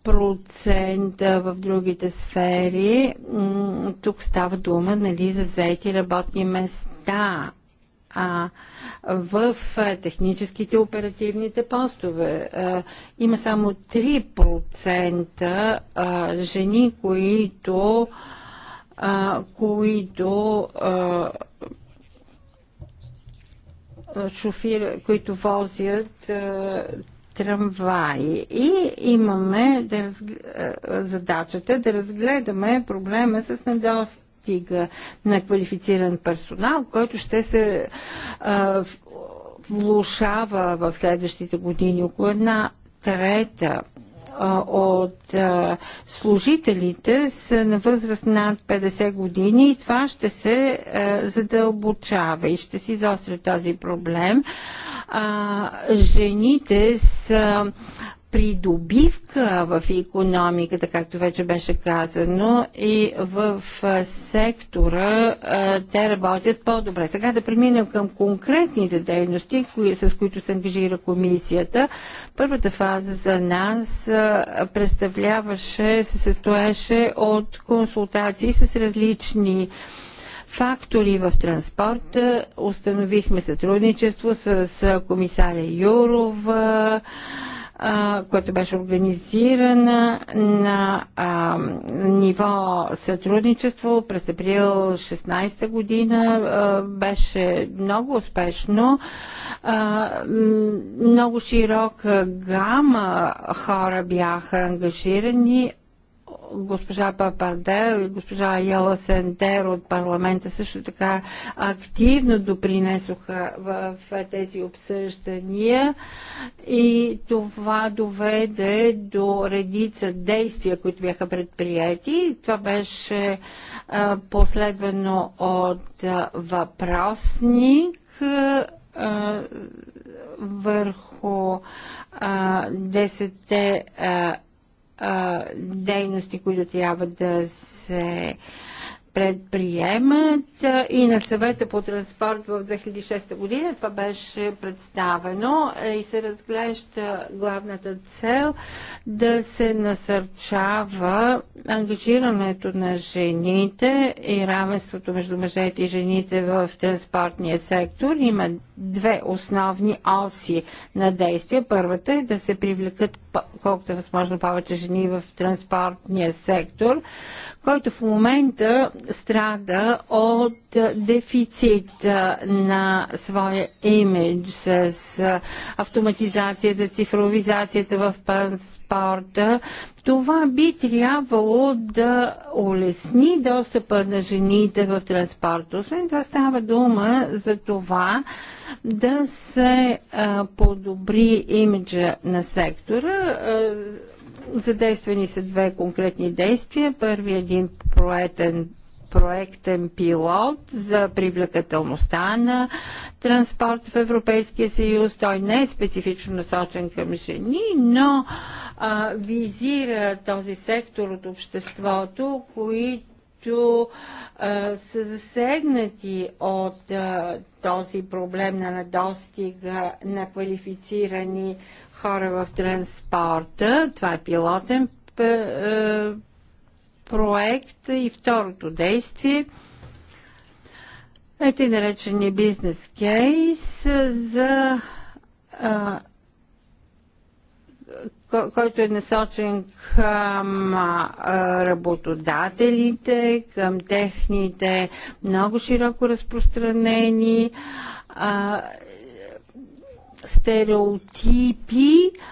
процента в другите сфери. Тук става дума нали, за заети работни места а, в техническите оперативните постове. А, има само 3% а, жени, които, а, които а, които возят а, трамваи. И имаме да разг... задачата да разгледаме проблема с недостига на квалифициран персонал, който ще се влушава в следващите години. Около една трета от служителите са на възраст над 50 години и това ще се задълбочава и ще се изостря този проблем. Жените са придобивка в економиката, както вече беше казано, и в сектора те работят по-добре. Сега да преминем към конкретните дейности, с които се ангажира комисията. Първата фаза за нас представляваше, се състоеше от консултации с различни фактори в транспорта. Установихме сътрудничество с комисаря Юрова, която беше организирана на а, ниво сътрудничество през април 16 година. А, беше много успешно. А, много широка гама хора бяха ангажирани госпожа Папардел и госпожа Яла Сендер от парламента също така активно допринесоха в тези обсъждания и това доведе до редица действия, които бяха предприяти. Това беше последвано от въпросник върху 10 а, дейности, които трябва да се предприемат и на съвета по транспорт в 2006 година. Това беше представено и се разглежда главната цел да се насърчава ангажирането на жените и равенството между мъжете и жените в транспортния сектор. Има две основни оси на действия. Първата е да се привлекат колкото е възможно повече жени в транспортния сектор, който в момента страда от дефицит на своя имидж с автоматизацията, цифровизацията в транспорта. Това би трябвало да улесни достъпа на жените в транспорта. Освен това става дума за това да се а, подобри имиджа на сектора. А, задействани са две конкретни действия. Първи е един проектен проектен пилот за привлекателността на транспорт в Европейския съюз. Той не е специфично насочен към жени, но а, визира този сектор от обществото, които които са засегнати от а, този проблем на недостига на квалифицирани хора в транспорта. Това е пилотен проект и второто действие е тъй наречения бизнес кейс за а, който е насочен към работодателите, към техните много широко разпространени а, стереотипи, а,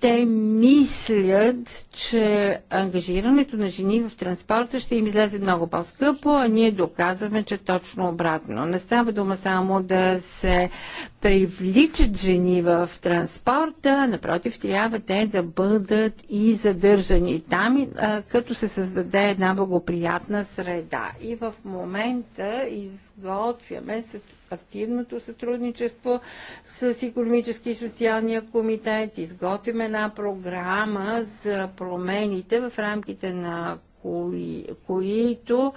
те мислят, че ангажирането на жени в транспорта ще им излезе много по-скъпо, а ние доказваме, че точно обратно. Не става дума само да се привличат жени в транспорта, напротив, трябва те да бъдат и задържани там, като се създаде една благоприятна среда. И в момента изготвяме сътрудничество активното сътрудничество с економически и социалния комитет. Изготвим една програма за промените в рамките на кои, които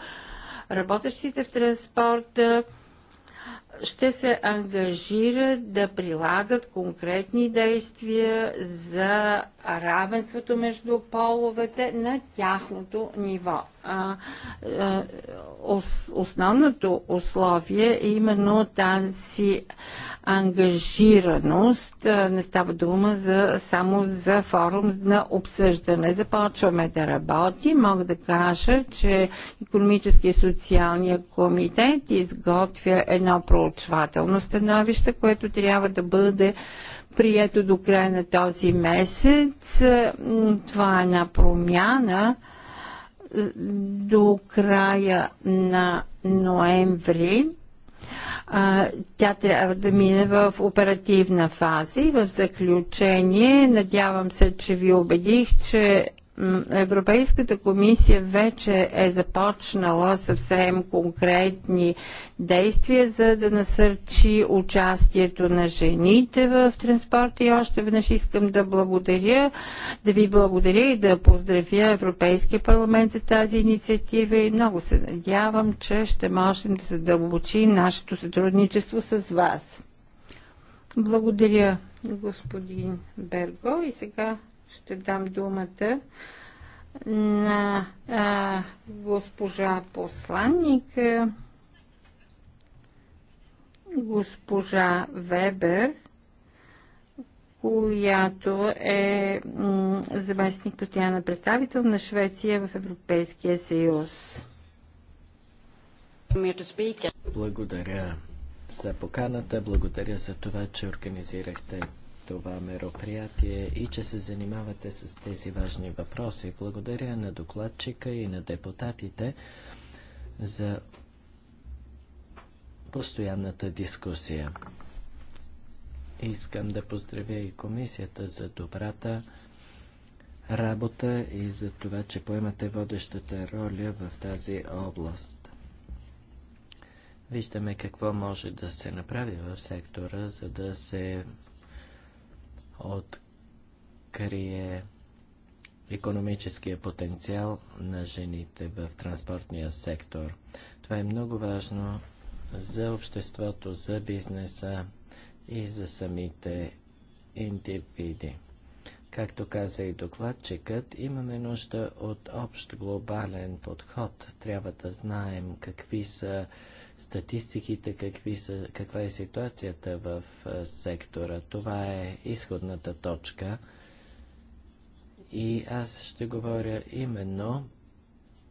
работещите в транспорта ще се ангажират да прилагат конкретни действия за равенството между половете на тяхното ниво. А, а, ос, основното условие е именно тази ангажираност. Не става дума за, само за форум на обсъждане. Започваме да работим. Мога да кажа, че економически и социалния комитет изготвя едно проучвателно становище, което трябва да бъде прието до края на този месец. Това е една промяна е, до края на ноември. Тя трябва да мине в оперативна фаза и в заключение надявам се, че ви убедих, че Европейската комисия вече е започнала съвсем конкретни действия, за да насърчи участието на жените в транспорта и още веднъж искам да благодаря, да ви благодаря и да поздравя Европейския парламент за тази инициатива и много се надявам, че ще можем да задълбочим нашето сътрудничество с вас. Благодаря, господин Берго. И сега ще дам думата на а, госпожа посланник, госпожа Вебер, която е заместник постоянна представител на Швеция в Европейския съюз. Благодаря за поканата, благодаря за това, че организирахте това мероприятие и че се занимавате с тези важни въпроси. Благодаря на докладчика и на депутатите за постоянната дискусия. Искам да поздравя и комисията за добрата работа и за това, че поемате водещата роля в тази област. Виждаме какво може да се направи в сектора, за да се открие економическия потенциал на жените в транспортния сектор. Това е много важно за обществото, за бизнеса и за самите индивиди. Както каза и докладчикът, имаме нужда от общ глобален подход. Трябва да знаем какви са статистиките, какви са, каква е ситуацията в сектора. Това е изходната точка. И аз ще говоря именно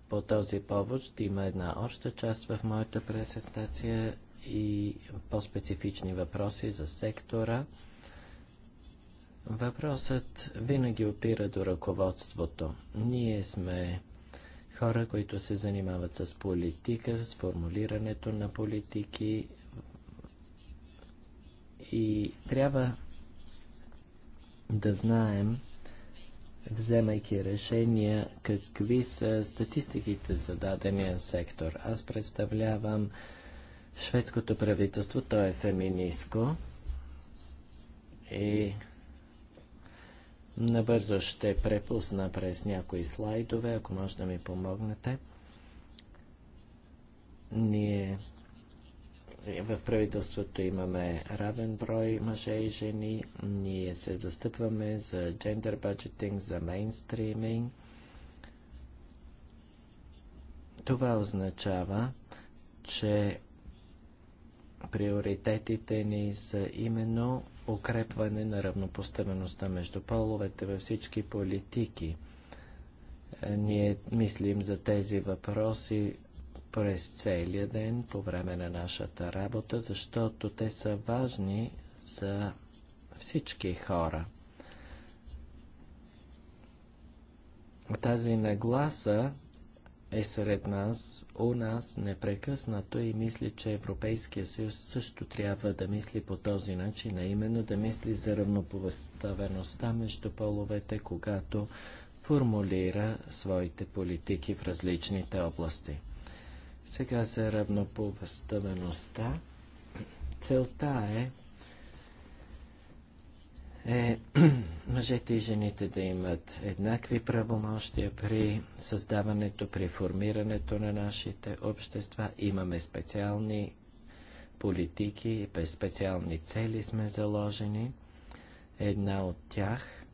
по този повод. Ще има една обща част в моята презентация и по-специфични въпроси за сектора. Въпросът винаги опира до ръководството. Ние сме хора, които се занимават с политика, с формулирането на политики и трябва да знаем, вземайки решения, какви са статистиките за дадения сектор. Аз представлявам шведското правителство, то е феминистко и Набързо ще препусна през някои слайдове, ако може да ми помогнете. Ние в правителството имаме равен брой мъже и жени. Ние се застъпваме за джендър бюджетинг, за мейнстриминг. Това означава, че приоритетите ни са именно укрепване на равнопоставеността между половете във всички политики. Е, ние мислим за тези въпроси през целия ден, по време на нашата работа, защото те са важни за всички хора. Тази нагласа е сред нас, у нас непрекъснато и мисли, че Европейския съюз също трябва да мисли по този начин, а именно да мисли за равнопоставеността между половете, когато формулира своите политики в различните области. Сега за равнопоставеността. Целта е е мъжете и жените да имат еднакви правомощия при създаването, при формирането на нашите общества. Имаме специални политики, специални цели сме заложени. Една от тях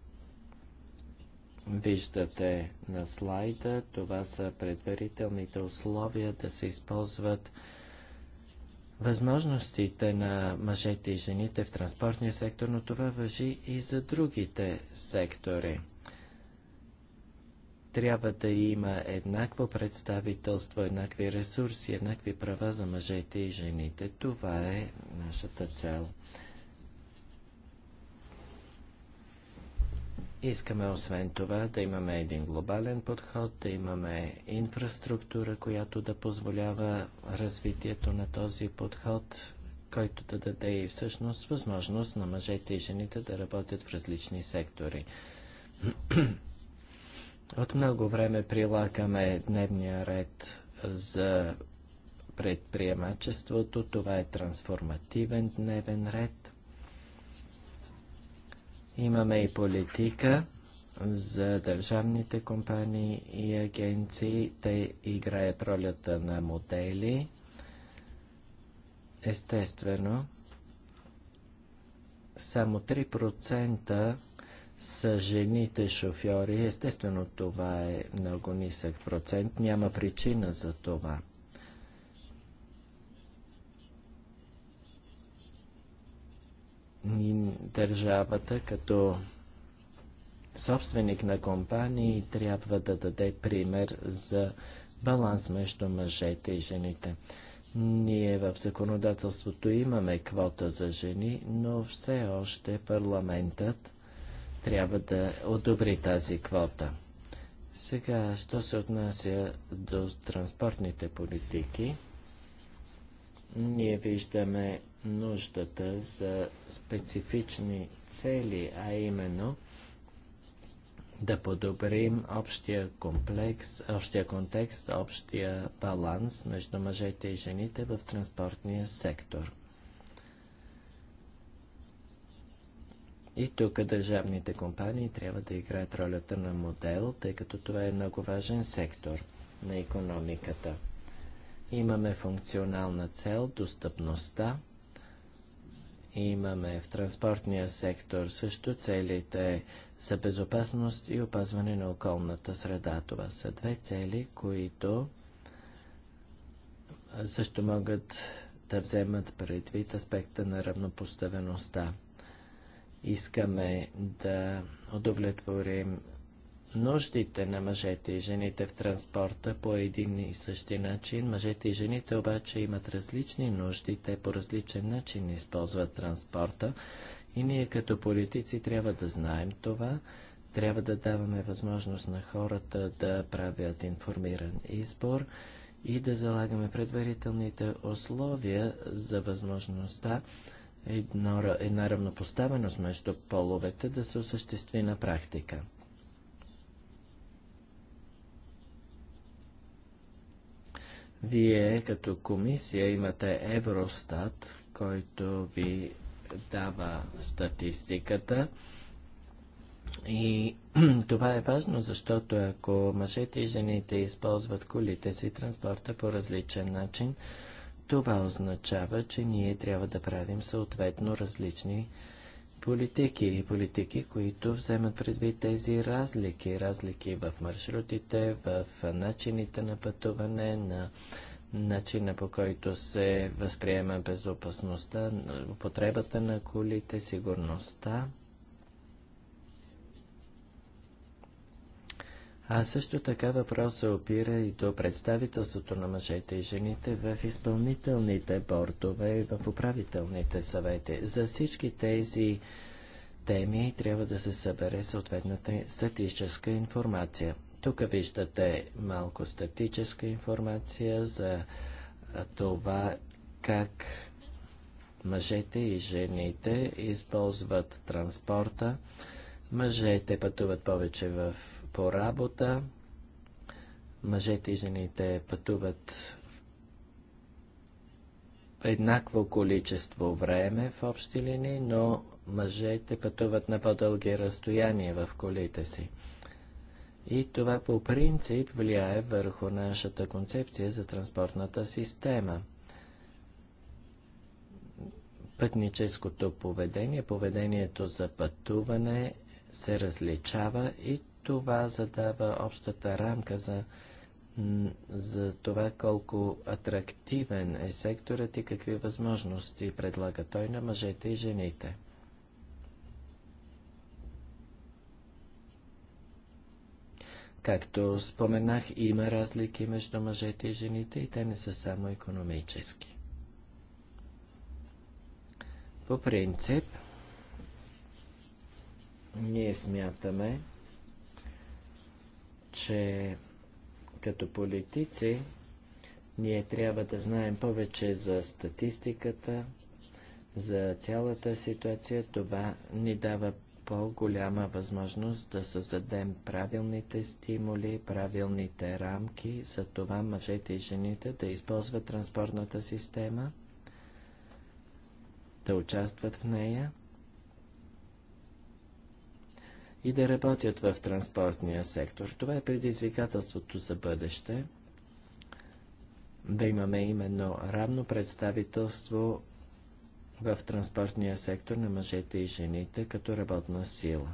виждате на слайда. Това са предварителните условия да се използват възможностите на мъжете и жените в транспортния сектор, но това въжи и за другите сектори. Трябва да има еднакво представителство, еднакви ресурси, еднакви права за мъжете и жените. Това е нашата цел. Искаме освен това да имаме един глобален подход, да имаме инфраструктура, която да позволява развитието на този подход, който да даде и всъщност възможност на мъжете и жените да работят в различни сектори. От много време прилагаме дневния ред за предприемачеството. Това е трансформативен дневен ред. Имаме и политика за държавните компании и агенции. Те играят ролята на модели. Естествено, само 3% са жените шофьори. Естествено, това е много нисък процент. Няма причина за това. държавата като собственик на компании трябва да даде пример за баланс между мъжете и жените. Ние в законодателството имаме квота за жени, но все още парламентът трябва да одобри тази квота. Сега, що се отнася до транспортните политики, ние виждаме нуждата за специфични цели, а именно да подобрим общия комплекс, общия контекст, общия баланс между мъжете и жените в транспортния сектор. И тук държавните компании трябва да играят ролята на модел, тъй като това е много важен сектор на економиката. Имаме функционална цел, достъпността. Имаме в транспортния сектор също целите за безопасност и опазване на околната среда. Това са две цели, които също могат да вземат предвид аспекта на равнопоставеността. Искаме да удовлетворим нуждите на мъжете и жените в транспорта по един и същи начин. Мъжете и жените обаче имат различни нужди, те по различен начин използват транспорта и ние като политици трябва да знаем това, трябва да даваме възможност на хората да правят информиран избор и да залагаме предварителните условия за възможността една равнопоставеност между половете да се осъществи на практика. Вие като комисия имате Евростат, който ви дава статистиката. И това е важно, защото ако мъжете и жените използват колите си транспорта по различен начин, това означава, че ние трябва да правим съответно различни политики и политики, които вземат предвид тези разлики. Разлики в маршрутите, в начините на пътуване, на начина по който се възприема безопасността, употребата на колите, сигурността. А също така въпрос се опира и до представителството на мъжете и жените в изпълнителните бордове и в управителните съвети. За всички тези теми трябва да се събере съответната статическа информация. Тук виждате малко статическа информация за това как мъжете и жените използват транспорта. Мъжете пътуват повече в по работа. Мъжете и жените пътуват еднакво количество време в общи линии, но мъжете пътуват на по-дълги разстояния в колите си. И това по принцип влияе върху нашата концепция за транспортната система. Пътническото поведение, поведението за пътуване се различава и това задава общата рамка за, за това колко атрактивен е секторът и какви възможности предлага той на мъжете и жените. Както споменах, има разлики между мъжете и жените и те не са само економически. По принцип, ние смятаме, че като политици ние трябва да знаем повече за статистиката, за цялата ситуация. Това ни дава по-голяма възможност да създадем правилните стимули, правилните рамки за това мъжете и жените да използват транспортната система, да участват в нея и да работят в транспортния сектор. Това е предизвикателството за бъдеще. Да имаме именно равно представителство в транспортния сектор на мъжете и жените като работна сила.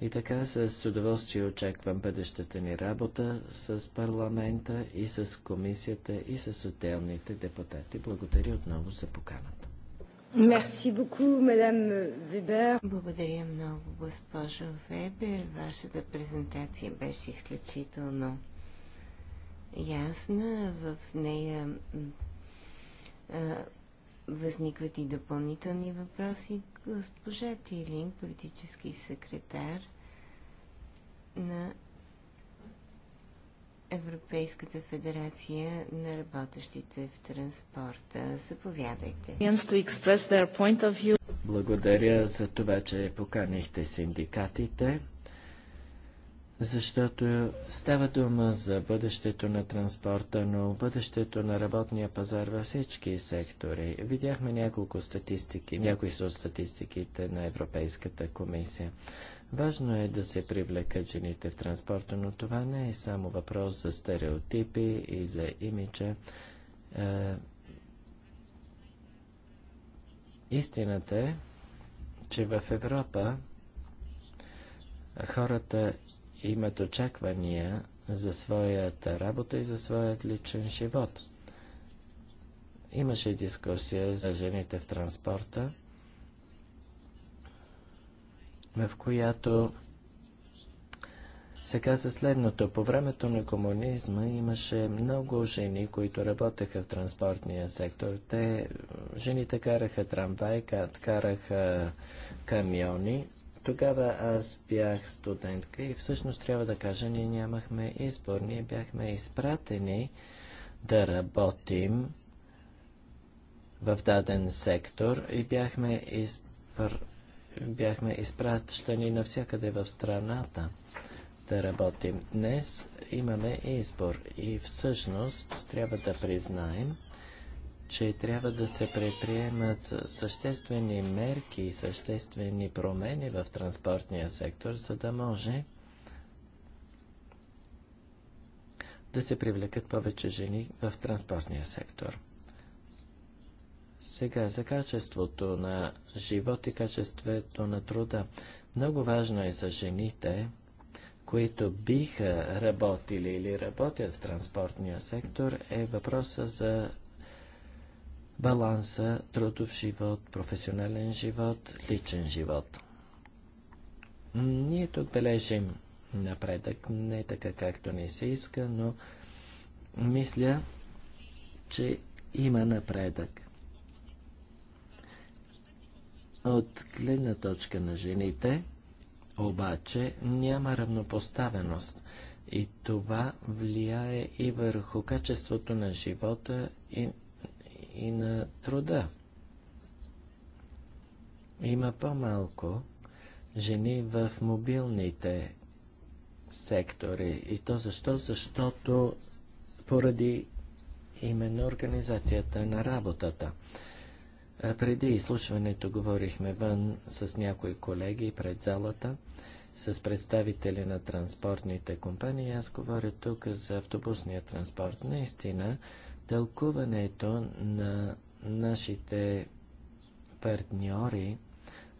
И така с удоволствие очаквам бъдещата ни работа с парламента и с комисията и с отделните депутати. Благодаря отново за поканата. Merci beaucoup, Madame Weber. Благодаря много, госпожо Вебер. Вашата презентация беше изключително ясна. В нея а, възникват и допълнителни въпроси. Госпожа Тилин, политически секретар на Европейската федерация на работещите в транспорта. Заповядайте. Благодаря за това, че поканихте синдикатите, защото става дума за бъдещето на транспорта, но бъдещето на работния пазар във всички сектори. Видяхме няколко статистики, някои са от статистиките на Европейската комисия. Важно е да се привлекат жените в транспорта, но това не е само въпрос за стереотипи и за имиджа. Е, истината е, че в Европа хората имат очаквания за своята работа и за своят личен живот. Имаше дискусия за жените в транспорта в която се каза следното. По времето на комунизма имаше много жени, които работеха в транспортния сектор. Те, жените караха трамвай, караха камиони. Тогава аз бях студентка и всъщност трябва да кажа, ние нямахме избор. Ние бяхме изпратени да работим в даден сектор и бяхме изпратени бяхме изпращани навсякъде в страната да работим. Днес имаме избор и всъщност трябва да признаем, че трябва да се предприемат съществени мерки и съществени промени в транспортния сектор, за да може да се привлекат повече жени в транспортния сектор. Сега за качеството на живот и качеството на труда. Много важно е за жените, които биха работили или работят в транспортния сектор, е въпроса за баланса трудов живот, професионален живот, личен живот. Ние тук бележим напредък, не така както ни се иска, но мисля, че има напредък. От гледна точка на жените, обаче, няма равнопоставеност. И това влияе и върху качеството на живота и, и на труда. Има по-малко жени в мобилните сектори. И то защо? Защото поради именно организацията на работата. Преди изслушването говорихме вън с някои колеги пред залата, с представители на транспортните компании. Аз говоря тук за автобусния транспорт. Наистина, тълкуването на нашите партньори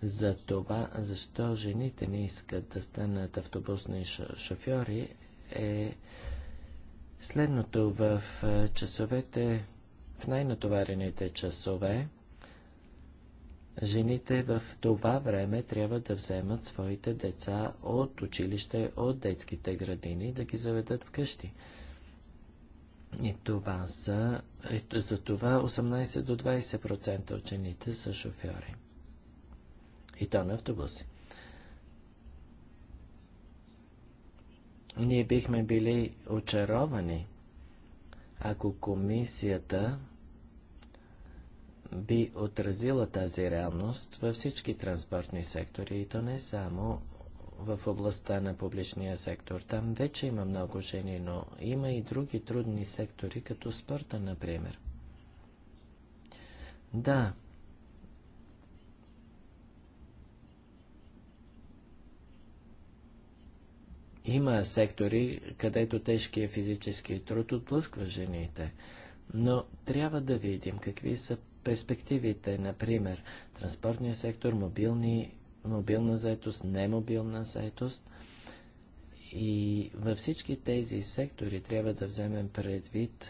за това, защо жените не искат да станат автобусни шофьори, е следното в часовете, в най-натоварените часове, Жените в това време трябва да вземат своите деца от училище, от детските градини, да ги заведат вкъщи. И това са, за това 18 до 20% от жените са шофьори. И то на автобуси. Ние бихме били очаровани, ако комисията би отразила тази реалност във всички транспортни сектори и то не само в областта на публичния сектор. Там вече има много жени, но има и други трудни сектори, като спорта, например. Да. Има сектори, където тежкият физически труд отблъсква жените, но трябва да видим какви са перспективите, например, транспортния сектор, мобилни, мобилна заетост, немобилна заетост. И във всички тези сектори трябва да вземем предвид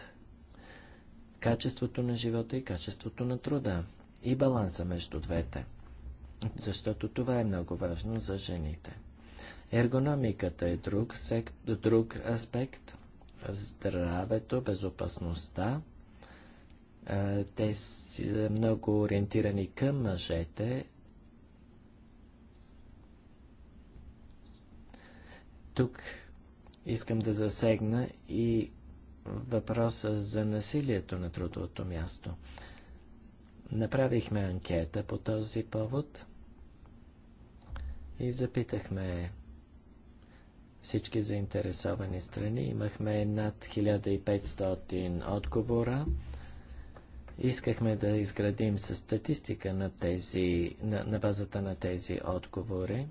качеството на живота и качеството на труда и баланса между двете, защото това е много важно за жените. Ергономиката е друг, сект, друг аспект, здравето, безопасността – те са е, много ориентирани към мъжете. Тук искам да засегна и въпроса за насилието на трудовото място. Направихме анкета по този повод и запитахме всички заинтересовани страни. Имахме над 1500 отговора. Искахме да изградим със статистика на, тези, на, на базата на тези отговори.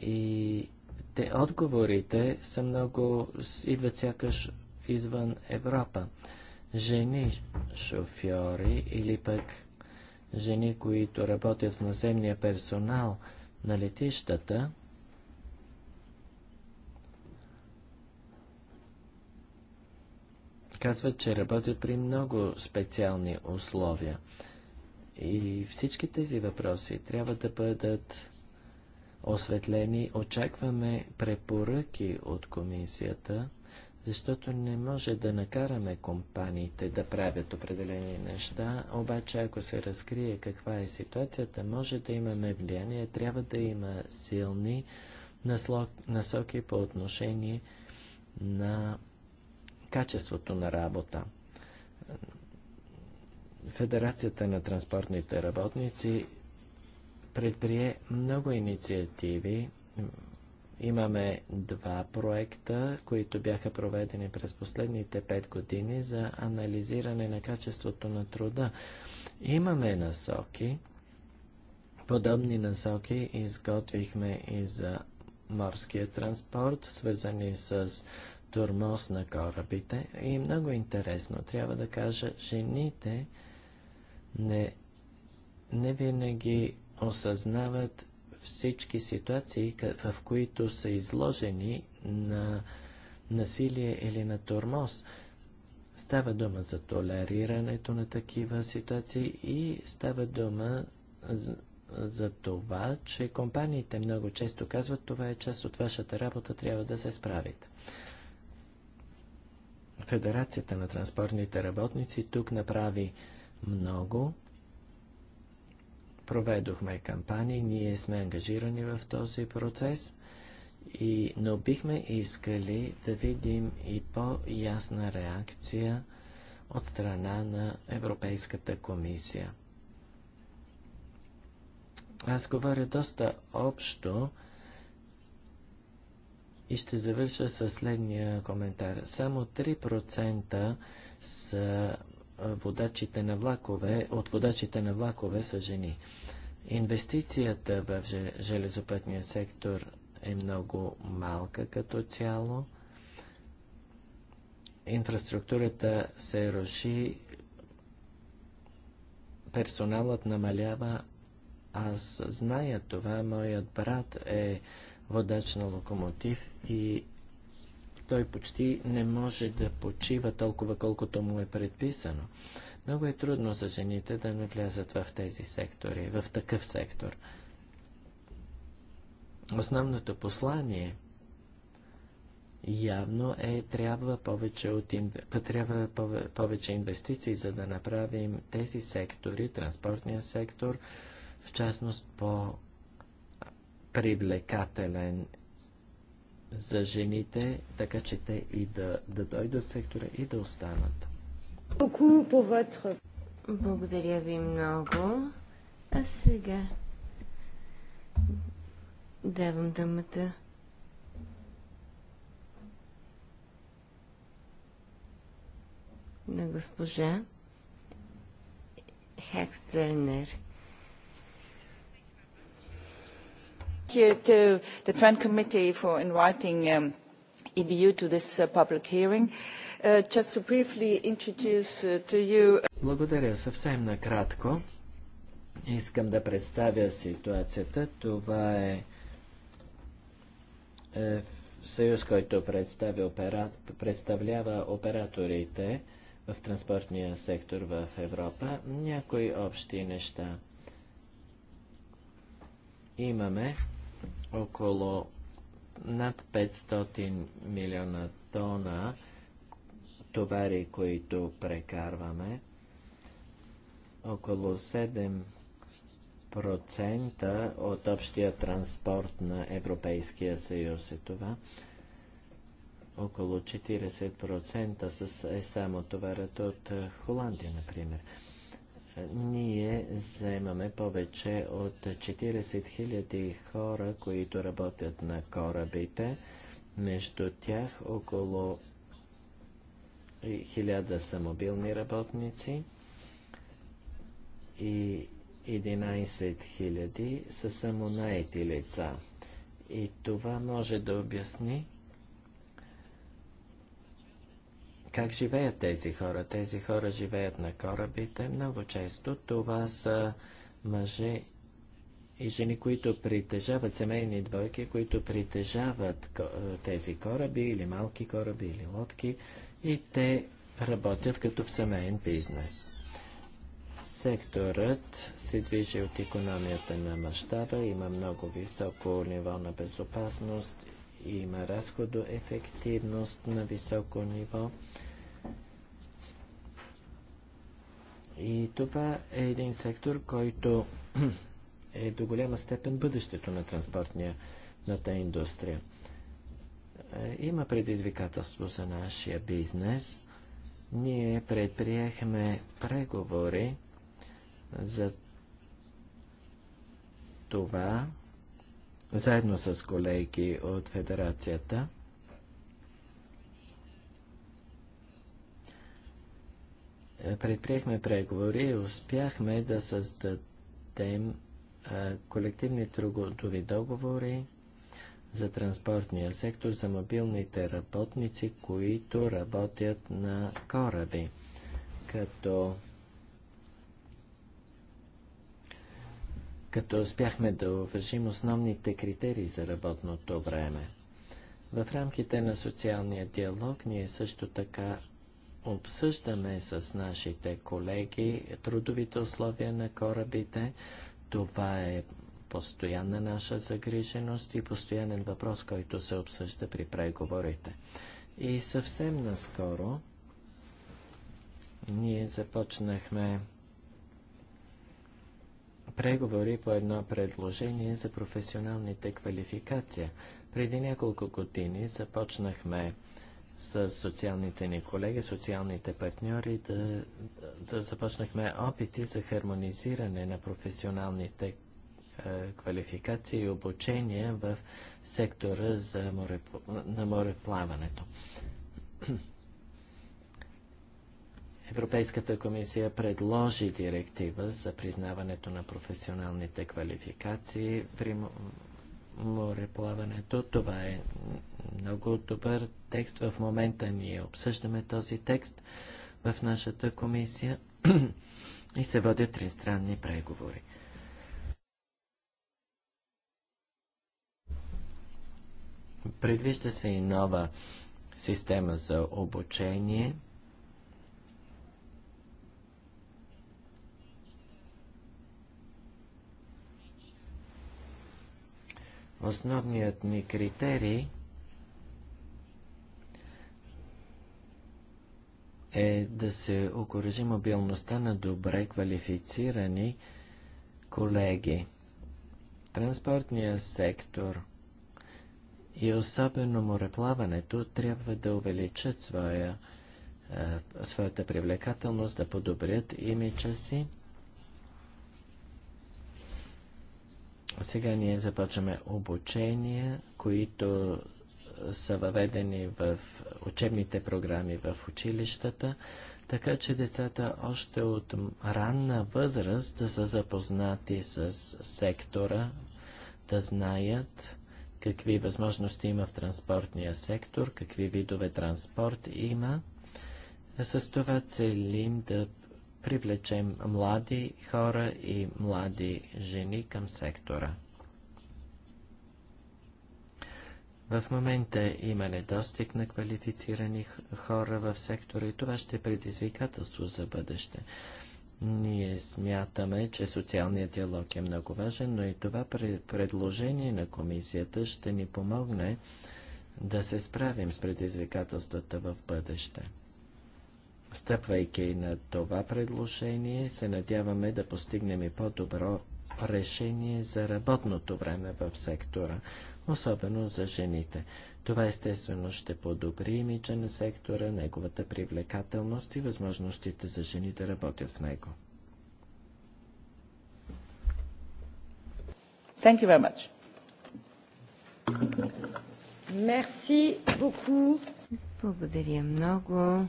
И те отговорите са много, идват сякаш извън Европа. Жени шофьори или пък жени, които работят в наземния персонал на летищата – казват, че работят при много специални условия. И всички тези въпроси трябва да бъдат осветлени. Очакваме препоръки от комисията, защото не може да накараме компаниите да правят определени неща, обаче ако се разкрие каква е ситуацията, може да имаме влияние, трябва да има силни насоки по отношение на качеството на работа. Федерацията на транспортните работници предприе много инициативи. Имаме два проекта, които бяха проведени през последните пет години за анализиране на качеството на труда. Имаме насоки. Подобни насоки изготвихме и за морския транспорт, свързани с тормоз на корабите. И много интересно, трябва да кажа, жените не, не винаги осъзнават всички ситуации, в които са изложени на насилие или на тормоз. Става дума за толерирането на такива ситуации и става дума за, за това, че компаниите много често казват, това е част от вашата работа, трябва да се справите. Федерацията на транспортните работници тук направи много. Проведохме кампании, ние сме ангажирани в този процес, и, но бихме искали да видим и по-ясна реакция от страна на Европейската комисия. Аз говоря доста общо, и ще завърша със следния коментар. Само 3% са водачите на влакове, от водачите на влакове са жени. Инвестицията в железопътния сектор е много малка като цяло. Инфраструктурата се руши, персоналът намалява. Аз зная това. Моят брат е водач на локомотив и той почти не може да почива толкова, колкото му е предписано. Много е трудно за жените да не влязат в тези сектори, в такъв сектор. Основното послание явно е трябва повече, от, трябва повече инвестиции, за да направим тези сектори, транспортния сектор, в частност по привлекателен за жените, така че те и да, да дойдат в сектора и да останат. Благодаря ви много. А сега давам думата на госпожа Хекстернер. you to the Trend Committee for inviting um, EBU to this uh, public hearing. Uh, just to briefly introduce uh, to you... Uh, Благодаря. Съвсем накратко искам да представя ситуацията. Това е, е съюз, който представлява операторите в транспортния сектор в Европа. Някои общи неща имаме около над 500 милиона тона товари, които прекарваме. Около 7% от общия транспорт на Европейския съюз е това. Около 40% е само товарът от Холандия, например ние заемаме повече от 40 000 хора, които работят на корабите. Между тях около 1000 са мобилни работници и 11 000 са самонаети лица. И това може да обясни Как живеят тези хора? Тези хора живеят на корабите. Много често това са мъже и жени, които притежават семейни двойки, които притежават тези кораби или малки кораби или лодки и те работят като в семейен бизнес. Секторът се движи от економията на мащаба, има много високо ниво на безопасност има разходоефективност на високо ниво. И това е един сектор, който е до голяма степен бъдещето на транспортната индустрия. Е, има предизвикателство за нашия бизнес. Ние предприехме преговори за това заедно с колеги от федерацията. Предприехме преговори и успяхме да създадем колективни трудови договори за транспортния сектор за мобилните работници, които работят на кораби, като като успяхме да уважим основните критерии за работното време. В рамките на социалния диалог ние също така обсъждаме с нашите колеги трудовите условия на корабите. Това е постоянна наша загриженост и постоянен въпрос, който се обсъжда при преговорите. И съвсем наскоро ние започнахме преговори по едно предложение за професионалните квалификации. Преди няколко години започнахме с социалните ни колеги, социалните партньори, да, да започнахме опити за хармонизиране на професионалните е, квалификации и обучение в сектора за море, на мореплаването. Европейската комисия предложи директива за признаването на професионалните квалификации при мореплаването. Това е много добър текст. В момента ние обсъждаме този текст в нашата комисия и се водят тристранни преговори. Предвижда се и нова система за обучение – Основният ни критерий е да се окоръжи мобилността на добре квалифицирани колеги. Транспортният сектор и особено мореплаването трябва да увеличат своя, е, своята привлекателност, да подобрят имиджа си Сега ние започваме обучения, които са въведени в учебните програми в училищата, така че децата още от ранна възраст да са запознати с сектора, да знаят какви възможности има в транспортния сектор, какви видове транспорт има. С това целим да привлечем млади хора и млади жени към сектора. В момента има недостиг на квалифицирани хора в сектора и това ще е предизвикателство за бъдеще. Ние смятаме, че социалният диалог е много важен, но и това предложение на комисията ще ни помогне да се справим с предизвикателствата в бъдеще. Стъпвайки на това предложение, се надяваме да постигнем и по-добро решение за работното време в сектора, особено за жените. Това естествено ще подобри имиджа на сектора, неговата привлекателност и възможностите за жени да работят в него. Thank you very much. Merci beaucoup. Благодаря много.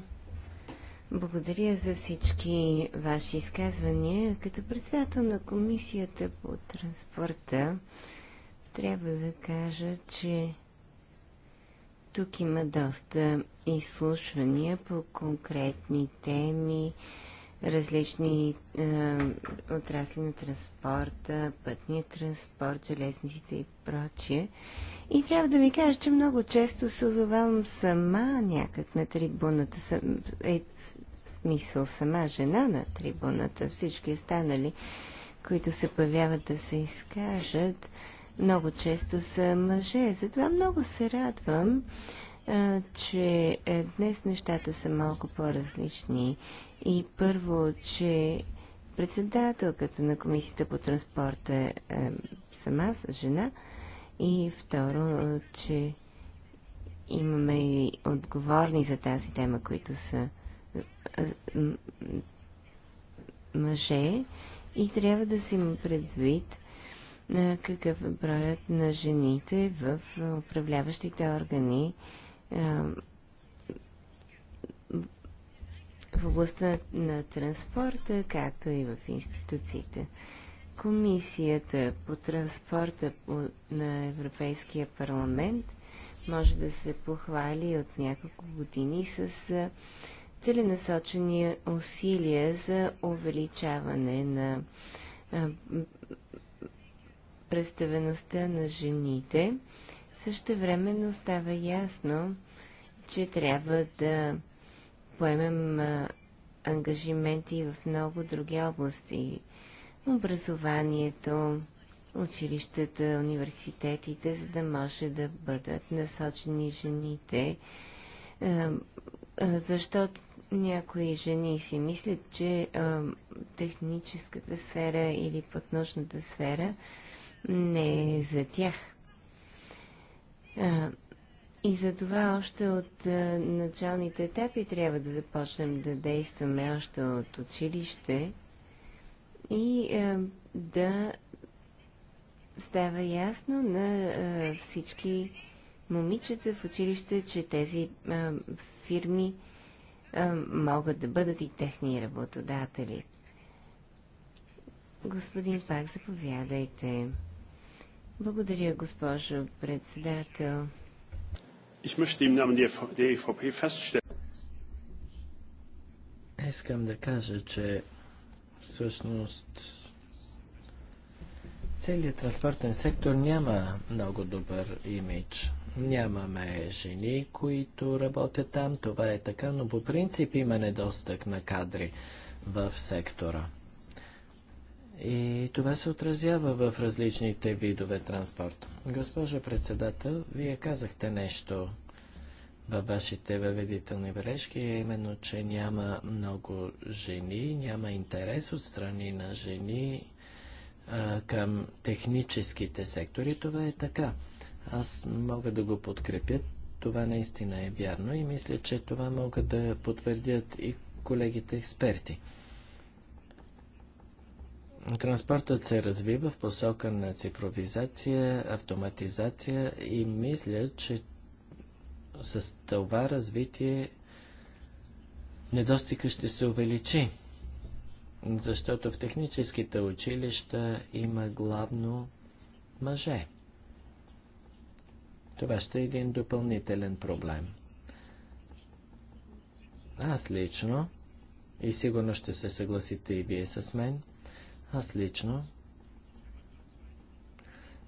Благодаря за всички ваши изказвания. Като председател на комисията по транспорта, трябва да кажа, че тук има доста изслушвания по конкретни теми, различни е, отрасли на транспорта, пътния транспорт, железниците и прочие. И трябва да ви кажа, че много често се озовавам сама някак на трибуната. Съм, е, смисъл сама жена на трибуната. Всички останали, които се появяват да се изкажат, много често са мъже. Затова много се радвам, че е, днес нещата са малко по-различни. И първо, че председателката на Комисията по транспорта е сама с жена. И второ, че имаме и отговорни за тази тема, които са мъже и трябва да си има предвид на какъв е броят на жените в управляващите органи в областта на транспорта, както и в институциите. Комисията по транспорта на Европейския парламент може да се похвали от няколко години с целенасочени усилия за увеличаване на представеността на жените. Също времено става ясно, че трябва да поемем ангажименти в много други области. Образованието, училищата, университетите, за да може да бъдат насочени жените, защото някои жени си мислят, че а, техническата сфера или пътношната сфера не е за тях. А, и за това още от а, началните етапи трябва да започнем да действаме още от училище и а, да става ясно на а, всички момичета в училище, че тези а, фирми могат да бъдат и техни работодатели. Господин Пак, заповядайте. Благодаря, госпожо председател. E Искам да кажа, че всъщност целият транспортен сектор няма много добър имидж. Нямаме жени, които работят там. Това е така, но по принцип има недостъг на кадри в сектора. И това се отразява в различните видове транспорт. Госпожо председател, вие казахте нещо във вашите въведителни бележки, е именно, че няма много жени, няма интерес от страни на жени а, към техническите сектори. Това е така. Аз мога да го подкрепя. Това наистина е вярно и мисля, че това могат да потвърдят и колегите експерти. Транспортът се развива в посока на цифровизация, автоматизация и мисля, че с това развитие недостига ще се увеличи, защото в техническите училища има главно мъже. Това ще е един допълнителен проблем. Аз лично, и сигурно ще се съгласите и вие с мен, аз лично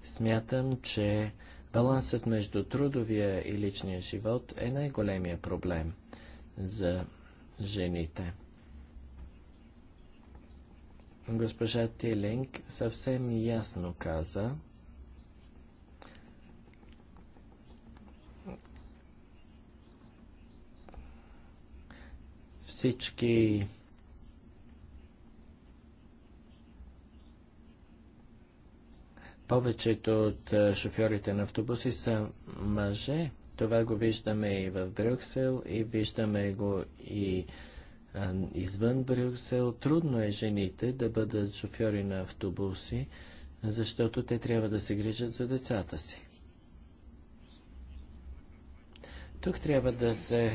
смятам, че балансът между трудовия и личния живот е най-големия проблем за жените. Госпожа Тилинг съвсем ясно каза, всички повечето от шофьорите на автобуси са мъже. Това го виждаме и в Брюксел, и виждаме го и извън Брюксел. Трудно е жените да бъдат шофьори на автобуси, защото те трябва да се грижат за децата си. Тук трябва да се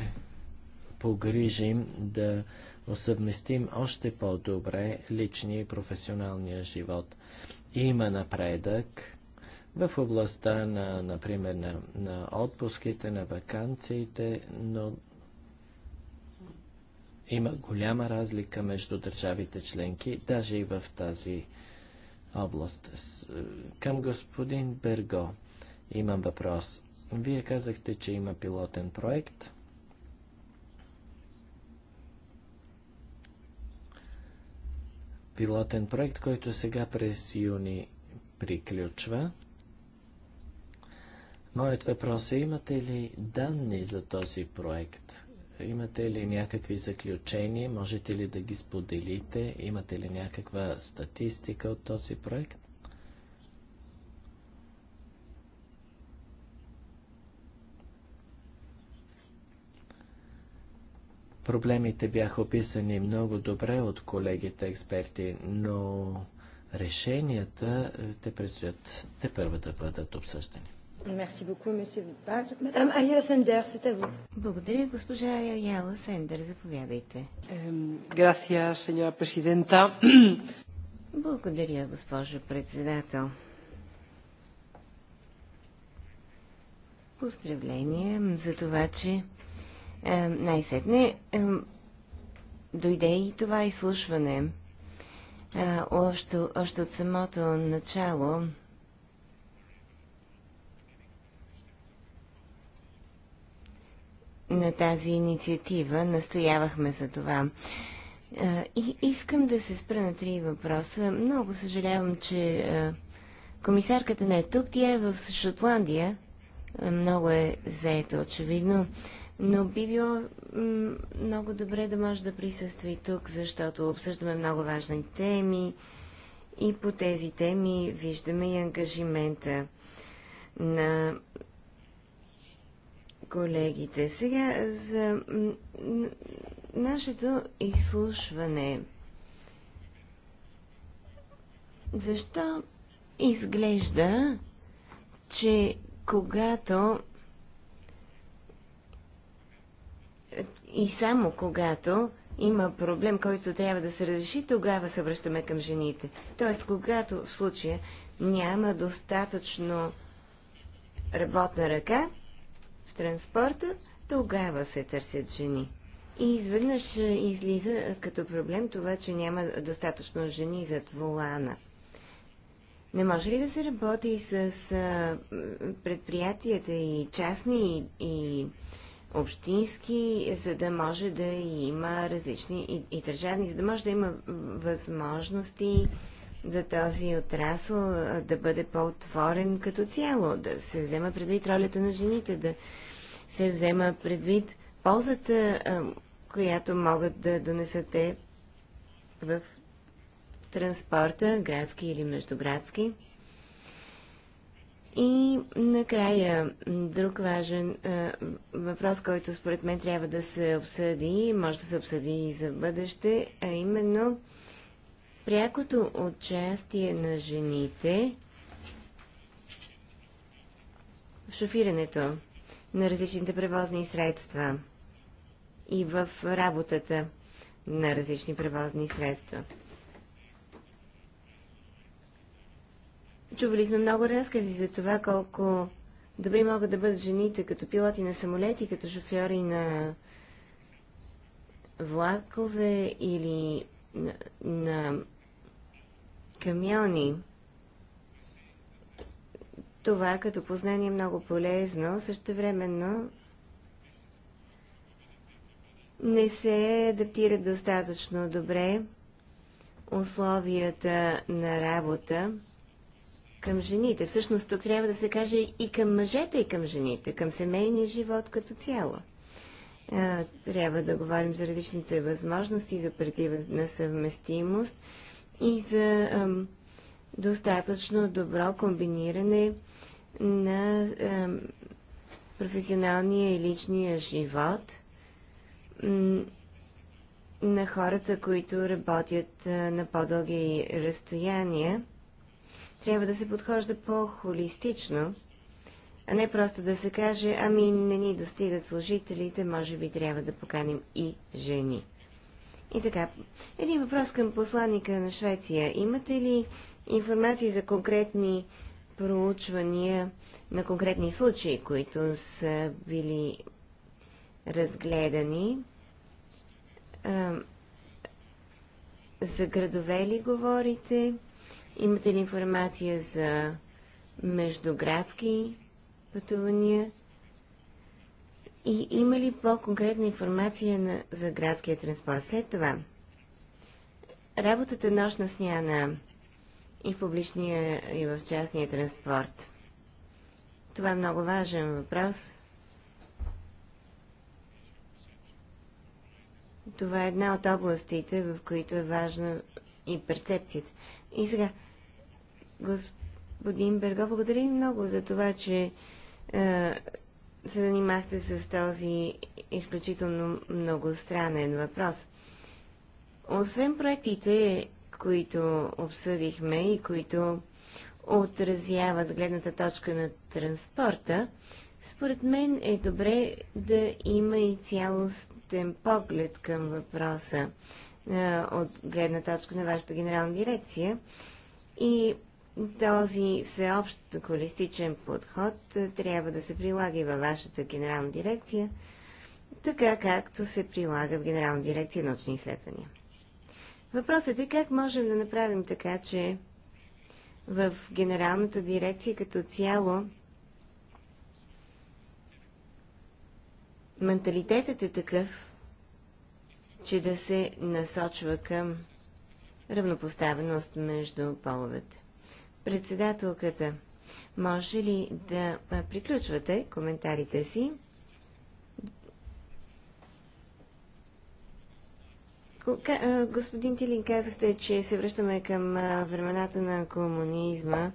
погрижим да усъвместим още по-добре личния и професионалния живот. Има напредък в областта на, например, на, на отпуските, на вакансиите, но има голяма разлика между държавите членки, даже и в тази област. Към господин Берго имам въпрос. Вие казахте, че има пилотен проект – пилотен проект, който сега през юни приключва. Моят въпрос е, имате ли данни за този проект? Имате ли някакви заключения? Можете ли да ги споделите? Имате ли някаква статистика от този проект? Проблемите бяха описани много добре от колегите експерти, но решенията е, те предстоят те първа да бъдат обсъждани. Merci beaucoup, monsieur Vipage. Madame Ayala Sender, c'est à vous. Благодаря, госпожа Ayala Сендер. Заповядайте. Gracias, señora presidenta. Благодаря, госпожо председател. Поздравления за това, че е, най-сетне е, дойде и това изслушване. Е, още, още от самото начало на тази инициатива настоявахме за това. И искам да се спра на три въпроса. Много съжалявам, че комисарката не е тук. Тя е в Шотландия. Много е заета, очевидно но би било много добре да може да присъства и тук, защото обсъждаме много важни теми и по тези теми виждаме и ангажимента на колегите. Сега за нашето изслушване. Защо изглежда, че когато И само когато има проблем, който трябва да се разреши, тогава се връщаме към жените. Тоест, когато в случая няма достатъчно работна ръка в транспорта, тогава се търсят жени. И изведнъж е, излиза като проблем това, че няма достатъчно жени зад волана. Не може ли да се работи с предприятията и частни и, и общински, за да може да има различни и, и държавни, за да може да има възможности за този отрасъл да бъде по-отворен като цяло, да се взема предвид ролята на жените, да се взема предвид ползата, която могат да донесете в транспорта, градски или междуградски. И накрая, друг важен а, въпрос, който според мен трябва да се обсъди, може да се обсъди и за бъдеще, а именно прякото участие на жените в шофирането на различните превозни средства и в работата на различни превозни средства. Чували сме много разкази за това колко добри могат да бъдат жените като пилоти на самолети, като шофьори на влакове или на, на камиони. Това като познание е много полезно, времено не се адаптира достатъчно добре условията на работа към жените. Всъщност тук трябва да се каже и към мъжете, и към жените, към семейния живот като цяло. Трябва да говорим за различните възможности, за на съвместимост и за ам, достатъчно добро комбиниране на ам, професионалния и личния живот на хората, които работят на по-дълги разстояния трябва да се подхожда по-холистично, а не просто да се каже, ами не ни достигат служителите, може би трябва да поканим и жени. И така, един въпрос към посланника на Швеция. Имате ли информации за конкретни проучвания на конкретни случаи, които са били разгледани? за градове ли говорите? Имате ли информация за междуградски пътувания? И има ли по-конкретна информация на, за градския транспорт? След това, работата нощна смяна и в публичния, и в частния транспорт. Това е много важен въпрос. Това е една от областите, в които е важна и перцепцията. И сега, господин Берго, благодаря ви много за това, че е, се занимахте с този изключително многостранен въпрос. Освен проектите, които обсъдихме и които отразяват гледната точка на транспорта, според мен е добре да има и цялостен поглед към въпроса е, от гледна точка на вашата генерална дирекция. И този всеобщ холистичен подход е, трябва да се прилага и във вашата генерална дирекция, така както се прилага в Генерална дирекция научни изследвания. Въпросът е как можем да направим така, че в Генералната дирекция като цяло менталитетът е такъв, че да се насочва към равнопоставеност между половете. Председателката, може ли да приключвате коментарите си? Господин Тилин, казахте, че се връщаме към времената на комунизма,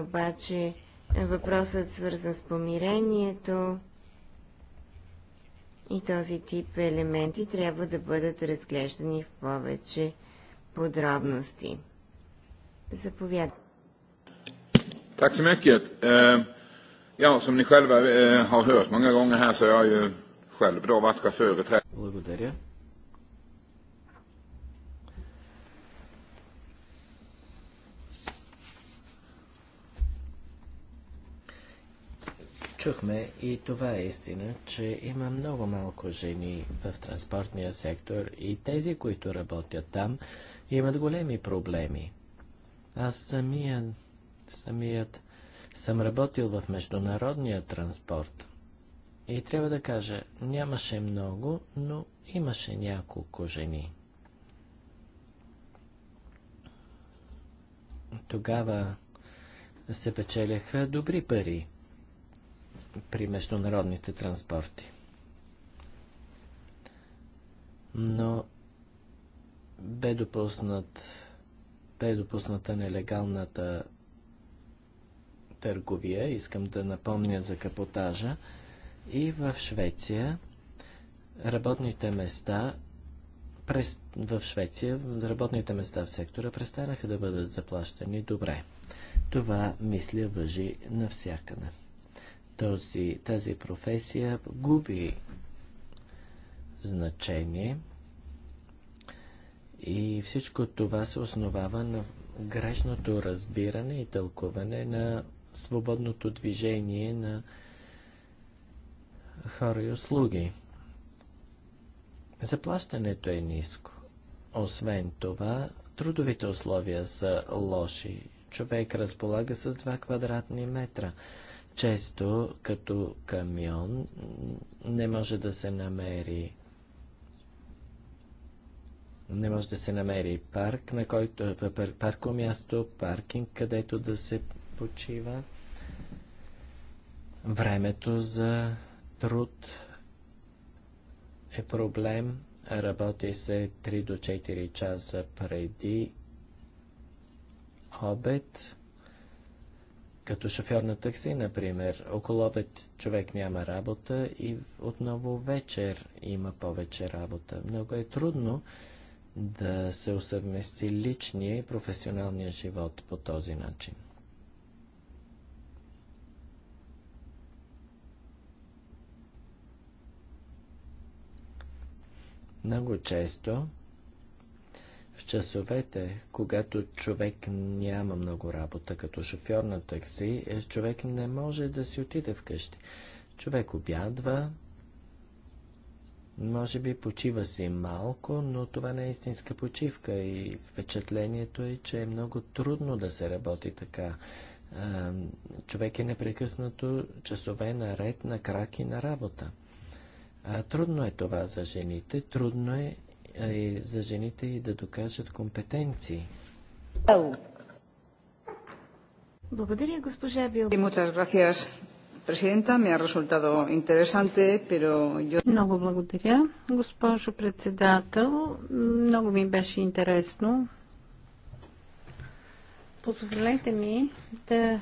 обаче въпросът свързан с помирението и този тип елементи трябва да бъдат разглеждани в повече подробности. Заповядай. Tack så mycket. Ehm, ja, som ni själva eh, har hört många gånger här så har jag ju själv då varit chaufför i 30 Благодаря. Чухме и това е истина, че има много малко жени в транспортния сектор и тези, които работят там, имат големи проблеми. Аз самия, самият съм работил в международния транспорт. И трябва да кажа, нямаше много, но имаше няколко жени. Тогава се печеляха добри пари при международните транспорти. Но бе допуснат бе допусната нелегалната търговия, искам да напомня за капотажа, и в Швеция работните места през, в Швеция работните места в сектора престанаха да бъдат заплащани добре. Това, мисля, въжи навсякъде. Този, тази професия губи значение – и всичко това се основава на грешното разбиране и тълкуване на свободното движение на хора и услуги. Заплащането е ниско. Освен това, трудовите условия са лоши. Човек разполага с 2 квадратни метра. Често, като камион, не може да се намери не може да се намери парк, на който, е, парко място, паркинг, където да се почива. Времето за труд е проблем. Работи се 3 до 4 часа преди обед. Като шофьор на такси, например, около обед човек няма работа и отново вечер има повече работа. Много е трудно да се усъвмести личния и професионалния живот по този начин. Много често в часовете, когато човек няма много работа, като шофьор на такси, е, човек не може да си отиде вкъщи. Човек обядва, може би почива си малко, но това не е истинска почивка и впечатлението е, че е много трудно да се работи така. човек е непрекъснато часове наред на крак и на работа. трудно е това за жените, трудно е и за жените и да докажат компетенции. Благодаря, госпожа Бил. Muchas gracias, Президента, me е resultado interesante, но... yo... Много благодаря, госпожо председател. Много ми беше интересно. Позволете ми да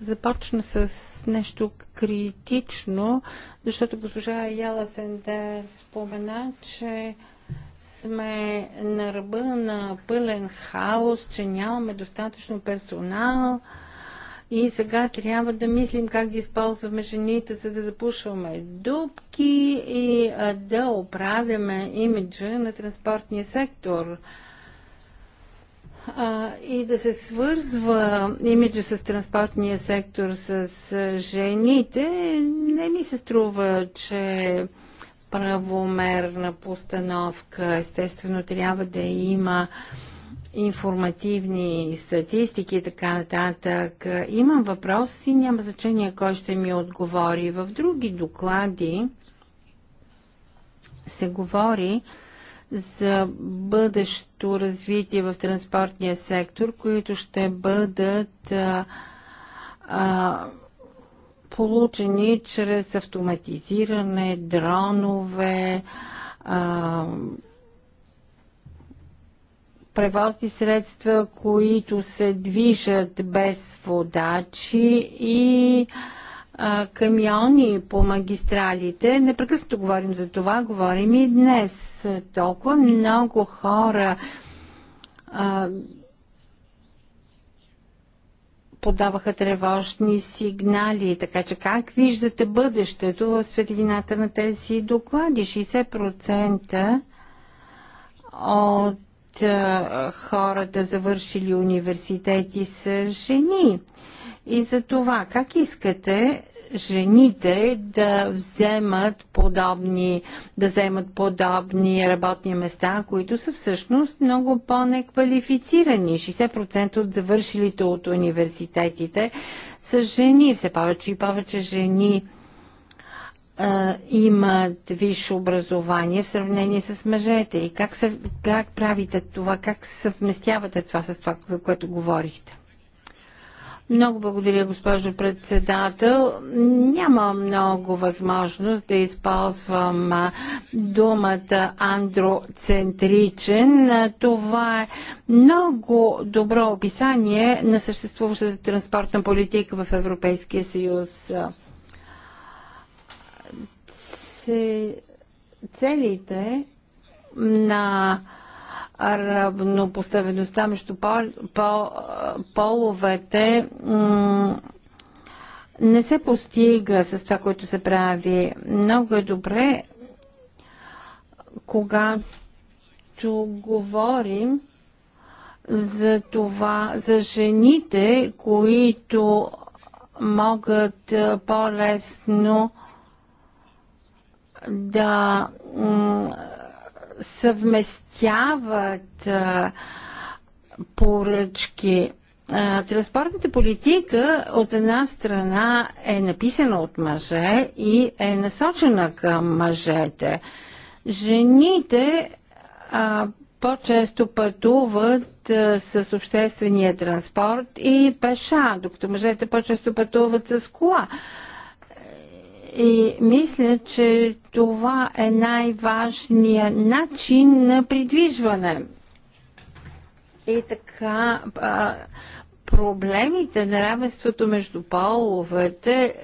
започна с нещо критично, защото госпожа Яла Сендер спомена, че сме на ръба на пълен хаос, че нямаме достатъчно персонал, и сега трябва да мислим как да използваме жените, за да запушваме дубки и а, да оправяме имиджа на транспортния сектор. А, и да се свързва имиджа с транспортния сектор с жените, не ми се струва, че правомерна постановка. Естествено, трябва да има информативни статистики и така нататък. Имам въпрос и няма значение кой ще ми отговори. В други доклади се говори за бъдещо развитие в транспортния сектор, които ще бъдат а, а, получени чрез автоматизиране, дронове, а, превозни средства, които се движат без водачи и а, камиони по магистралите. Непрекъснато говорим за това, говорим и днес. Толкова много хора а, подаваха тревожни сигнали. Така че как виждате бъдещето в светлината на тези доклади? 60% от е, хората, завършили университети, са жени. И за това, как искате жените да вземат подобни, да вземат подобни работни места, които са всъщност много по-неквалифицирани. 60% от завършилите от университетите са жени, все повече и повече жени имат висше образование в сравнение с мъжете? И как, се, как правите това? Как се съвместявате това с това, за което говорихте? Много благодаря, госпожо председател. Няма много възможност да използвам думата андроцентричен. Това е много добро описание на съществуващата транспортна политика в Европейския съюз че целите на равнопоставеността между пол, пол, половете не се постига с това, което се прави. Много е добре, когато говорим за това, за жените, които могат по-лесно да съвместяват поръчки. Транспортната политика от една страна е написана от мъже и е насочена към мъжете. Жените по-често пътуват а, с обществения транспорт и пеша, докато мъжете по-често пътуват с кола. И мисля, че това е най-важният начин на придвижване. И така, проблемите на равенството между половете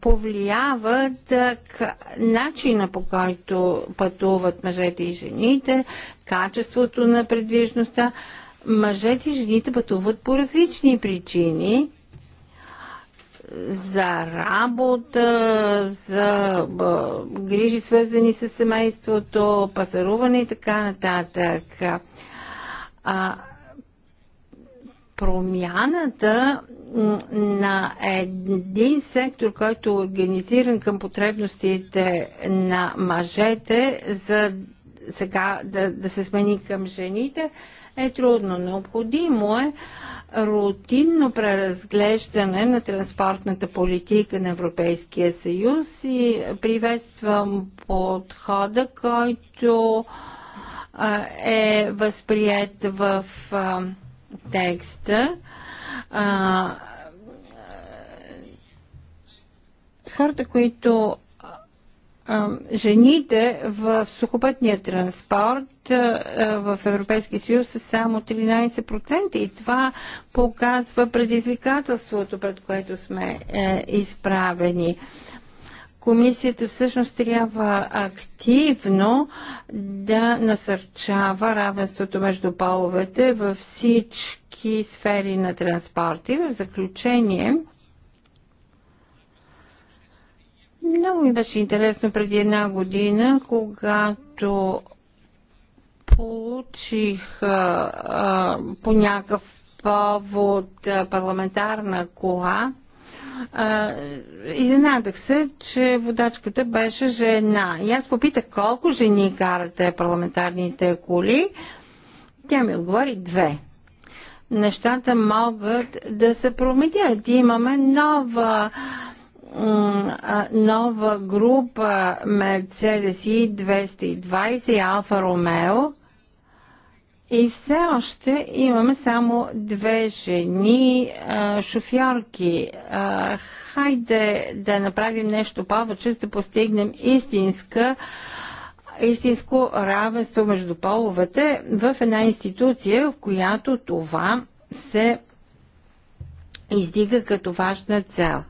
повлияват к, начина по който пътуват мъжете и жените, качеството на предвижността. Мъжете и жените пътуват по различни причини за работа, за грижи свързани с семейството, пазаруване и така нататък. А, промяната на един сектор, който е организиран към потребностите на мъжете, за сега да, да се смени към жените, е трудно. Необходимо е рутинно преразглеждане на транспортната политика на Европейския съюз и приветствам подхода, който е възприят в текста. Хората, които жените в сухопътния транспорт в Европейския съюз са само 13% и това показва предизвикателството, пред което сме е, изправени. Комисията всъщност трябва активно да насърчава равенството между половете във всички сфери на транспорта. И в заключение, много ми беше интересно преди една година, когато получих а, а, по някакъв повод а, парламентарна кола. А, изненадах се, че водачката беше жена. И аз попитах колко жени карате парламентарните коли. Тя ми отговори две нещата могат да се променят. Имаме нова нова група Mercedes E220 и Alfa Romeo и все още имаме само две жени шофьорки. хайде да направим нещо повече, да постигнем истинска истинско равенство между половете в една институция, в която това се издига като важна цел.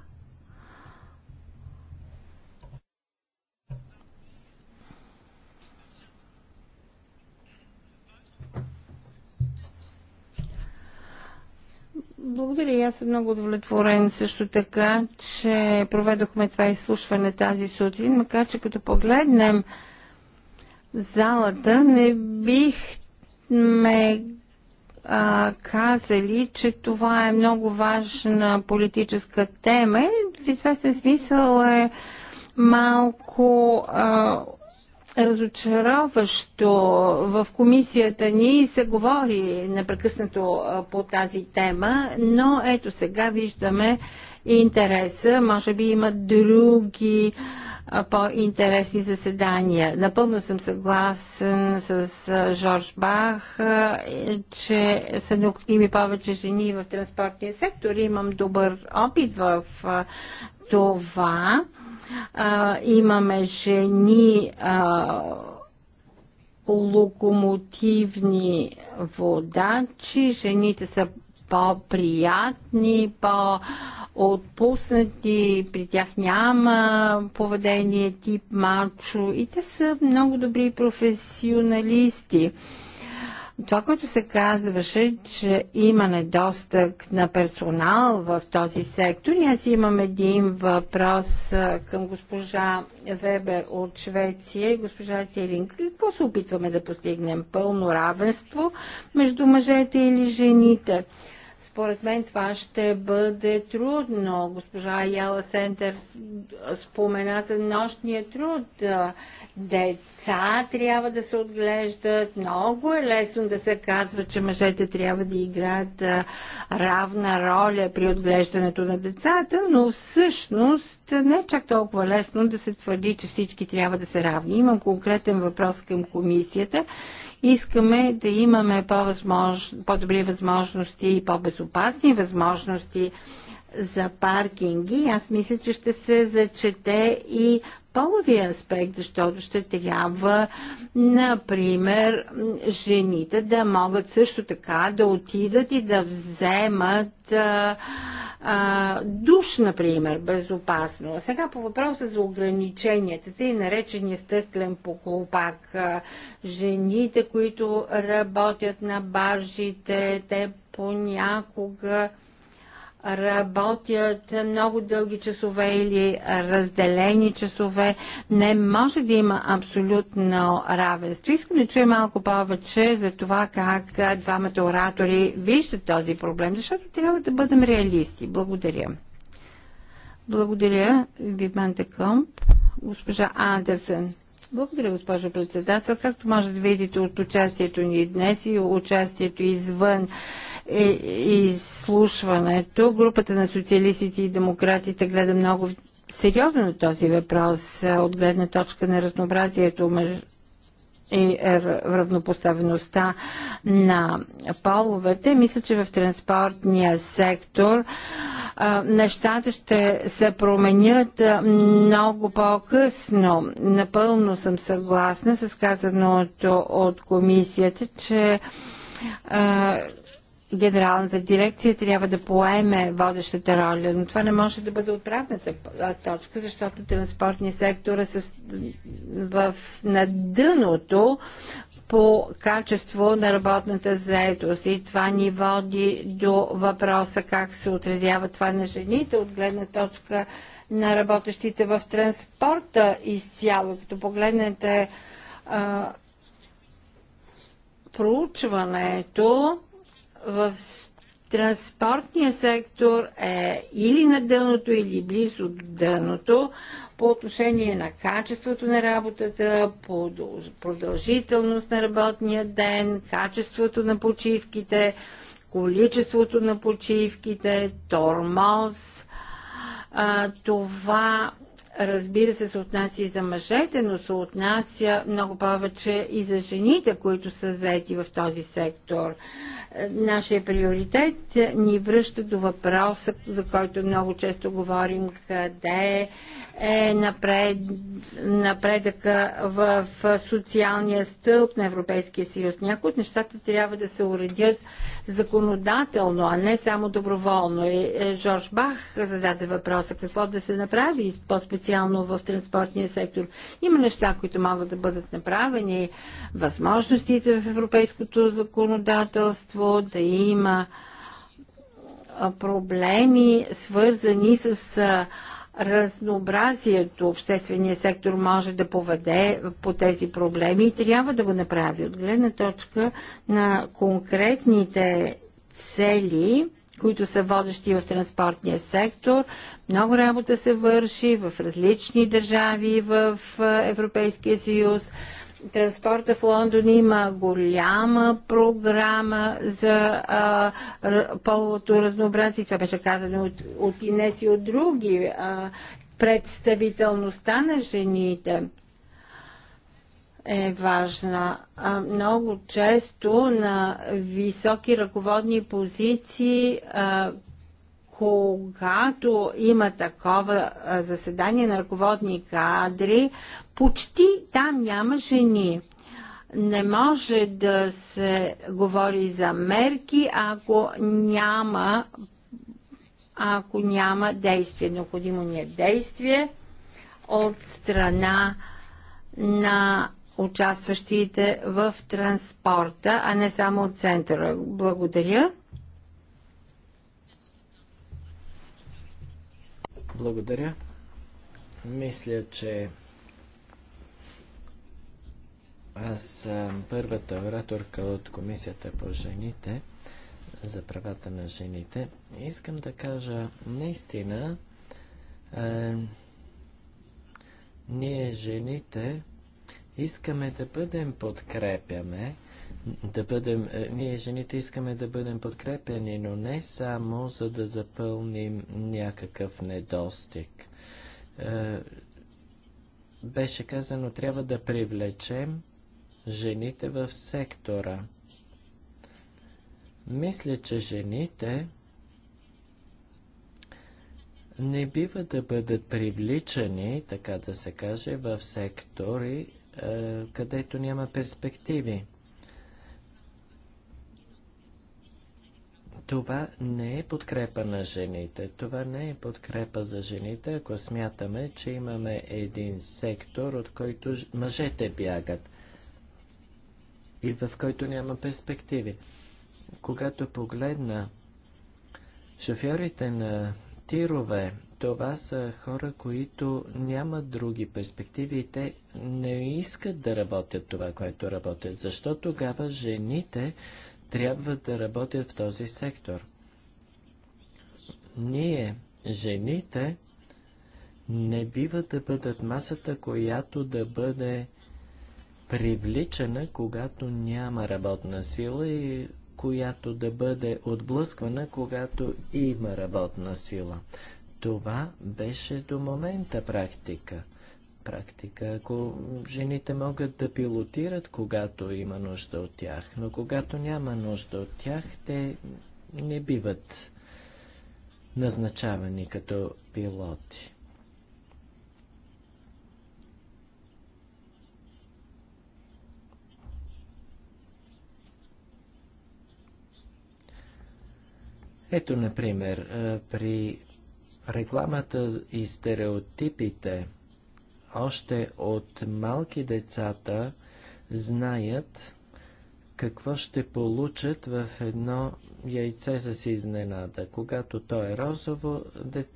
Благодаря и аз съм много удовлетворен също така, че проведохме това изслушване тази сутрин, макар че като погледнем залата, не бихме а, казали, че това е много важна политическа тема. В известен смисъл е малко а, разочароващо в комисията ни се говори непрекъснато по тази тема, но ето сега виждаме интереса. Може би има други по-интересни заседания. Напълно съм съгласен с Жорж Бах, че са необходими повече жени в транспортния сектор. Имам добър опит в това а, имаме жени а, локомотивни водачи, жените са по-приятни, по-отпуснати, при тях няма поведение тип мачо и те са много добри професионалисти. Това, което се казваше, че има недостъг на персонал в този сектор, и аз имам един въпрос към госпожа Вебер от Швеция и госпожа Телинка. Какво се опитваме да постигнем? Пълно равенство между мъжете или жените? Според мен това ще бъде трудно. Госпожа Яла Сентер спомена за нощния труд. Деца трябва да се отглеждат. Много е лесно да се казва, че мъжете трябва да играят равна роля при отглеждането на децата, но всъщност не е чак толкова лесно да се твърди, че всички трябва да са равни. Имам конкретен въпрос към комисията Искаме да имаме по-добри възможности и по-безопасни възможности за паркинги. Аз мисля, че ще се зачете и половия аспект, защото ще трябва, например, жените да могат също така да отидат и да вземат а, а, душ, например, безопасно. Сега по въпроса за ограниченията, тъй наречения стъклен поколпак, жените, които работят на баржите, те понякога работят много дълги часове или разделени часове. Не може да има абсолютно равенство. Искам да чуя малко повече за това как двамата оратори виждат този проблем, защото трябва да бъдем реалисти. Благодаря. Благодаря, Виманта Къмп. Госпожа Андерсен. Благодаря, госпожо председател. Както може да видите от участието ни днес и участието извън е изслушването. Групата на социалистите и демократите гледа много сериозно на този въпрос от гледна точка на разнообразието и равнопоставеността на половете. Мисля, че в транспортния сектор нещата ще се променят много по-късно. Напълно съм съгласна с казаното от комисията, че генералната дирекция трябва да поеме водещата роля, но това не може да бъде отправната точка, защото транспортния сектор е в, в, на дъното по качество на работната заедост. И това ни води до въпроса как се отразява това на жените от гледна точка на работещите в транспорта изцяло. Като погледнете а, проучването, в транспортния сектор е или на дъното, или близо до дъното по отношение на качеството на работата, продължителност на работния ден, качеството на почивките, количеството на почивките, тормоз. А, това разбира се, се отнася и за мъжете, но се отнася много повече и за жените, които са заети в този сектор. Е, нашия приоритет ни връща до въпроса, за който много често говорим, къде е напред, напредъка в социалния стълб на Европейския съюз. Някои от нещата трябва да се уредят законодателно, а не само доброволно. И е, Жорж Бах зададе въпроса какво да се направи, по специално в транспортния сектор. Има неща, които могат да бъдат направени, възможностите в европейското законодателство, да има проблеми, свързани с разнообразието обществения сектор може да поведе по тези проблеми и трябва да го направи от гледна точка на конкретните цели които са водещи в транспортния сектор. Много работа се върши в различни държави в Европейския съюз. Транспорта в Лондон има голяма програма за а, половото разнообразие. Това беше казано от, от Инес и от други. А, представителността на жените е важна. Много често на високи ръководни позиции, когато има такова заседание на ръководни кадри, почти там няма жени. Не може да се говори за мерки, ако няма, ако няма действие. Необходимо ни е действие от страна на участващите в транспорта, а не само от центъра. Благодаря. Благодаря. Мисля, че аз съм първата ораторка от Комисията по жените за правата на жените. Искам да кажа, наистина, е, ние жените Искаме да бъдем подкрепяме, да бъдем, е, ние жените искаме да бъдем подкрепени, но не само за да запълним някакъв недостиг. Е, беше казано, трябва да привлечем жените в сектора. Мисля, че жените не бива да бъдат привличани, така да се каже, в сектори, е, където няма перспективи. Това не е подкрепа на жените. Това не е подкрепа за жените, ако смятаме, че имаме един сектор, от който мъжете бягат и в който няма перспективи. Когато погледна шофьорите на тирове това са хора, които нямат други перспективи и те не искат да работят това, което работят. Защо тогава жените трябва да работят в този сектор? Ние, жените, не бива да бъдат масата, която да бъде привличана, когато няма работна сила и която да бъде отблъсквана, когато има работна сила. Това беше до момента практика. Практика, ако жените могат да пилотират, когато има нужда от тях, но когато няма нужда от тях, те не биват назначавани като пилоти. Ето, например, при Рекламата и стереотипите още от малки децата знаят какво ще получат в едно яйце с изненада. Когато то е розово,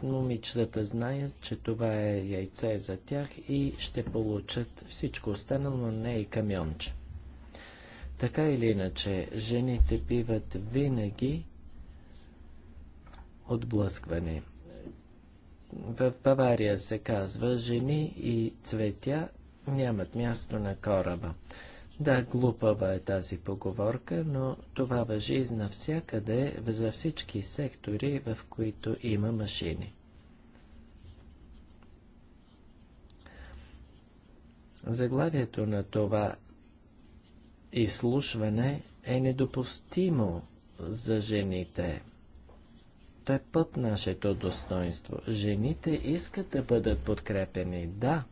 момичетата знаят, че това е яйце за тях и ще получат всичко останало, не и камионче. Така или иначе, жените биват винаги отблъсквани. В Бавария се казва, жени и цветя нямат място на кораба. Да, глупава е тази поговорка, но това въжи навсякъде, за всички сектори, в които има машини. Заглавието на това изслушване е недопустимо за жените то е под нашето достоинство. Жените искат да бъдат подкрепени, да,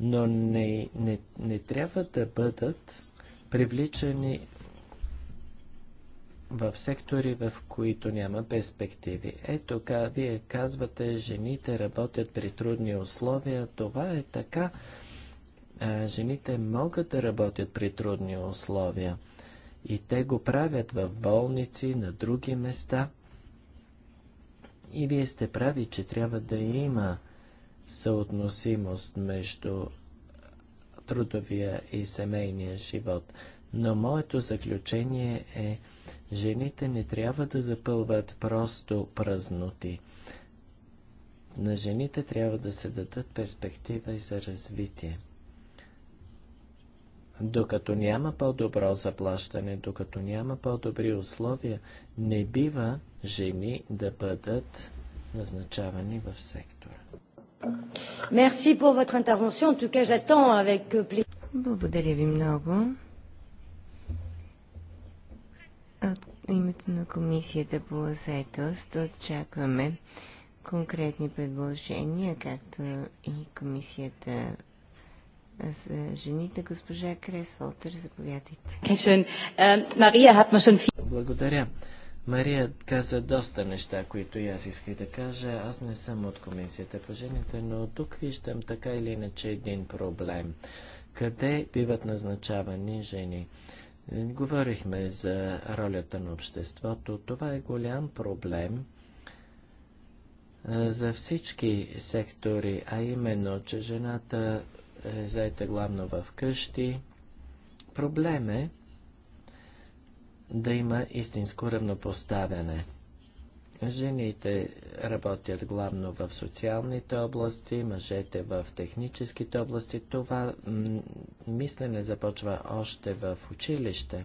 но не, не, не трябва да бъдат привличани в сектори, в които няма перспективи. Ето така, вие казвате, жените работят при трудни условия. Това е така. А, жените могат да работят при трудни условия. И те го правят в болници, на други места – и вие сте прави, че трябва да има съотносимост между трудовия и семейния живот. Но моето заключение е, жените не трябва да запълват просто празноти. На жените трябва да се дадат перспектива и за развитие. Докато няма по-добро заплащане, докато няма по-добри условия, не бива жени да бъдат назначавани в сектора. Merci pour votre intervention. En tout cas, j'attends avec plaisir. Благодаря ви много. От името на Комисията по заетост очакваме конкретни предложения, както и Комисията за жените. Госпожа Волтер, заповядайте. Благодаря. Мария каза доста неща, които и аз исках да кажа. Аз не съм от комисията по жените, но тук виждам така или иначе един проблем. Къде биват назначавани жени? Говорихме за ролята на обществото. Това е голям проблем за всички сектори, а именно, че жената заета главно в къщи. Проблем е да има истинско равнопоставяне. Жените работят главно в социалните области, мъжете в техническите области. Това мислене започва още в училище.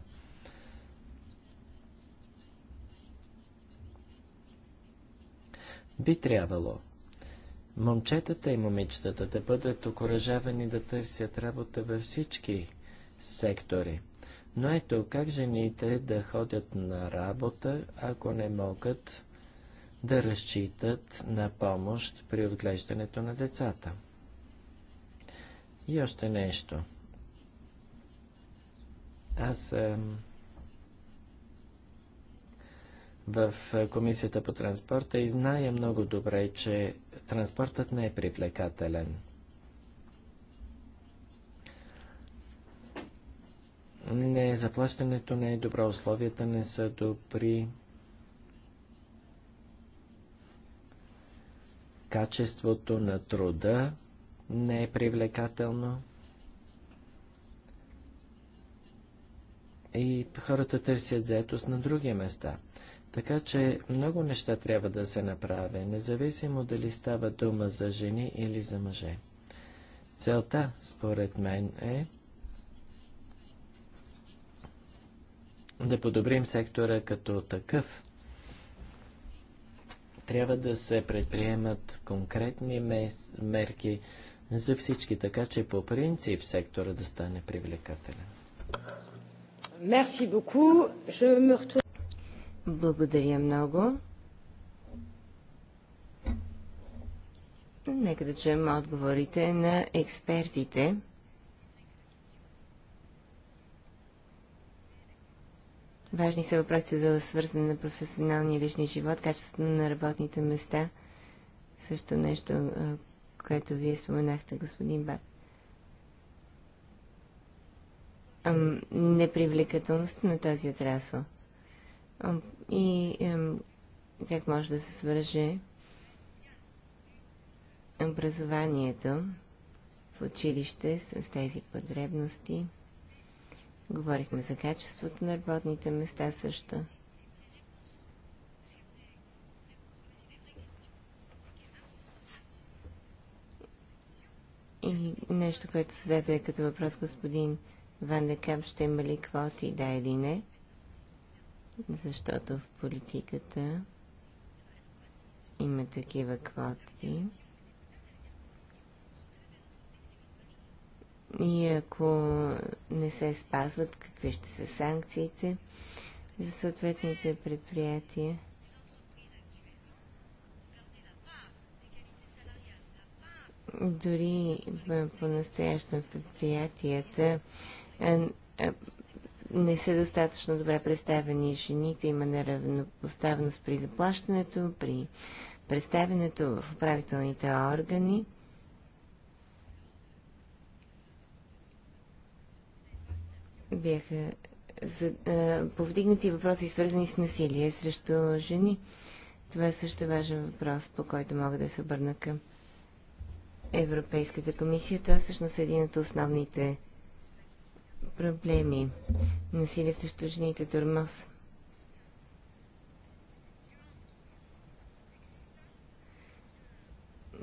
Би трябвало момчетата и момичетата да бъдат окоръжавани да търсят работа във всички сектори. Но ето как жените да ходят на работа, ако не могат да разчитат на помощ при отглеждането на децата. И още нещо. Аз съм в Комисията по транспорта и зная много добре, че Транспортът не е привлекателен. Не, заплащането не е добро, условията не са добри. Качеството на труда не е привлекателно. И хората търсят заетост на други места. Така че много неща трябва да се направи, независимо дали става дума за жени или за мъже. Целта, според мен, е да подобрим сектора като такъв. Трябва да се предприемат конкретни мерки за всички, така че по принцип сектора да стане привлекателен. Merci beaucoup. Je me retourne... Благодаря много. Нека да чуем отговорите на експертите. Важни са въпросите за свързане на професионалния лични личния живот, качеството на работните места. Също нещо, което вие споменахте, господин Бак. Непривлекателността на този отрасъл и как може да се свърже образованието в училище с тези потребности. Говорихме за качеството на работните места също. И нещо, което зададе като въпрос господин Ван Декап, ще има ли квоти, да или не? защото в политиката има такива квоти. И ако не се спазват, какви ще са санкциите за съответните предприятия? Дори по-настоящем в предприятията не са достатъчно добре представени жените, има неравнопоставеност при заплащането, при представенето в управителните органи. Бяха за, а, повдигнати въпроси, свързани с насилие срещу жени. Това е също важен въпрос, по който мога да се обърна към Европейската комисия. Това всъщност е един от основните проблеми. Насилие срещу жените, тормоз.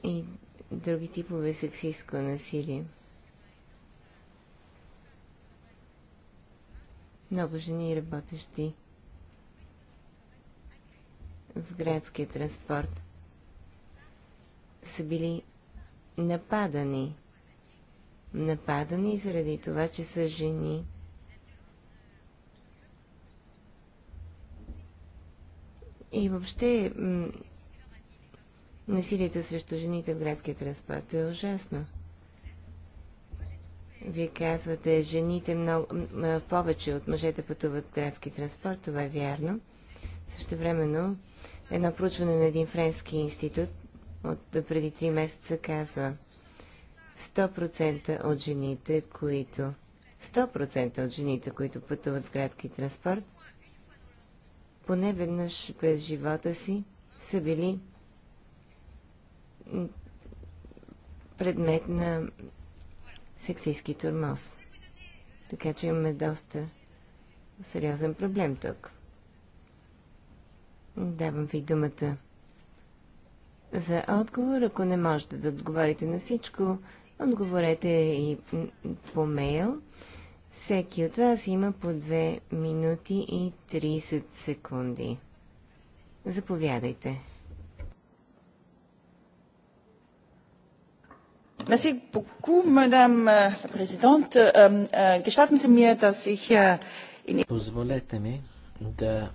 И други типове сексистско насилие. Много жени работещи в градския транспорт са били нападани нападани заради това, че са жени. И въобще насилието срещу жените в градския транспорт е ужасно. Вие казвате, жените много, повече от мъжете пътуват в градски транспорт, това е вярно. Също времено, едно проучване на един френски институт от преди три месеца казва – 100% от жените, които 100% от жените, които пътуват с градски транспорт, поне веднъж през живота си са били предмет на сексистски тормоз. Така че имаме доста сериозен проблем тук. Давам ви думата за отговор. Ако не можете да отговорите на всичко, Отговорете и по мейл. Всеки от вас има по 2 минути и 30 секунди. Заповядайте. Merci beaucoup, Madame la Présidente. Euh, euh, gestatten Sie mir, dass ich... Äh, Позволете ми да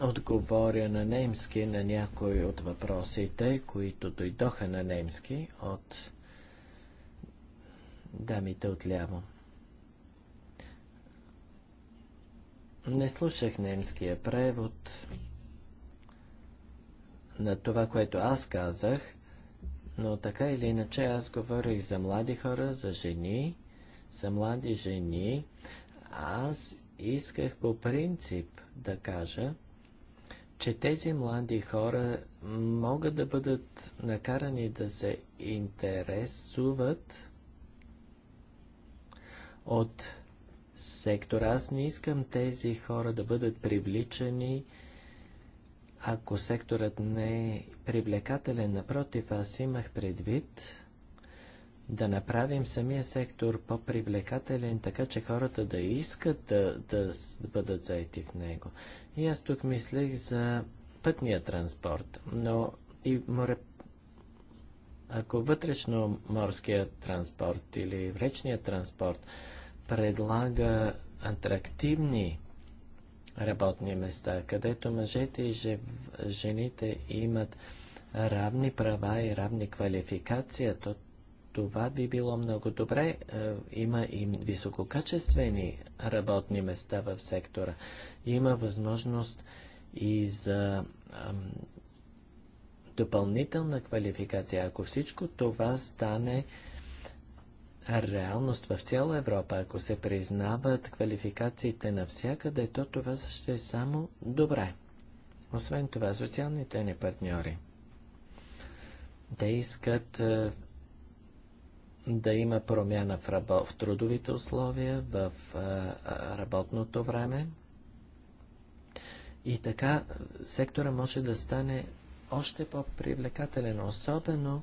отговоря на немски на някои от въпросите, които дойдоха на немски от дамите отляво. Не слушах немския превод на това, което аз казах, но така или иначе аз говорих за млади хора, за жени, за млади жени. Аз исках по принцип да кажа, че тези млади хора могат да бъдат накарани да се интересуват от сектора. Аз не искам тези хора да бъдат привличани, ако секторът не е привлекателен. Напротив, аз имах предвид да направим самия сектор по-привлекателен, така че хората да искат да, да бъдат заети в него. И аз тук мислех за пътния транспорт, но и море, ако вътрешно-морският транспорт или речният транспорт предлага атрактивни работни места, където мъжете и жените имат равни права и равни квалификации, то това би било много добре. Е, има и висококачествени работни места в сектора. Има възможност и за допълнителна квалификация, ако всичко това стане реалност в цяла Европа, ако се признават квалификациите навсякъде, то това ще е само добре. Освен това, социалните ни партньори. Те искат е, да има промяна в, рабо, в трудовите условия, в а, е, работното време. И така е, сектора може да стане още по-привлекателен, особено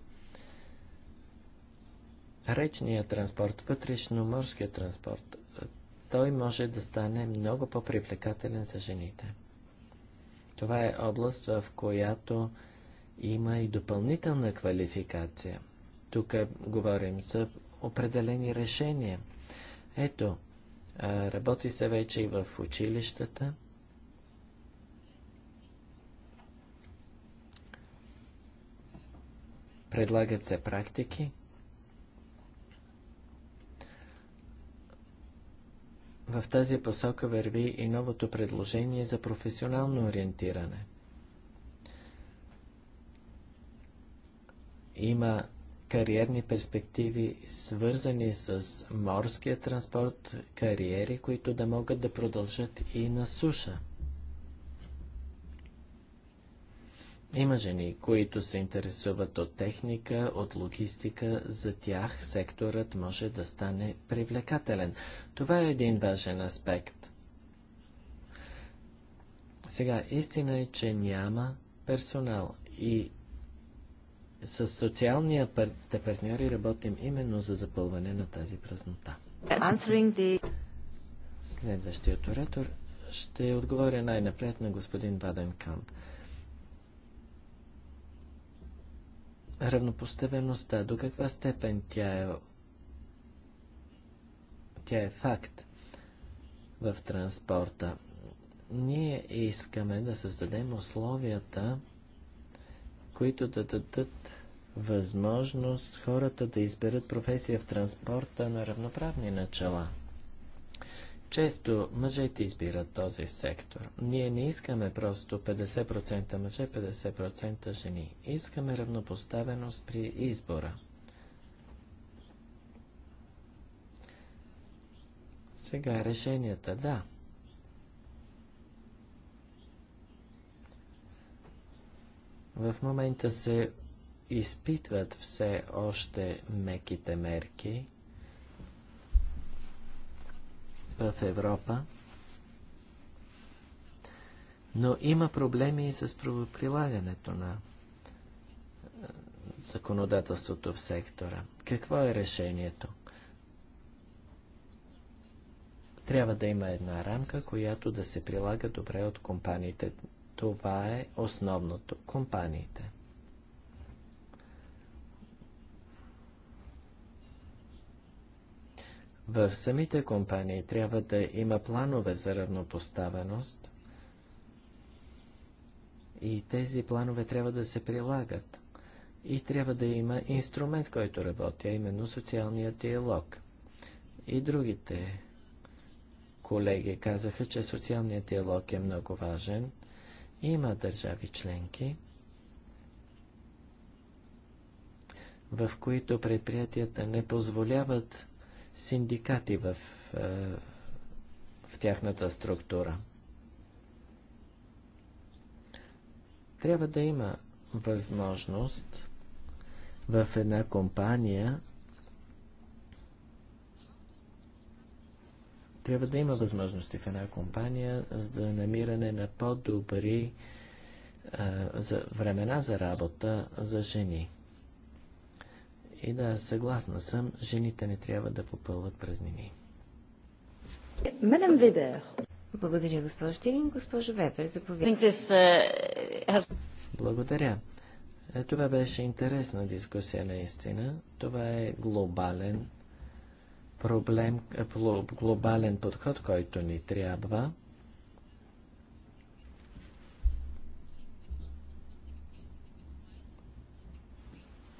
речният транспорт, вътрешно-морския транспорт. Той може да стане много по-привлекателен за жените. Това е област, в която има и допълнителна квалификация. Тук говорим за определени решения. Ето, работи се вече и в училищата – предлагат се практики, В тази посока върви и новото предложение за професионално ориентиране. Има кариерни перспективи, свързани с морския транспорт, кариери, които да могат да продължат и на суша. Има жени, които се интересуват от техника, от логистика. За тях секторът може да стане привлекателен. Това е един важен аспект. Сега, истина е, че няма персонал и с социалния пар... партньори работим именно за запълване на тази празнота. Следващият оратор ще отговоря най-напред на господин Ваден Камп. равнопоставеността, до каква степен тя е, тя е факт в транспорта. Ние искаме да създадем условията, които да дадат възможност хората да изберат професия в транспорта на равноправни начала – често мъжете избират този сектор. Ние не искаме просто 50% мъже, 50% жени. Искаме равнопоставеност при избора. Сега решенията, да. В момента се изпитват все още меките мерки – в Европа, но има проблеми и с правоприлагането на е, законодателството в сектора. Какво е решението? Трябва да има една рамка, която да се прилага добре от компаниите. Това е основното. Компаниите. В самите компании трябва да има планове за равнопоставеност и тези планове трябва да се прилагат. И трябва да има инструмент, който работи, а именно социалният диалог. И другите колеги казаха, че социалният диалог е много важен. Има държави членки, в които предприятията не позволяват синдикати в, е, в тяхната структура. Трябва да има възможност в една компания трябва да има възможности в една компания за намиране на по-добри е, за времена за работа за жени. И да, съгласна съм, жените не трябва да попълват празнини. Мадам Вебер. Благодаря, госпожо Тирин, Госпожо Вебер, заповядайте. Uh, Благодаря. Е, това беше интересна дискусия, наистина. Това е глобален проблем, е, глобален подход, който ни трябва.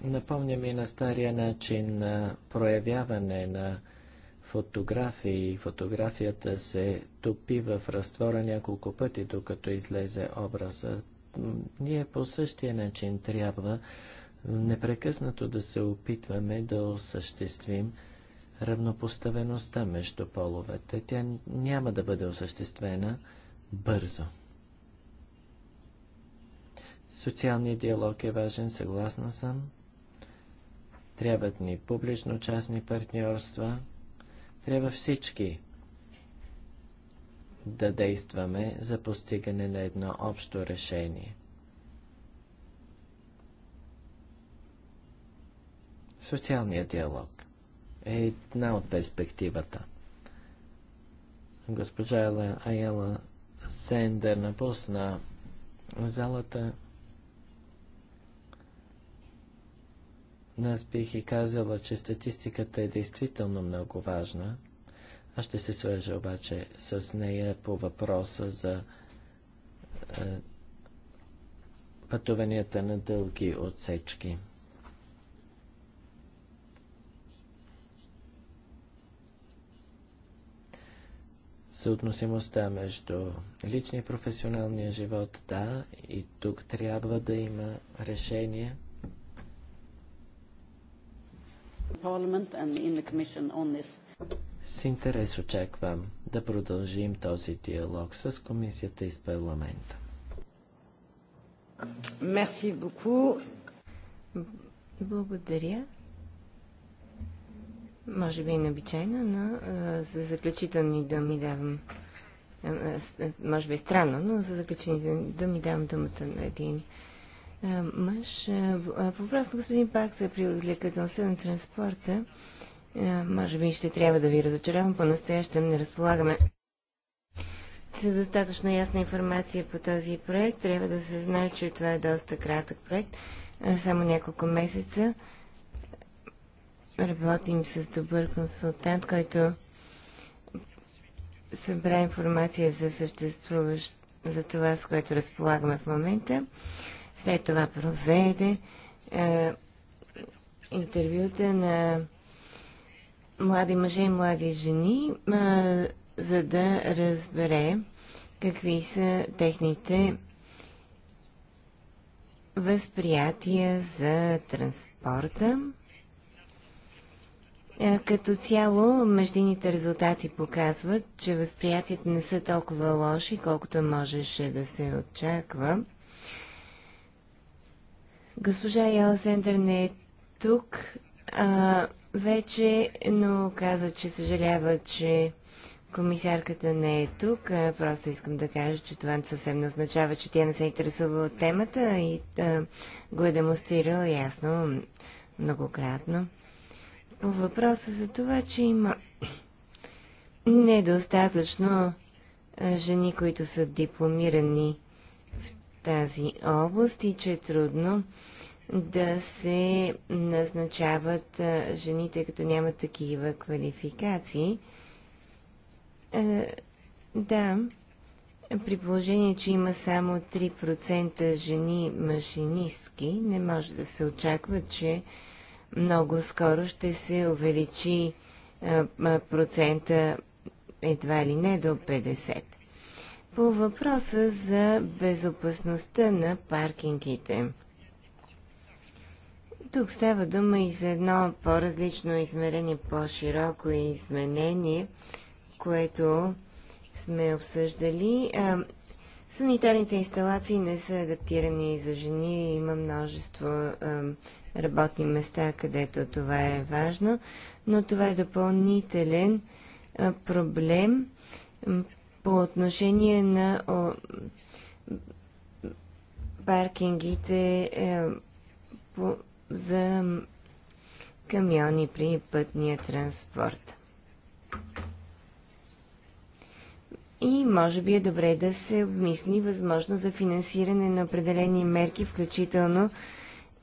Напомня ми на стария начин на проявяване на фотографии. Фотографията се топи в разтвора няколко пъти, докато излезе образа. Ние по същия начин трябва непрекъснато да се опитваме да осъществим равнопоставеността между половете. Тя няма да бъде осъществена бързо. Социалният диалог е важен, съгласна съм. Трябват ни публично-частни партньорства. Трябва всички да действаме за постигане на едно общо решение. Социалният диалог е една от перспективата. Госпожа Айела Сендер напусна залата. Днес бих и казала, че статистиката е действително много важна. Аз ще се свържа обаче с нея по въпроса за е, пътуванията на дълги отсечки. съотносимостта между личния и професионалния живот, да, и тук трябва да има решение – с интерес очаквам да продължим този диалог с комисията и с парламента. Мерси буку. Благодаря. Може би е необичайно, но за заключителни думи давам. може би е странно, но за заключителни думи давам думата на един е, мъж. Е, е, по въпрос на господин Пак за привлекателността на транспорта, може би ще трябва да ви разочаровам. По-настоящем не разполагаме с достатъчно ясна информация по този проект. Трябва да се знае, че това е доста кратък проект. Само няколко месеца. Работим с добър консултант, който събра информация за съществуващ за това, с което разполагаме в момента. След това проведе е, интервюта на млади мъже и млади жени, е, за да разбере какви са техните възприятия за транспорта. Е, като цяло, междинните резултати показват, че възприятията не са толкова лоши, колкото можеше да се очаква. Госпожа Ялсендър не е тук а, вече, но каза, че съжалява, че комисарката не е тук. А, просто искам да кажа, че това съвсем не означава, че тя не се интересува от темата и а, го е демонстрирала ясно многократно. По въпроса за това, че има недостатъчно жени, които са дипломирани тази област и че е трудно да се назначават жените, като нямат такива квалификации. Да, при положение, че има само 3% жени машинистки, не може да се очаква, че много скоро ще се увеличи процента едва ли не до 50. По въпроса за безопасността на паркингите. Тук става дума и за едно по-различно измерение, по-широко изменение, което сме обсъждали. санитарните инсталации не са адаптирани за жени. Има множество работни места, където това е важно, но това е допълнителен проблем по отношение на о, паркингите е, по, за камиони при пътния транспорт. И може би е добре да се обмисли възможно за финансиране на определени мерки, включително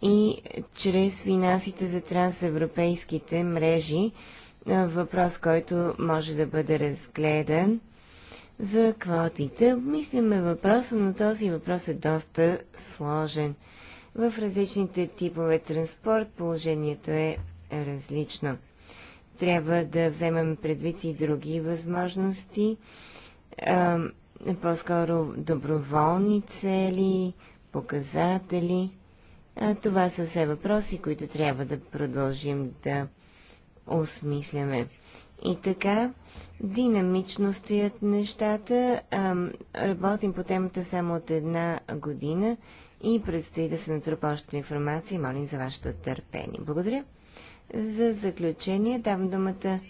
и чрез финансите за трансевропейските мрежи, е, въпрос, който може да бъде разгледан за квотите. Обмисляме въпроса, но този въпрос е доста сложен. В различните типове транспорт положението е различно. Трябва да вземем предвид и други възможности, по-скоро доброволни цели, показатели. А това са все въпроси, които трябва да продължим да осмисляме. И така, Динамично стоят нещата. Работим по темата само от една година и предстои да се натрупа още информация. Молим за вашето търпение. Благодаря. За заключение давам думата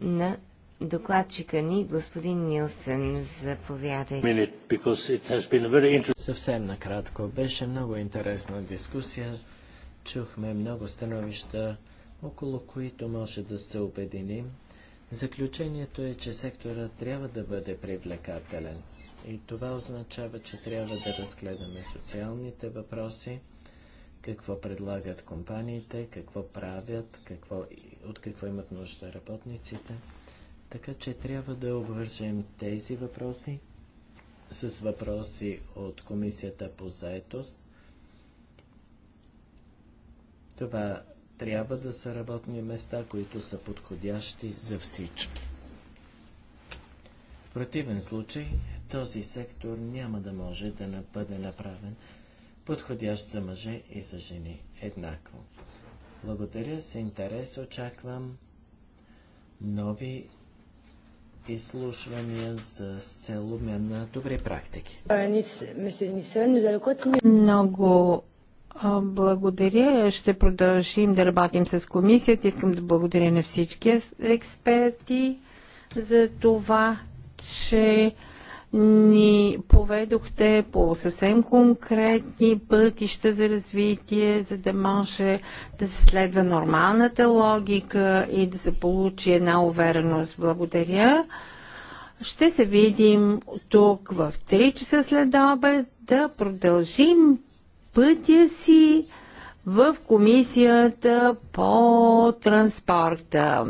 на докладчика ни, господин Нилсен. заповядай. Съвсем накратко. Беше много интересна дискусия. Чухме много становища, около които може да се обединим. Заключението е, че сектора трябва да бъде привлекателен. И това означава, че трябва да разгледаме социалните въпроси, какво предлагат компаниите, какво правят, какво, от какво имат нужда работниците. Така че трябва да обвържем тези въпроси с въпроси от Комисията по заетост. Това трябва да са работни места, които са подходящи за всички. В противен случай този сектор няма да може да бъде направен подходящ за мъже и за жени еднакво. Благодаря, с интерес очаквам нови изслушвания за цел обмен на добри практики. Много благодаря. Ще продължим да работим с комисията. Искам да благодаря на всички експерти за това, че ни поведохте по съвсем конкретни пътища за развитие, за да може да се следва нормалната логика и да се получи една увереност. Благодаря. Ще се видим тук в 3 часа след обед да продължим пътя си в комисията по транспорта.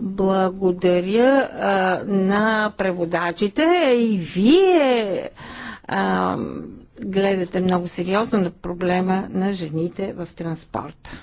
Благодаря а, на преводачите е, и вие а, гледате много сериозно на проблема на жените в транспорта.